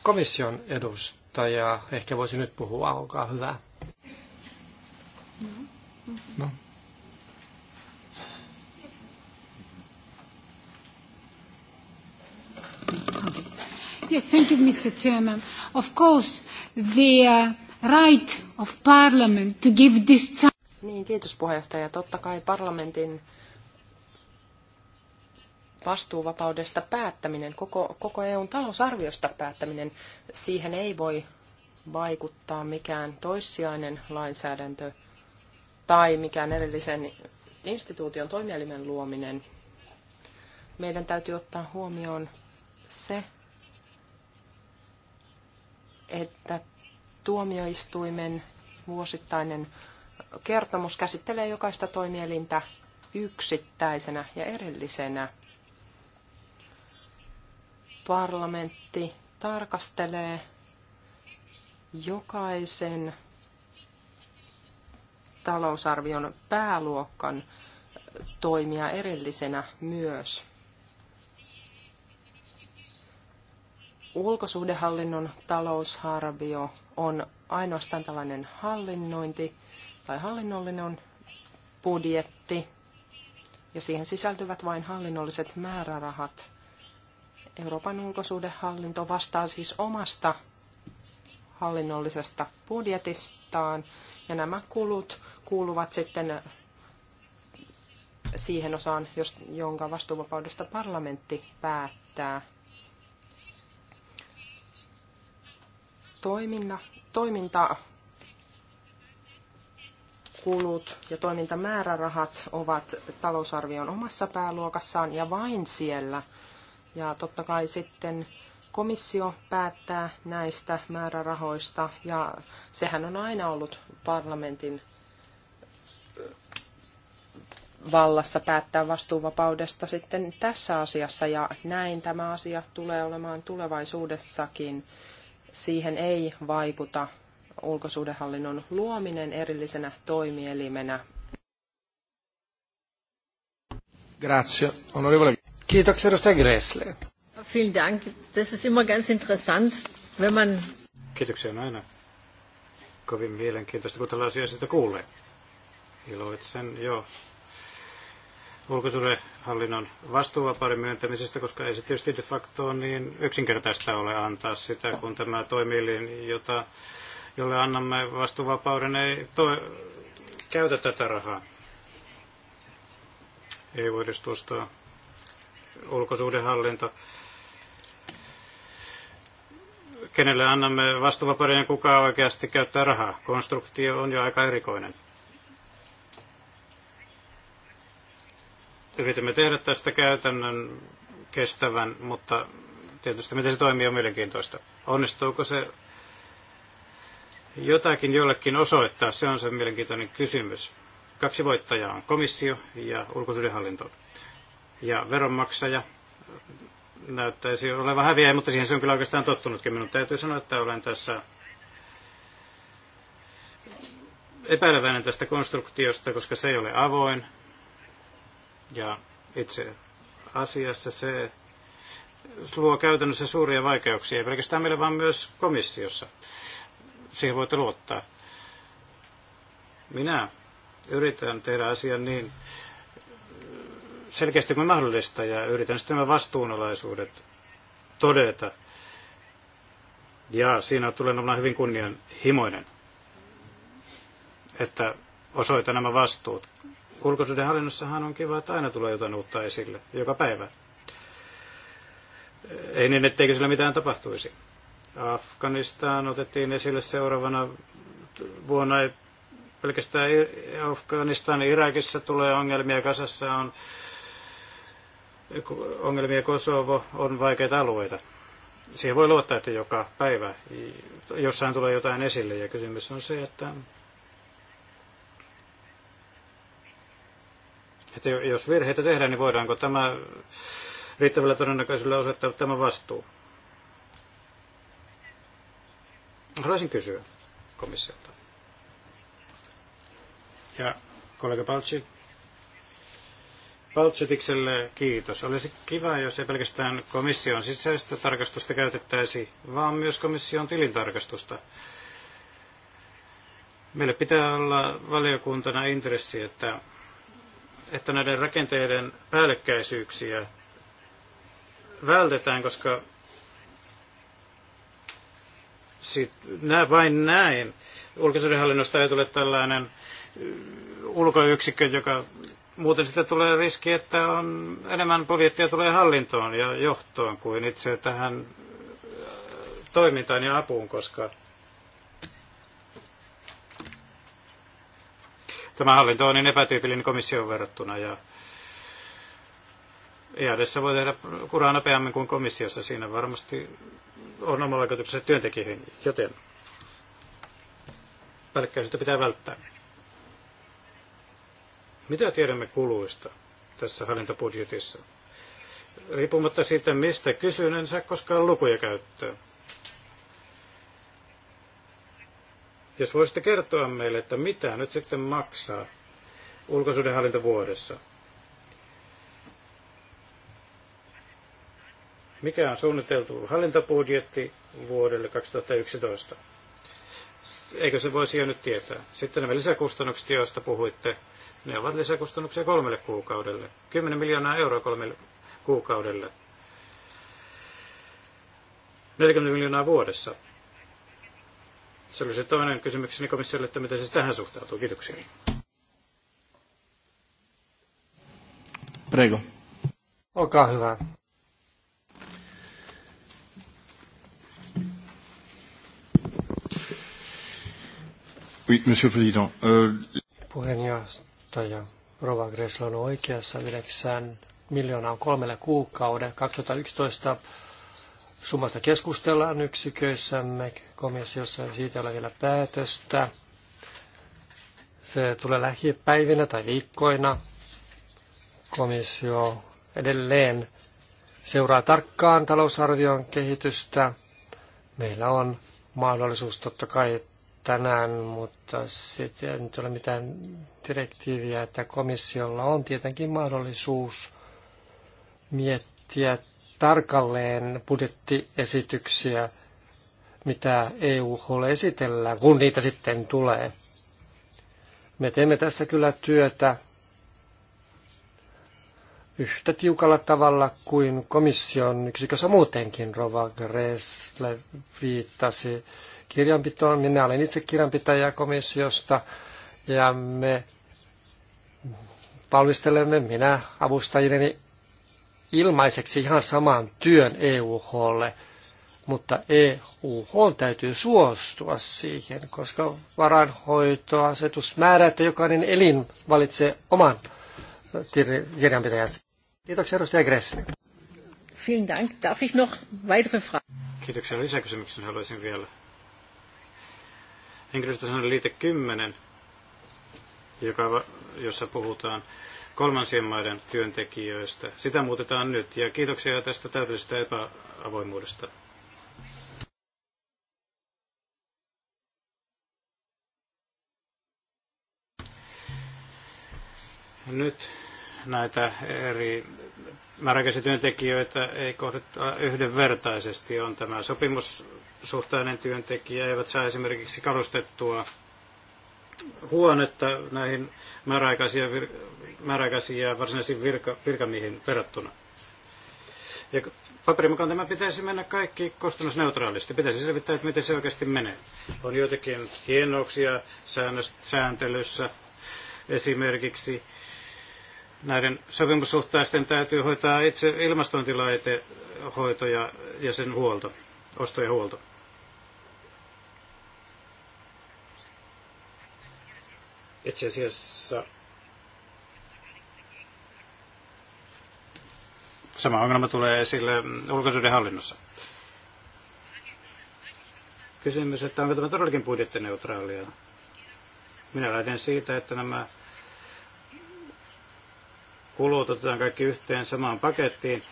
komission edustaja. Ehkä voisi nyt puhua, olkaa hyvä. No. Yes, thank you, Mr. Chairman. Of course, the uh, right of Parliament to give this time. Niin, kiitos puheenjohtaja. Totta kai parlamentin vastuuvapaudesta päättäminen, koko, koko EUn talousarviosta päättäminen, siihen ei voi vaikuttaa mikään toissijainen lainsäädäntö tai mikään erillisen instituution toimielimen luominen. Meidän täytyy ottaa huomioon se, että tuomioistuimen vuosittainen kertomus käsittelee jokaista toimielintä yksittäisenä ja erillisenä. Parlamentti tarkastelee jokaisen talousarvion pääluokan toimia erillisenä myös. Ulkosuhdehallinnon talousarvio on ainoastaan tällainen hallinnointi, tai hallinnollinen budjetti ja siihen sisältyvät vain hallinnolliset määrärahat. Euroopan ulkosuhdehallinto vastaa siis omasta hallinnollisesta budjetistaan ja nämä kulut kuuluvat sitten siihen osaan, jonka vastuuvapaudesta parlamentti päättää. Toiminna, toiminta kulut ja toimintamäärärahat ovat talousarvion omassa pääluokassaan ja vain siellä. Ja totta kai sitten komissio päättää näistä määrärahoista ja sehän on aina ollut parlamentin vallassa päättää vastuuvapaudesta sitten tässä asiassa ja näin tämä asia tulee olemaan tulevaisuudessakin. Siihen ei vaikuta ulkosuhdehallinnon luominen erillisenä toimielimenä. Grazie. Onorevole. Kiitoksia edustaja Gressle. Vielen Dank. Das ist immer ganz interessant, wenn man... Kiitoksia on aina kovin mielenkiintoista, kun tällaisia asioita kuulee. Iloitsen jo ulkosuudenhallinnon vastuuvapauden myöntämisestä, koska ei se tietysti de facto niin yksinkertaista ole antaa sitä, kun tämä toimielin, jota jolle annamme vastuuvapauden, ei to- käytä tätä rahaa. Ei voi tuosta ulkosuhdehallinto. Kenelle annamme vastuuvapauden ja kuka oikeasti käyttää rahaa? Konstruktio on jo aika erikoinen. Yritämme tehdä tästä käytännön kestävän, mutta tietysti miten se toimii on mielenkiintoista. Onnistuuko se jotakin jollekin osoittaa, se on se mielenkiintoinen kysymys. Kaksi voittajaa on komissio ja ulkosuudenhallinto. Ja veronmaksaja näyttäisi olevan häviäjä, mutta siihen se on kyllä oikeastaan tottunutkin. Minun täytyy sanoa, että olen tässä epäileväinen tästä konstruktiosta, koska se ei ole avoin. Ja itse asiassa se luo käytännössä suuria vaikeuksia, ei pelkästään meille, vaan myös komissiossa siihen voit luottaa. Minä yritän tehdä asian niin selkeästi kuin mahdollista ja yritän sitten nämä vastuunalaisuudet todeta. Ja siinä tulee olla hyvin kunnianhimoinen, että osoita nämä vastuut. hallinnossahan on kiva, että aina tulee jotain uutta esille, joka päivä. Ei niin, etteikö sillä mitään tapahtuisi. Afganistan otettiin esille seuraavana vuonna. pelkästään Afganistan, Irakissa tulee ongelmia, Kasassa on ongelmia, Kosovo on vaikeita alueita. Siihen voi luottaa, että joka päivä jossain tulee jotain esille ja kysymys on se, että että jos virheitä tehdään, niin voidaanko tämä riittävällä todennäköisyydellä osoittaa tämä vastuu. Haluaisin kysyä komissiolta. Ja kollega Paltsi. Paltsitikselle kiitos. Olisi kiva, jos ei pelkästään komission sisäistä tarkastusta käytettäisi, vaan myös komission tilintarkastusta. Meillä pitää olla valiokuntana intressi, että, että näiden rakenteiden päällekkäisyyksiä vältetään, koska sit, nä, vain näin. Ulkosuudenhallinnosta ei tule tällainen ulkoyksikkö, joka muuten sitten tulee riski, että on enemmän budjettia tulee hallintoon ja johtoon kuin itse tähän toimintaan ja apuun, koska tämä hallinto on niin epätyypillinen komission verrattuna ja EADssa voi tehdä kuraa nopeammin kuin komissiossa. Siinä varmasti on oma vaikutuksensa työntekijöihin, joten päällekkäisyyttä pitää välttää. Mitä tiedämme kuluista tässä hallintobudjetissa? Riippumatta siitä, mistä kysyn, en saa koskaan lukuja käyttöön. Jos voisitte kertoa meille, että mitä nyt sitten maksaa ulkosuudenhallinto vuodessa – Mikä on suunniteltu hallintobudjetti vuodelle 2011? Eikö se voisi jo nyt tietää? Sitten nämä lisäkustannukset, joista puhuitte, ne ovat lisäkustannuksia kolmelle kuukaudelle. 10 miljoonaa euroa kolmelle kuukaudelle. 40 miljoonaa vuodessa. Se oli se toinen kysymykseni komissiolle, että miten se siis tähän suhtautuu. Kiitoksia. Prego. Olkaa hyvä. Oui, monsieur le président. Euh, Puheenjohtaja Rova Gressel on oikeassa 9 miljoonaa kolmelle kuukauden. 2011 summasta keskustellaan yksiköissämme komissiossa, siitä ei ole vielä päätöstä. Se tulee lähipäivinä tai viikkoina. Komissio edelleen seuraa tarkkaan talousarvion kehitystä. Meillä on mahdollisuus totta kai tänään, mutta sitä ei nyt ole mitään direktiiviä, että komissiolla on tietenkin mahdollisuus miettiä tarkalleen budjettiesityksiä, mitä EU-holle esitellään, kun niitä sitten tulee. Me teemme tässä kyllä työtä yhtä tiukalla tavalla kuin komission yksikössä muutenkin Rova Gressle viittasi kirjanpitoon. Minä olen itse kirjanpitäjä komissiosta ja me valmistelemme minä avustajineni ilmaiseksi ihan saman työn EUHlle, mutta EUH täytyy suostua siihen, koska varainhoitoasetus määrää, että jokainen elin valitsee oman kirjanpitäjänsä. Kiitoksia edustaja Gressle. Vielen Dank. Darf ich noch weitere Fragen? Kiitoksia lisäkysymyksen haluaisin vielä henkilöstösäännön liite 10, joka, jossa puhutaan kolmansien maiden työntekijöistä. Sitä muutetaan nyt ja kiitoksia tästä täydellisestä epäavoimuudesta. Nyt näitä eri määräaikaisia työntekijöitä ei kohdata yhdenvertaisesti. On tämä sopimus suhtainen työntekijä eivät saa esimerkiksi kalustettua huonetta näihin määräaikaisia, vir, määräaikaisia varsinaisiin virka, virkamiehiin verrattuna. Ja paperin mukaan tämä pitäisi mennä kaikki kustannusneutraalisti. Pitäisi selvittää, että miten se oikeasti menee. On joitakin hienouksia sääntelyssä. Esimerkiksi näiden sopimussuhtaisten täytyy hoitaa itse ilmastointilaitehoito ja, ja sen huolto, ostojen huolto. Itse asiassa sama ongelma tulee esille ulkoisuuden hallinnossa. Kysymys, että onko tämä todellakin budjettineutraalia? Minä lähden siitä, että nämä kulut otetaan kaikki yhteen samaan pakettiin,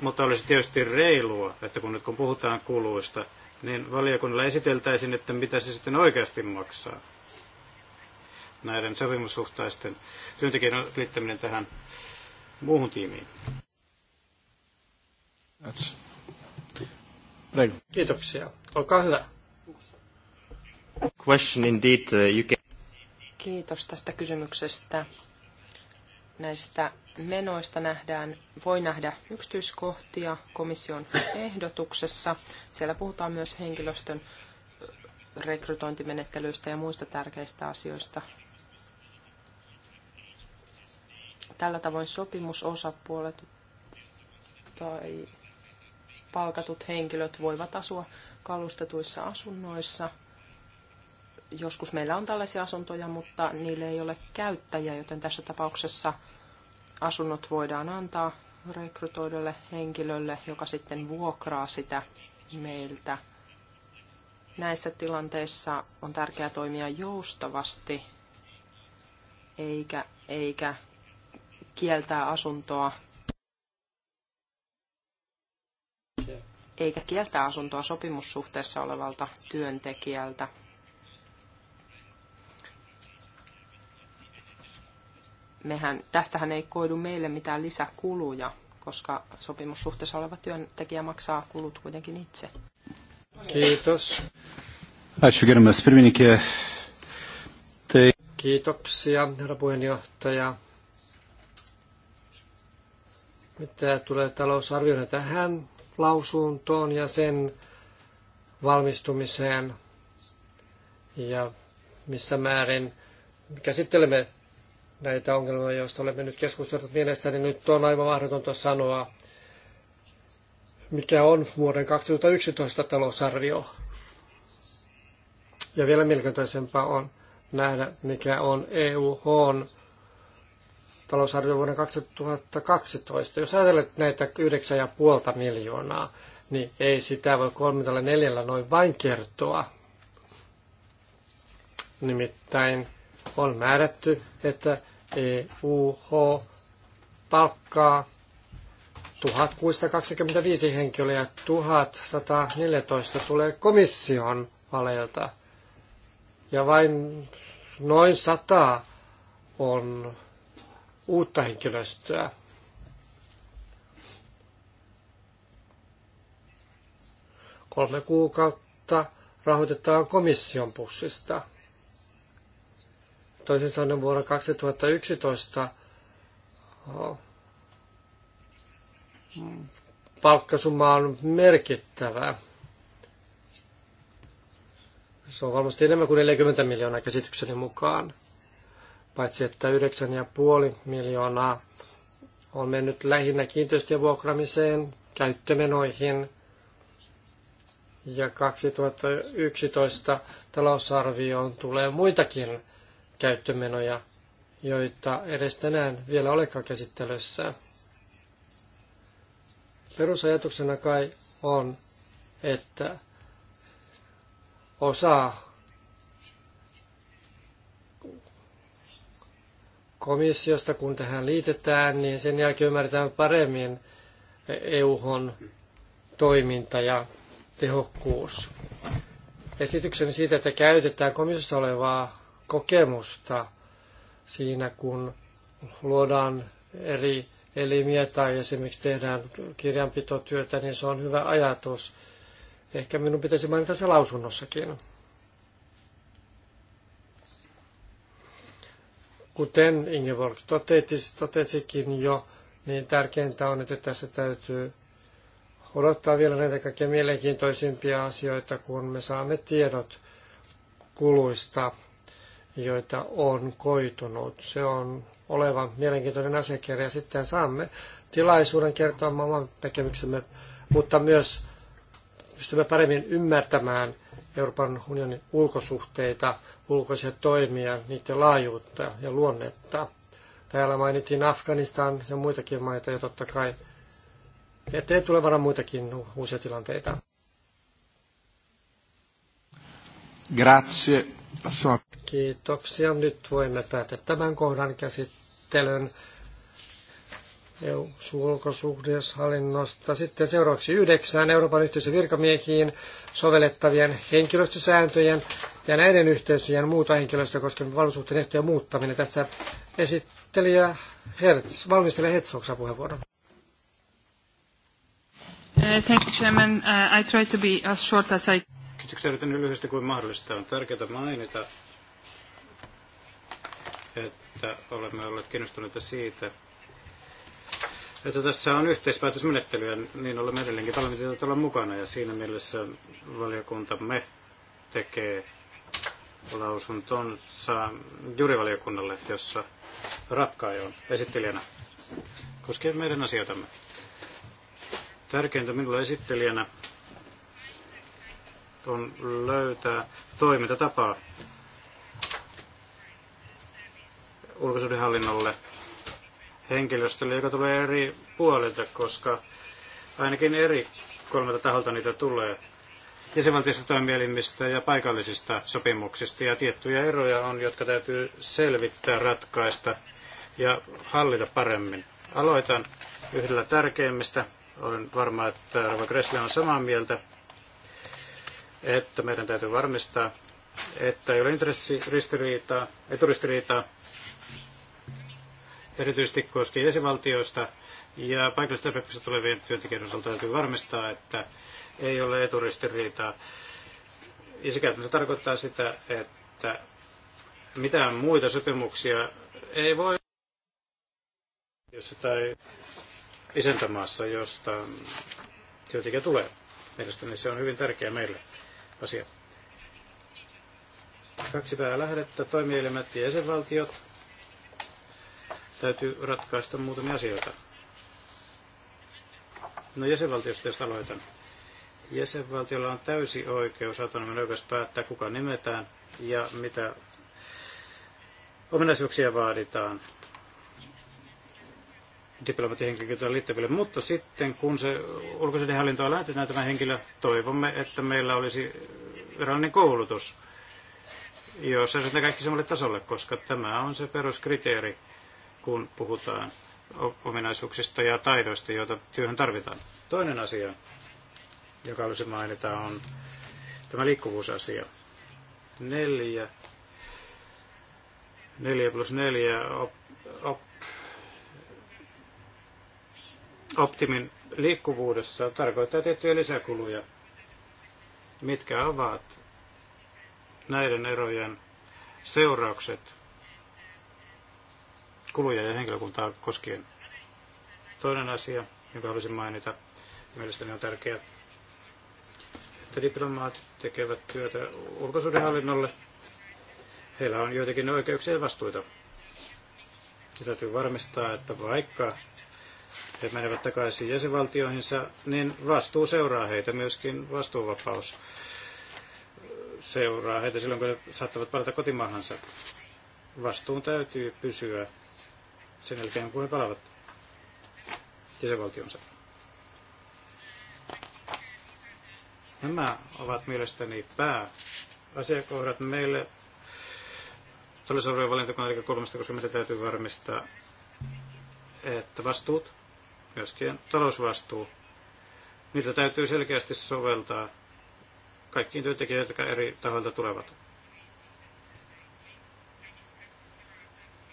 mutta olisi tietysti reilua, että kun nyt kun puhutaan kuluista, niin valiokunnalla esiteltäisiin, että mitä se sitten oikeasti maksaa näiden sopimussuhtaisten työntekijöiden liittäminen tähän muuhun tiimiin. Kiitoksia. Olkaa hyvä. Question indeed, uh, you can... Kiitos tästä kysymyksestä. Näistä menoista nähdään, voi nähdä yksityiskohtia komission ehdotuksessa. Siellä puhutaan myös henkilöstön rekrytointimenettelyistä ja muista tärkeistä asioista Tällä tavoin sopimusosapuolet tai palkatut henkilöt voivat asua kalustetuissa asunnoissa. Joskus meillä on tällaisia asuntoja, mutta niille ei ole käyttäjiä, joten tässä tapauksessa asunnot voidaan antaa rekrytoidulle henkilölle, joka sitten vuokraa sitä meiltä. Näissä tilanteissa on tärkeää toimia joustavasti, eikä, eikä kieltää asuntoa eikä kieltää asuntoa sopimussuhteessa olevalta työntekijältä. Mehän, tästähän ei koidu meille mitään lisäkuluja, koska sopimussuhteessa oleva työntekijä maksaa kulut kuitenkin itse. Kiitos. Kiitoksia, herra puheenjohtaja. Mitä tulee talousarvioida tähän lausuntoon ja sen valmistumiseen ja missä määrin käsittelemme näitä ongelmia, joista olemme nyt keskustelleet. Mielestäni nyt on aivan mahdotonta sanoa, mikä on vuoden 2011 talousarvio. Ja vielä mielenkiintoisempaa on nähdä, mikä on EUHn talousarvio vuoden 2012. Jos ajatellaan näitä 9,5 miljoonaa, niin ei sitä voi 34 noin vain kertoa. Nimittäin on määrätty, että EUH palkkaa 1625 henkilöä ja 1114 tulee komission valeilta. Ja vain noin sata on uutta henkilöstöä. Kolme kuukautta rahoitetaan komission pussista. Toisin sanoen vuonna 2011 palkkasumma on merkittävä. Se on varmasti enemmän kuin 40 miljoonaa käsitykseni mukaan paitsi että 9,5 miljoonaa on mennyt lähinnä kiinteistöjen vuokramiseen, käyttömenoihin ja 2011 talousarvioon tulee muitakin käyttömenoja, joita edes tänään vielä olekaan käsittelyssä. Perusajatuksena kai on, että osa komissiosta, kun tähän liitetään, niin sen jälkeen ymmärretään paremmin EUhon toiminta ja tehokkuus. Esityksen siitä, että käytetään komissiossa olevaa kokemusta siinä, kun luodaan eri elimiä tai esimerkiksi tehdään kirjanpitotyötä, niin se on hyvä ajatus. Ehkä minun pitäisi mainita se lausunnossakin. Kuten Ingeborg totesikin jo, niin tärkeintä on, että tässä täytyy odottaa vielä näitä kaikkein mielenkiintoisimpia asioita, kun me saamme tiedot kuluista, joita on koitunut. Se on oleva mielenkiintoinen asiakirja. Sitten saamme tilaisuuden kertoa oman näkemyksemme, mutta myös pystymme paremmin ymmärtämään Euroopan unionin ulkosuhteita ulkoisia toimia, niiden laajuutta ja luonnetta. Täällä mainittiin Afganistan ja muitakin maita ja totta kai eteen tulee varmaan muitakin uusia tilanteita. Grazie. Kiitoksia. Nyt voimme päättää tämän kohdan käsittelyn eu hallinnosta. Sitten seuraavaksi yhdeksään Euroopan yhteisön virkamiehiin sovellettavien henkilöstösääntöjen ja näiden yhteisöjen muuta henkilöstöä koskevien valtuussuhteen ehtojen muuttaminen. Tässä esittelijä Hertz, valmistelija Hertz, onko puheenvuoron? Uh, thank you, Chairman. Uh, I try to be as short as I... Kiitoksia yritän lyhyesti kuin mahdollista. On tärkeää mainita, että olemme olleet kiinnostuneita siitä, että tässä on yhteispäätösmenettelyä, niin olemme edelleenkin valmiita olla mukana ja siinä mielessä valiokuntamme tekee lausuntonsa jurivaliokunnalle, jossa Rapkai on esittelijänä koskien meidän asioitamme. Tärkeintä minulle esittelijänä on löytää toimintatapaa ulkosuudenhallinnolle henkilöstölle, joka tulee eri puolilta, koska ainakin eri kolmelta taholta niitä tulee Jäsenvaltiosta toimielimistä ja paikallisista sopimuksista. Ja tiettyjä eroja on, jotka täytyy selvittää, ratkaista ja hallita paremmin. Aloitan yhdellä tärkeimmistä. Olen varma, että Rava Gressle on samaa mieltä, että meidän täytyy varmistaa, että ei ole intressiristiriitaa, eturistiriitaa erityisesti koskien jäsenvaltioista ja paikallisesta tarpeesta tulevien työntekijöiden osalta täytyy varmistaa, että ei ole eturistiriitaa. Ja se käytännössä tarkoittaa sitä, että mitään muita sopimuksia ei voi jossa tai isäntämaassa, josta työntekijä tulee. Mielestäni se on hyvin tärkeä meille asia. Kaksi päälähdettä, toimielimet ja jäsenvaltiot täytyy ratkaista muutamia asioita. No jäsenvaltiosta tästä aloitan. Jäsenvaltiolla on täysi oikeus autonomian oikeus päättää, kuka nimetään ja mitä ominaisuuksia vaaditaan diplomaattihenkilökuntaan liittyville. Mutta sitten kun se ulkoisen on lähetetään tämä henkilö, toivomme, että meillä olisi virallinen koulutus, jossa se kaikki samalle tasolle, koska tämä on se peruskriteeri kun puhutaan ominaisuuksista ja taidoista, joita työhön tarvitaan. Toinen asia, joka olisi mainita, on tämä liikkuvuusasia. Neljä, neljä plus neljä op, op, optimin liikkuvuudessa tarkoittaa tiettyjä lisäkuluja. Mitkä ovat näiden erojen seuraukset kuluja ja henkilökuntaa koskien. Toinen asia, jonka haluaisin mainita, mielestäni on tärkeä, että diplomaatit tekevät työtä ulkosuhdehallinnolle. Heillä on joitakin oikeuksia ja vastuita. Ja täytyy varmistaa, että vaikka he menevät takaisin jäsenvaltioihinsa, niin vastuu seuraa heitä, myöskin vastuuvapaus seuraa heitä silloin, kun he saattavat palata kotimaahansa. Vastuun täytyy pysyä sen jälkeen, kun he palaavat jäsenvaltionsa. Nämä ovat mielestäni pääasiakohdat meille todellisuuden valintakoneen kolmesta, koska meidän täytyy varmistaa, että vastuut, myöskin talousvastuu, niitä täytyy selkeästi soveltaa kaikkiin työntekijöihin, jotka eri tahoilta tulevat.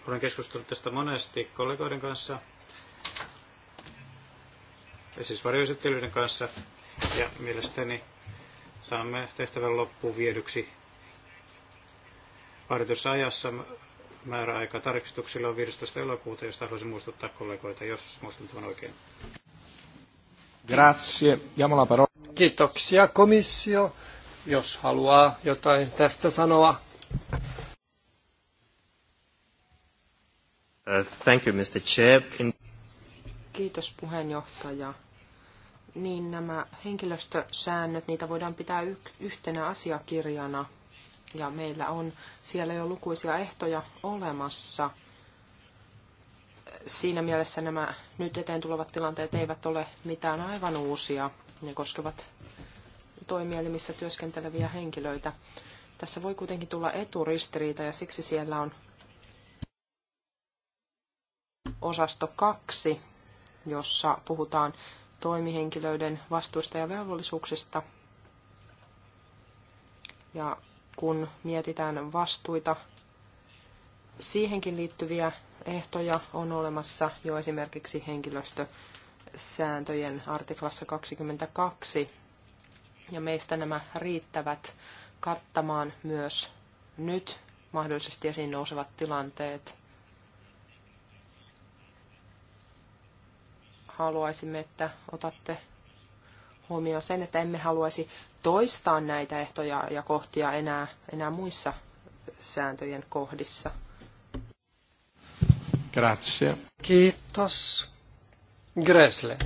Olen keskustellut tästä monesti kollegoiden kanssa, siis varjoisettelyiden kanssa, ja mielestäni saamme tehtävän loppuun viedyksi vaaditussa ajassa. Määräaika tarkistuksilla on 15. elokuuta, josta haluaisin muistuttaa kollegoita, jos muistan tämän oikein. Grazie. Kiitoksia komissio, jos haluaa jotain tästä sanoa. Uh, thank you, Mr. Chair. Kiitos puheenjohtaja. Niin nämä henkilöstösäännöt, niitä voidaan pitää yhtenä asiakirjana ja meillä on siellä jo lukuisia ehtoja olemassa. Siinä mielessä nämä nyt eteen tulevat tilanteet eivät ole mitään aivan uusia. Ne koskevat toimielimissä työskenteleviä henkilöitä. Tässä voi kuitenkin tulla eturistiriita ja siksi siellä on osasto 2, jossa puhutaan toimihenkilöiden vastuista ja velvollisuuksista. Ja kun mietitään vastuita, siihenkin liittyviä ehtoja on olemassa jo esimerkiksi henkilöstösääntöjen artiklassa 22, ja meistä nämä riittävät kattamaan myös nyt mahdollisesti esiin nousevat tilanteet. haluaisimme, että otatte huomioon sen, että emme haluaisi toistaa näitä ehtoja ja kohtia enää, enää muissa sääntöjen kohdissa. Grazie. Kiitos. Gräsle.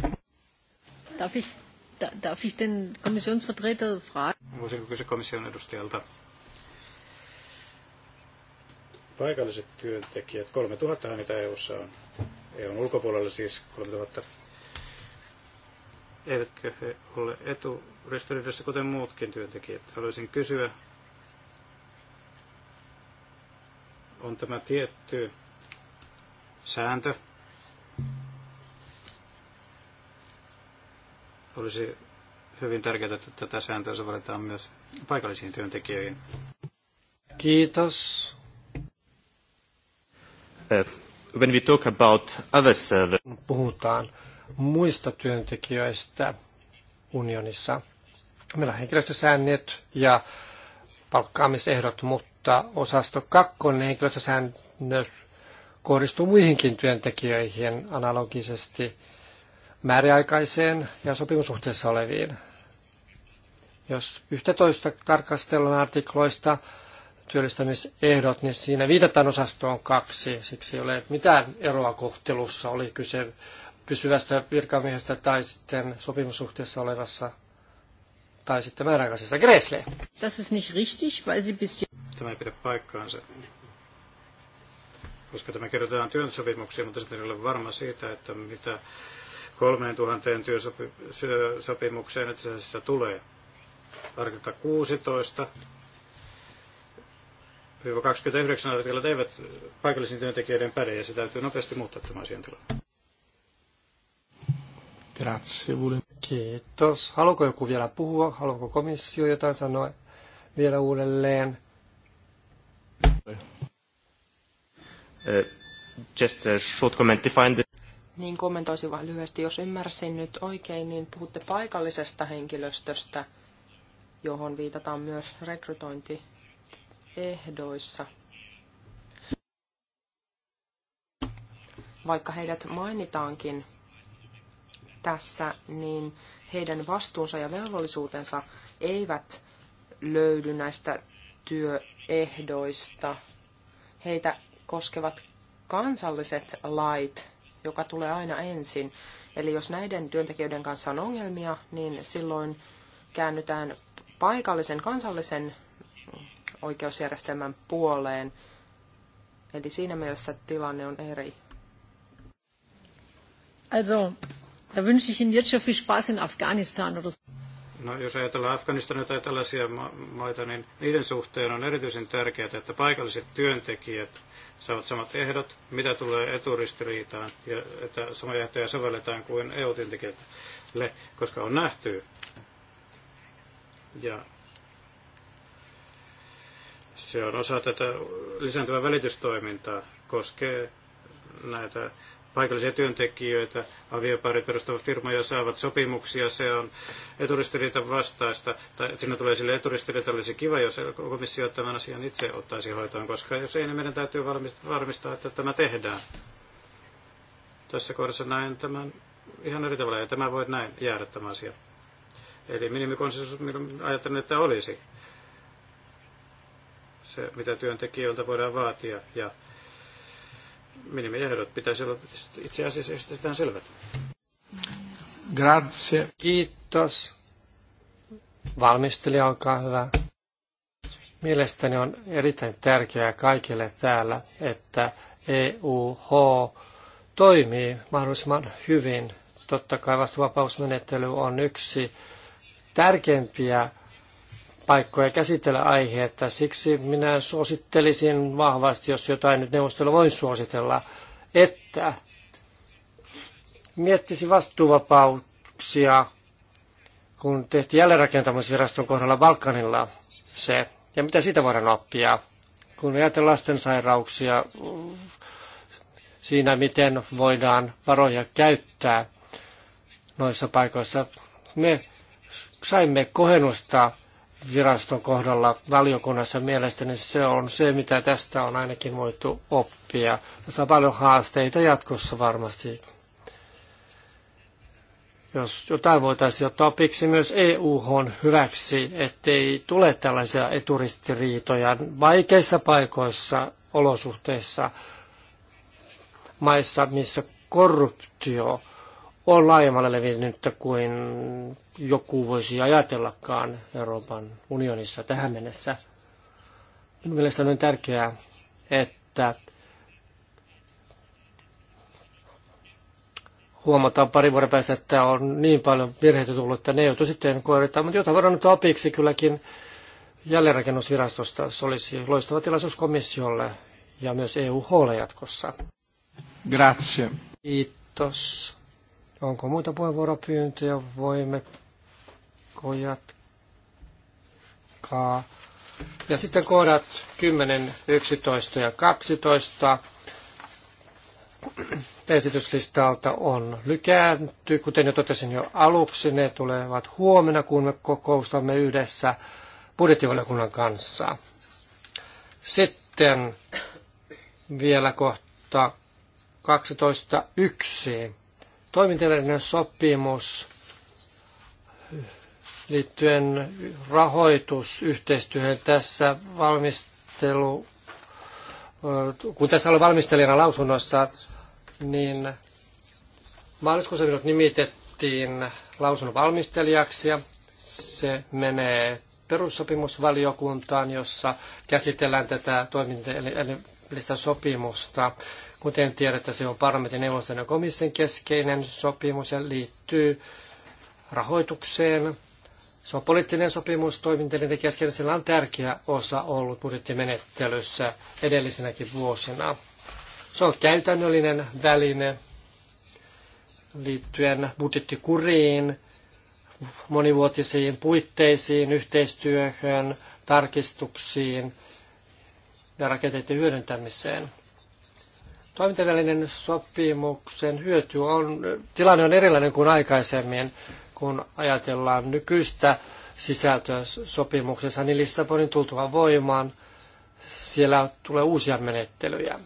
Darf ich, da, darf ich den Kommissionsvertreter fragen? Voisinko kysyä komission edustajalta? Paikalliset työntekijät, 3000 niitä EU-ssa on. EUn ulkopuolella siis 3000. Eivätkö he ole eturistoriidassa, kuten muutkin työntekijät? Haluaisin kysyä, on tämä tietty sääntö. Olisi hyvin tärkeää, että tätä sääntöä sovelletaan myös paikallisiin työntekijöihin. Kiitos. Et. Eh, when we talk about other servers. Puhutaan muista työntekijöistä unionissa. Meillä on henkilöstösäännöt ja palkkaamisehdot, mutta osasto 2 henkilöstösäännös kohdistuu muihinkin työntekijöihin analogisesti määräaikaiseen ja sopimussuhteessa oleviin. Jos yhtä toista tarkastellaan artikloista, työllistämisehdot, niin siinä viitataan osastoon kaksi. Siksi ei ole mitään eroa kohtelussa, oli kyse pysyvästä virkamiehestä tai sitten sopimussuhteessa olevassa tai sitten määräaikaisesta Gräsle. Das ist nicht richtig, weil sie bis... Tämä ei pidä paikkaansa. Koska tämä kerrotaan työsopimuksiin, mutta sitten ei ole varma siitä, että mitä kolmeen tuhanteen työsopimukseen itse asiassa tulee. Tarkoittaa 16 29 artiklat eivät paikallisten työntekijöiden päde ja se täytyy nopeasti muuttaa tämä asiantila. Grazie, Kiitos. Haluaako joku vielä puhua? Haluaako komissio jotain sanoa vielä uudelleen? Eh, just a short comment. Niin kommentoisin vain lyhyesti. Jos ymmärsin nyt oikein, niin puhutte paikallisesta henkilöstöstä, johon viitataan myös rekrytointi ehdoissa. Vaikka heidät mainitaankin tässä, niin heidän vastuunsa ja velvollisuutensa eivät löydy näistä työehdoista. Heitä koskevat kansalliset lait, joka tulee aina ensin. Eli jos näiden työntekijöiden kanssa on ongelmia, niin silloin käännytään paikallisen kansallisen oikeusjärjestelmän puoleen. Eli siinä mielessä tilanne on eri. Also, da wünsche ich Ihnen jetzt schon viel Spaß in Afghanistan oder No, jos ajatellaan Afganistania tai tällaisia ma- maita, niin niiden suhteen on erityisen tärkeää, että paikalliset työntekijät saavat samat ehdot, mitä tulee eturistiriitaan, ja että samoja ehtoja sovelletaan kuin EU-työntekijöille, koska on nähty ja se on osa tätä lisääntyvää välitystoimintaa, koskee näitä paikallisia työntekijöitä, avioparit perustavat firmoja saavat sopimuksia, se on eturistiriitan vastaista, tai siinä tulee sille eturistiriita, olisi kiva, jos komissio tämän asian itse ottaisi hoitoon, koska jos ei, niin meidän täytyy varmistaa, että tämä tehdään. Tässä kohdassa näen tämän ihan eri tavalla, ja tämä voi näin jäädä tämä asia. Eli minimikonsensus, ajattelen, että olisi se, mitä työntekijöiltä voidaan vaatia. Ja minimiehdot pitäisi olla itse asiassa itsestään selvät. Grazie. Kiitos. Valmistelija, olkaa hyvä. Mielestäni on erittäin tärkeää kaikille täällä, että EUH toimii mahdollisimman hyvin. Totta kai vastuvapausmenettely on yksi tärkeimpiä paikkoja käsitellä aiheetta. Siksi minä suosittelisin vahvasti, jos jotain nyt neuvostolla voin suositella, että miettisi vastuuvapauksia, kun tehtiin jälleenrakentamisviraston kohdalla Balkanilla se, ja mitä siitä voidaan oppia, kun ajatellaan lastensairauksia, siinä miten voidaan varoja käyttää noissa paikoissa. Me saimme kohennusta viraston kohdalla valiokunnassa mielestäni se on se, mitä tästä on ainakin voitu oppia. Tässä on paljon haasteita jatkossa varmasti. Jos jotain voitaisiin ottaa opiksi myös eu hyväksi, ettei tule tällaisia eturistiriitoja vaikeissa paikoissa, olosuhteissa, maissa, missä korruptio on laajemmalle levinnyt kuin joku voisi ajatellakaan Euroopan unionissa tähän mennessä. Minun mielestäni on tärkeää, että huomataan pari vuoden päästä, että on niin paljon virheitä tullut, että ne joutuu sitten koirittamaan. Mutta jotain voidaan nyt opiksi kylläkin jälleenrakennusvirastosta. Se olisi loistava tilaisuus komissiolle ja myös EUHlle jatkossa. Grazie. Kiitos. Onko muita puheenvuoropyyntöjä? Voimmeko jatkaa? Ja sitten kohdat 10, 11 ja 12 esityslistalta on lykäänty. Kuten jo totesin jo aluksi, ne tulevat huomenna, kun me kokoustamme yhdessä budjettivaliokunnan kanssa. Sitten vielä kohta 12.1 toimintavälinen sopimus liittyen rahoitusyhteistyöhön tässä valmistelu, kun tässä oli valmistelijana lausunnossa, niin maaliskuussa minut nimitettiin lausunnon valmistelijaksi ja se menee perussopimusvaliokuntaan, jossa käsitellään tätä toimintaelimellistä sopimusta. Kuten tiedätte, se on parlamentin neuvoston ja komission keskeinen sopimus ja liittyy rahoitukseen. Se on poliittinen sopimus toimintelinen kesken. Sillä on tärkeä osa ollut budjettimenettelyssä edellisenäkin vuosina. Se on käytännöllinen väline liittyen budjettikuriin, monivuotisiin puitteisiin, yhteistyöhön, tarkistuksiin ja rakenteiden hyödyntämiseen. Toimintavälinen sopimuksen hyöty on, tilanne on erilainen kuin aikaisemmin, kun ajatellaan nykyistä sisältöä sopimuksessa, niin Lissabonin tultua voimaan siellä tulee uusia menettelyjä.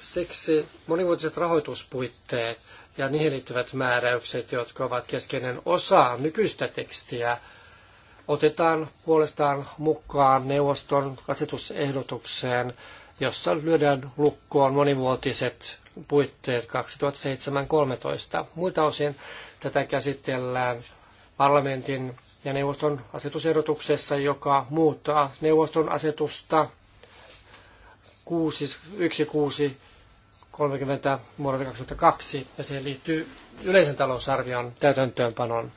Siksi monivuotiset rahoituspuitteet ja niihin liittyvät määräykset, jotka ovat keskeinen osa nykyistä tekstiä, otetaan puolestaan mukaan neuvoston asetusehdotukseen jossa lyödään lukkoon monivuotiset puitteet 2007-2013. Muilta osin tätä käsitellään parlamentin ja neuvoston asetusehdotuksessa, joka muuttaa neuvoston asetusta 16630 vuodelta 2002, ja se liittyy yleisen talousarvion täytäntöönpanon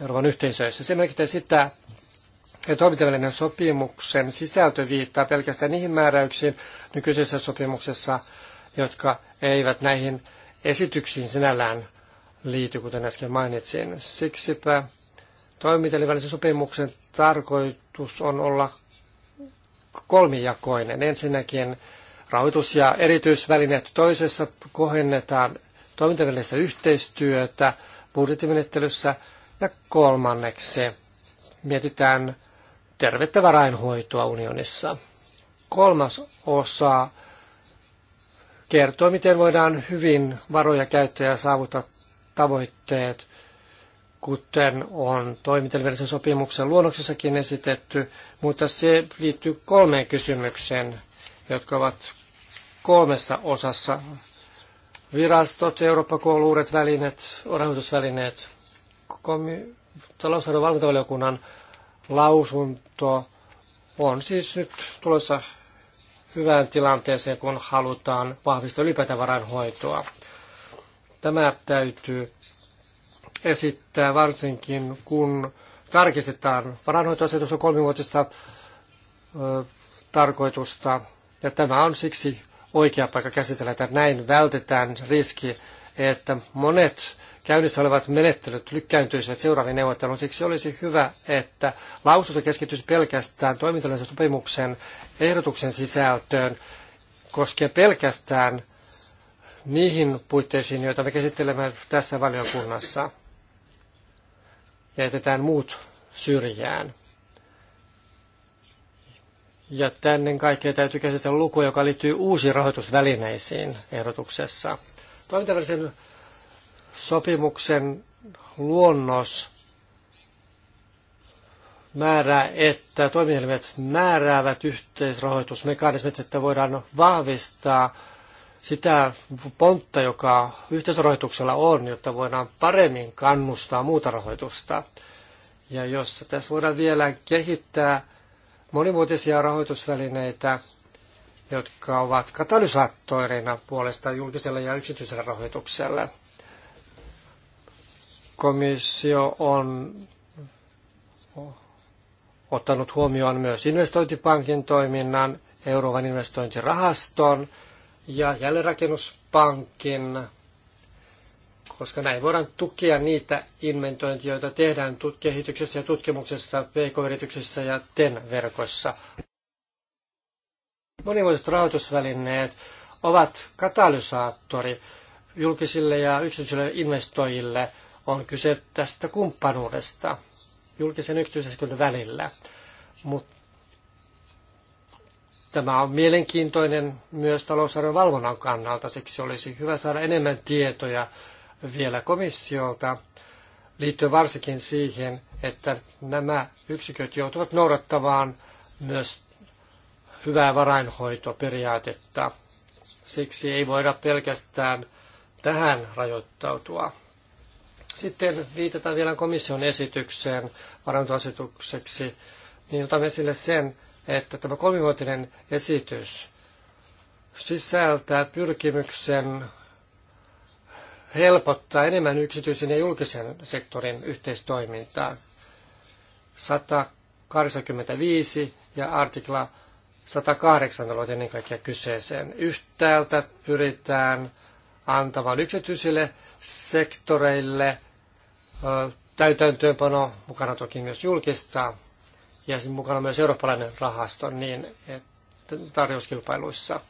Euroopan yhteisöissä. Se merkitsee sitä, ja toimintavälinen sopimuksen sisältö viittaa pelkästään niihin määräyksiin nykyisessä sopimuksessa, jotka eivät näihin esityksiin sinällään liity, kuten äsken mainitsin. Siksipä toimintavälisen sopimuksen tarkoitus on olla kolmijakoinen. Ensinnäkin rahoitus- ja erityisvälineet toisessa kohennetaan toimintavälistä yhteistyötä budjettimenettelyssä ja kolmanneksi mietitään tervettä varainhoitoa unionissa. Kolmas osa kertoo, miten voidaan hyvin varoja käyttää ja saavuttaa tavoitteet, kuten on toimintavälisessä sopimuksen luonnoksessakin esitetty, mutta se liittyy kolmeen kysymykseen, jotka ovat kolmessa osassa. Virastot, Eurooppa-koulu, uudet välineet, rahoitusvälineet, komi- talousarvon valvontavaliokunnan lausunto on siis nyt tulossa hyvään tilanteeseen, kun halutaan vahvistaa ylipäätään varainhoitoa. Tämä täytyy esittää varsinkin, kun tarkistetaan on kolmivuotista ö, tarkoitusta. Ja tämä on siksi oikea paikka käsitellä, että näin vältetään riski että monet käynnissä olevat menettelyt lykkääntyisivät seuraaviin neuvotteluun. Siksi olisi hyvä, että lausunto keskittyisi pelkästään toimintalaisen sopimuksen ehdotuksen sisältöön, koskee pelkästään niihin puitteisiin, joita me käsittelemme tässä valiokunnassa, ja jätetään muut syrjään. Ja tänne kaikkea täytyy käsitellä luku, joka liittyy uusiin rahoitusvälineisiin ehdotuksessa. Toimintavälisen sopimuksen luonnos määrää, että toimielimet määräävät yhteisrahoitusmekanismit, että voidaan vahvistaa sitä pontta, joka yhteisrahoituksella on, jotta voidaan paremmin kannustaa muuta rahoitusta. Ja jos tässä voidaan vielä kehittää monimuotoisia rahoitusvälineitä, jotka ovat katalysaattoreina puolesta julkisella ja yksityisellä rahoituksella. Komissio on ottanut huomioon myös investointipankin toiminnan, Euroopan investointirahaston ja jälleenrakennuspankin, koska näin voidaan tukea niitä inventointia, joita tehdään kehityksessä ja tutkimuksessa, pk-yrityksissä ja TEN-verkossa monivuotiset rahoitusvälineet ovat katalysaattori julkisille ja yksityisille investoijille. On kyse tästä kumppanuudesta julkisen ja yksityisen välillä. Mutta tämä on mielenkiintoinen myös talousarvon valvonnan kannalta. Siksi olisi hyvä saada enemmän tietoja vielä komissiolta liittyen varsinkin siihen, että nämä yksiköt joutuvat noudattamaan myös hyvää varainhoitoperiaatetta. Siksi ei voida pelkästään tähän rajoittautua. Sitten viitataan vielä komission esitykseen varantoasetukseksi, niin otamme esille sen, että tämä kolmivuotinen esitys sisältää pyrkimyksen helpottaa enemmän yksityisen ja julkisen sektorin yhteistoimintaa. 185 ja artikla 108 aloite ennen kaikkea kyseeseen. Yhtäältä pyritään antamaan yksityisille sektoreille täytäntöönpano, mukana toki myös julkista, ja mukana myös eurooppalainen rahasto niin, että tarjouskilpailuissa.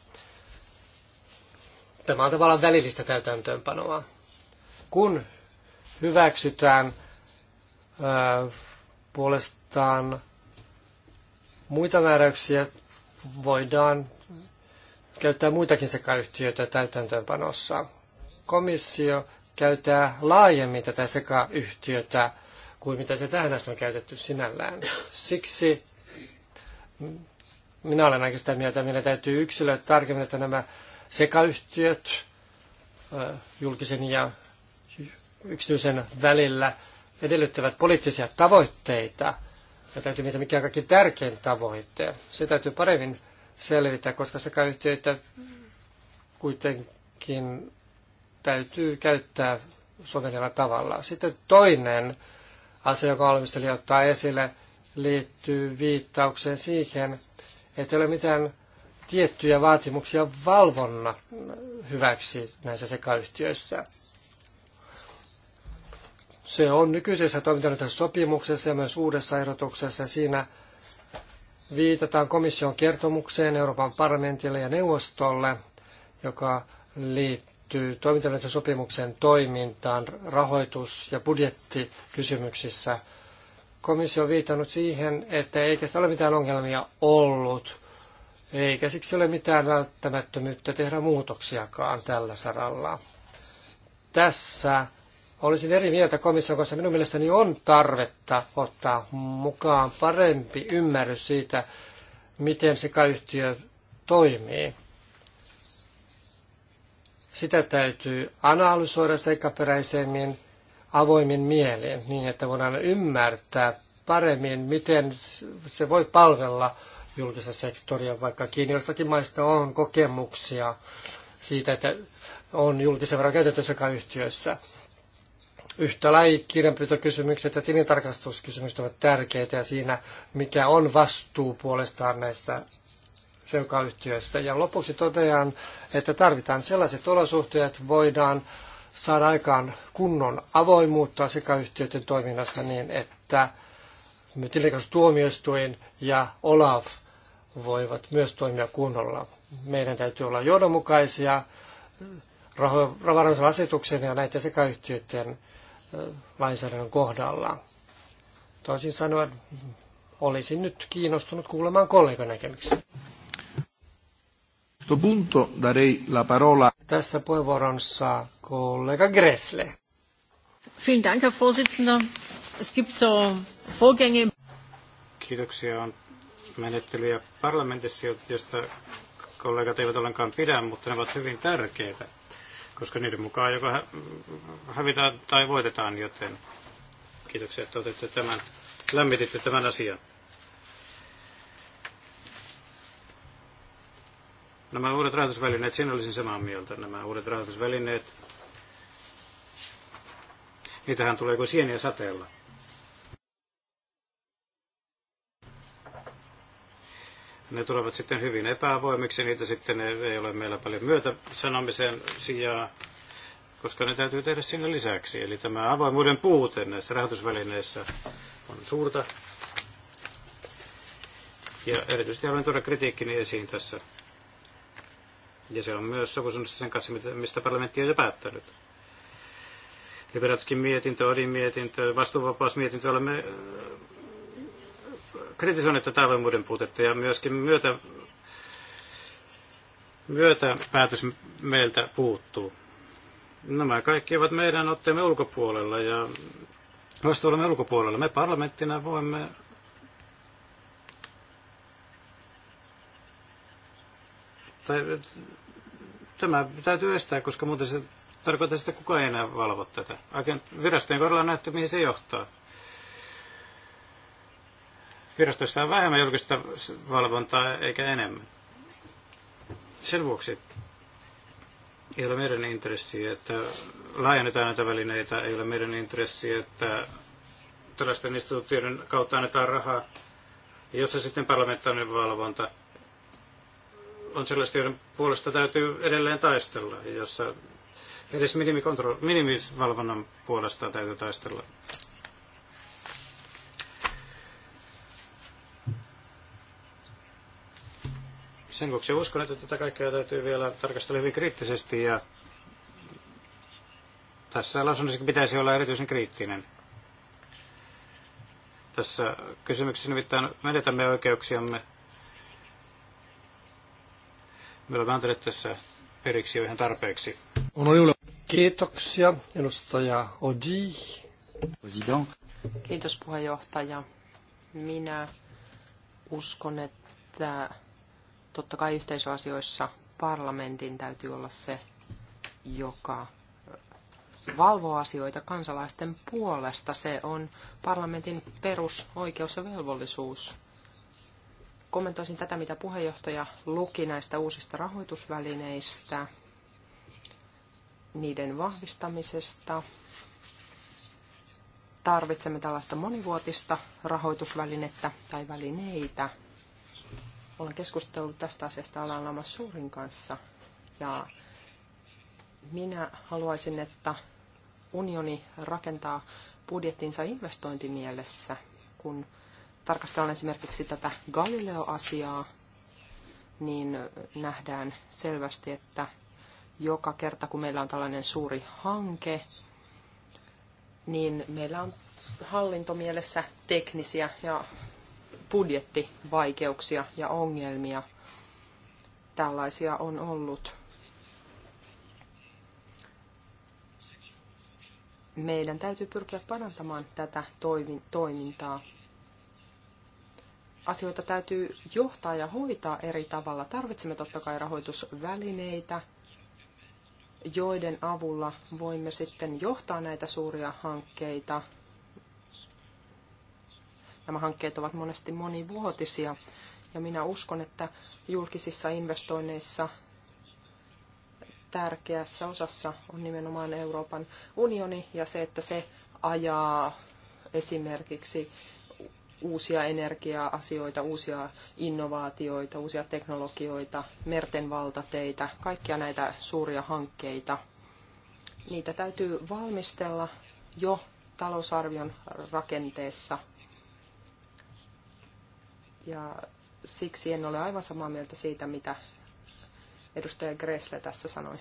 Tämä on tavallaan välillistä täytäntöönpanoa. Kun hyväksytään puolestaan muita määräyksiä voidaan käyttää muitakin sekayhtiöitä täytäntöönpanossa. Komissio käyttää laajemmin tätä sekayhtiötä kuin mitä se tähän asti on käytetty sinällään. Siksi minä olen aika sitä mieltä, meidän täytyy yksilöä tarkemmin, että nämä sekayhtiöt julkisen ja yksityisen välillä edellyttävät poliittisia tavoitteita – ja täytyy miettiä, mikä on kaikki tärkein tavoite. Se täytyy paremmin selvitä, koska se yhteyttä kuitenkin täytyy käyttää sovellella tavalla. Sitten toinen asia, joka valmisteli ottaa esille, liittyy viittaukseen siihen, että ei ole mitään tiettyjä vaatimuksia valvonna hyväksi näissä sekayhtiöissä. Se on nykyisessä toimintaneuvottelussa sopimuksessa ja myös uudessa ehdotuksessa. Siinä viitataan komission kertomukseen Euroopan parlamentille ja neuvostolle, joka liittyy toimintaneuvottelussa sopimuksen toimintaan rahoitus- ja budjettikysymyksissä. Komissio on viitannut siihen, että eikä sitä ole mitään ongelmia ollut – eikä siksi ole mitään välttämättömyyttä tehdä muutoksiakaan tällä saralla. Tässä Olisin eri mieltä komission kanssa. Minun mielestäni on tarvetta ottaa mukaan parempi ymmärrys siitä, miten se yhtiö toimii. Sitä täytyy analysoida seikkaperäisemmin avoimin mielin, niin että voidaan ymmärtää paremmin, miten se voi palvella julkista sektoria, vaikka jostakin maista on kokemuksia siitä, että on julkisen varan käytettävissä yhtiöissä. Yhtä lailla kirjanpitokysymykset ja tilintarkastuskysymykset ovat tärkeitä ja siinä, mikä on vastuu puolestaan näissä seukayhtiöissä. Ja lopuksi totean, että tarvitaan sellaiset olosuhteet, että voidaan saada aikaan kunnon avoimuutta yhtiöiden toiminnassa niin, että tilintarkastustuomioistuin ja Olaf voivat myös toimia kunnolla. Meidän täytyy olla johdonmukaisia varantoasetuksen ja näiden sekayhtiöiden lainsäädännön kohdalla. Toisin sanoen olisin nyt kiinnostunut kuulemaan kollegan näkemyksiä. Punto darei la parola. Tässä puheenvuoron kollega Gressle. Vielen Dank, Herr Vorsitzender. Es gibt so Vorgänge. Kiitoksia. On menettelyjä parlamentissa, joista kollegat eivät ollenkaan pidä, mutta ne ovat hyvin tärkeitä koska niiden mukaan joka hävitään tai voitetaan, joten kiitoksia, että otette tämän, lämmititte tämän asian. Nämä uudet rahoitusvälineet, siinä olisin samaa mieltä, nämä uudet rahoitusvälineet, niitähän tulee kuin sieniä sateella. ne tulevat sitten hyvin epäavoimiksi, niitä sitten ei ole meillä paljon myötä sanomisen sijaa, koska ne täytyy tehdä sinne lisäksi. Eli tämä avoimuuden puute näissä rahoitusvälineissä on suurta. Ja erityisesti haluan tuoda kritiikkini esiin tässä. Ja se on myös sopusunnassa sen kanssa, mistä parlamentti on jo päättänyt. Liberatskin mietintö, Odin mietintö, vastuuvapausmietintö olemme kritisoineet tätä avoimuuden puutetta ja myöskin myötä, myötä päätös meiltä puuttuu. Nämä kaikki ovat meidän otteemme ulkopuolella ja vastuullamme ulkopuolella. Me parlamenttina voimme tai, tämä täytyy estää, koska muuten se tarkoittaa sitä, että kukaan ei enää valvo tätä. Virastojen kohdalla näette, mihin se johtaa. Virastoissa on vähemmän julkista valvontaa eikä enemmän. Sen vuoksi ei ole meidän intressi, että laajennetaan näitä välineitä, ei ole meidän intressi, että tällaisten instituutioiden kautta annetaan rahaa, jossa sitten parlamentaarinen valvonta on sellaista, joiden puolesta täytyy edelleen taistella, jossa edes minimivalvonnan puolesta täytyy taistella. Sen vuoksi uskon, että tätä kaikkea täytyy vielä tarkastella hyvin kriittisesti ja tässä lausunnossa pitäisi olla erityisen kriittinen. Tässä kysymyksessä nimittäin menetämme oikeuksiamme. Me olemme antaneet tässä periksi jo ihan tarpeeksi. Kiitoksia, edustaja Odi. Kiitos puheenjohtaja. Minä uskon, että Totta kai yhteisöasioissa parlamentin täytyy olla se, joka valvoo asioita kansalaisten puolesta. Se on parlamentin perusoikeus ja velvollisuus. Kommentoisin tätä, mitä puheenjohtaja luki näistä uusista rahoitusvälineistä, niiden vahvistamisesta. Tarvitsemme tällaista monivuotista rahoitusvälinettä tai välineitä – olen keskustellut tästä asiasta Alan Lama Suurin kanssa ja minä haluaisin, että unioni rakentaa budjettinsa investointimielessä, kun tarkastellaan esimerkiksi tätä Galileo-asiaa, niin nähdään selvästi, että joka kerta kun meillä on tällainen suuri hanke, niin meillä on hallintomielessä teknisiä ja budjettivaikeuksia ja ongelmia. Tällaisia on ollut. Meidän täytyy pyrkiä parantamaan tätä toimintaa. Asioita täytyy johtaa ja hoitaa eri tavalla. Tarvitsemme totta kai rahoitusvälineitä, joiden avulla voimme sitten johtaa näitä suuria hankkeita – Nämä hankkeet ovat monesti monivuotisia ja minä uskon, että julkisissa investoinneissa tärkeässä osassa on nimenomaan Euroopan unioni ja se, että se ajaa esimerkiksi uusia energia-asioita, uusia innovaatioita, uusia teknologioita, merten valtateitä, kaikkia näitä suuria hankkeita. Niitä täytyy valmistella jo talousarvion rakenteessa – ja siksi en ole aivan samaa mieltä siitä, mitä edustaja Gressle tässä sanoi.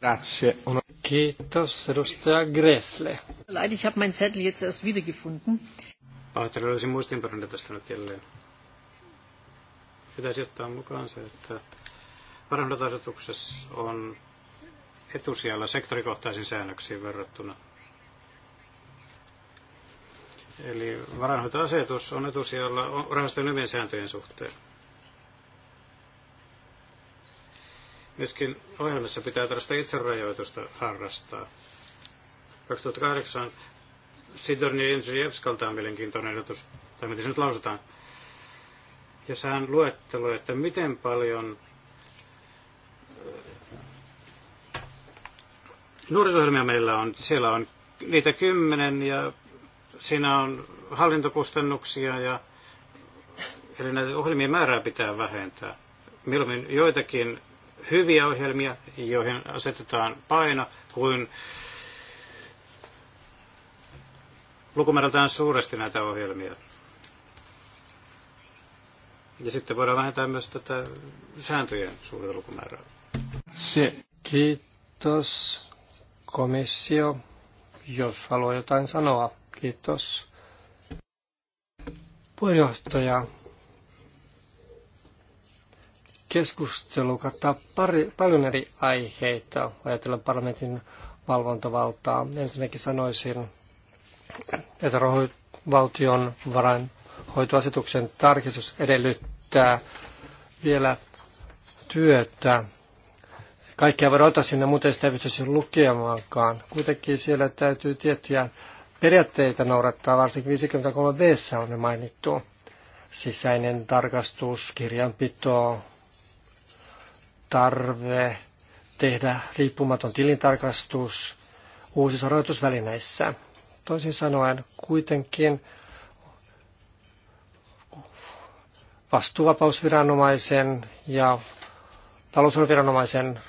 Grazie. Kiitos, edustaja Gressle. Leid, ich habe mein Zettel jetzt erst wiedergefunden. Pahoittelen, olisin muistinpäränne tästä nyt jälleen. Pitäisi ottaa mukaan se, että varhennetasetuksessa on etusijalla sektorikohtaisiin säännöksiin verrattuna Eli varainhoitoasetus on etusijalla rahastojen hyvien sääntöjen suhteen. Myöskin ohjelmassa pitää tällaista itserajoitusta harrastaa. 2008 Sidorni Jensijevskalta on mielenkiintoinen ehdotus, tai miten se nyt lausutaan, Ja sehän luettelo, että miten paljon nuorisohjelmia meillä on. Siellä on niitä kymmenen ja siinä on hallintokustannuksia ja eli näitä ohjelmien määrää pitää vähentää. Mieluummin joitakin hyviä ohjelmia, joihin asetetaan paino, kuin lukumäärältään suuresti näitä ohjelmia. Ja sitten voidaan vähentää myös tätä sääntöjen suurta lukumäärää. Se. Kiitos komissio, jos haluaa jotain sanoa. Kiitos. Puheenjohtaja. Keskustelu kattaa pari, paljon eri aiheita, ajatellen parlamentin valvontavaltaa. Ensinnäkin sanoisin, että valtion varainhoitoasetuksen tarkistus edellyttää vielä työtä. Kaikkea voidaan ottaa sinne, muuten sitä ei pystyisi lukemaankaan. Kuitenkin siellä täytyy tiettyjä periaatteita noudattaa, varsinkin 53 b on ne mainittu. Sisäinen tarkastus, kirjanpito, tarve tehdä riippumaton tilintarkastus uusissa rahoitusvälineissä. Toisin sanoen kuitenkin vastuuvapausviranomaisen ja talousviranomaisen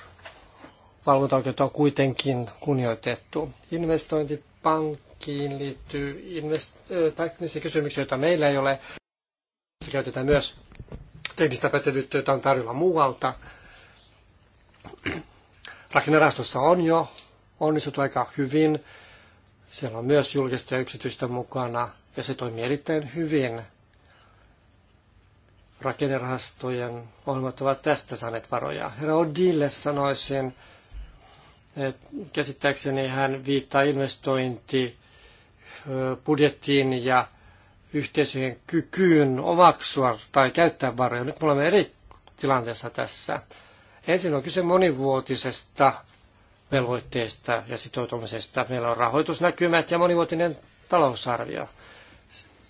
valvontaoikeutta on kuitenkin kunnioitettu. Investointipankki kaikkiin liittyy invest- teknisiä kysymyksiä, joita meillä ei ole. Se käytetään myös teknistä pätevyyttä, jota on tarjolla muualta. Rakennerastossa on jo onnistuttu aika hyvin. Siellä on myös julkista ja yksityistä mukana ja se toimii erittäin hyvin. Rakennerahastojen ohjelmat ovat tästä saaneet varoja. Herra Odille sanoisin, että käsittääkseni hän viittaa investointi budjettiin ja yhteisöjen kykyyn omaksua tai käyttää varoja. Nyt me olemme eri tilanteessa tässä. Ensin on kyse monivuotisesta velvoitteesta ja sitoutumisesta. Meillä on rahoitusnäkymät ja monivuotinen talousarvio.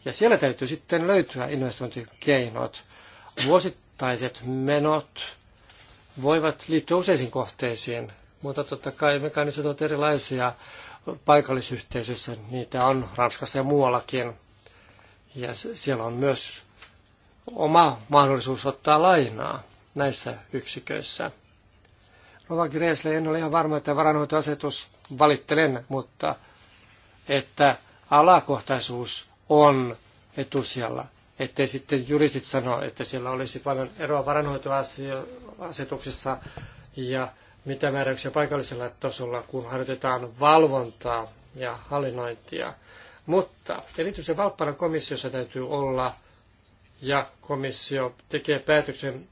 Ja siellä täytyy sitten löytyä investointikeinot. Vuosittaiset menot voivat liittyä useisiin kohteisiin, mutta totta kai mekanismit ovat erilaisia paikallisyhteisöissä. Niitä on Ranskassa ja muuallakin. Ja siellä on myös oma mahdollisuus ottaa lainaa näissä yksiköissä. Rova Gresle, en ole ihan varma, että varanhoitoasetus valittelen, mutta että alakohtaisuus on etusijalla. Ettei sitten juristit sano, että siellä olisi paljon eroa varanhoitoasetuksessa ja mitä määräyksiä paikallisella tasolla, kun harjoitetaan valvontaa ja hallinnointia. Mutta erityisen valppana komissiossa täytyy olla, ja komissio tekee päätöksen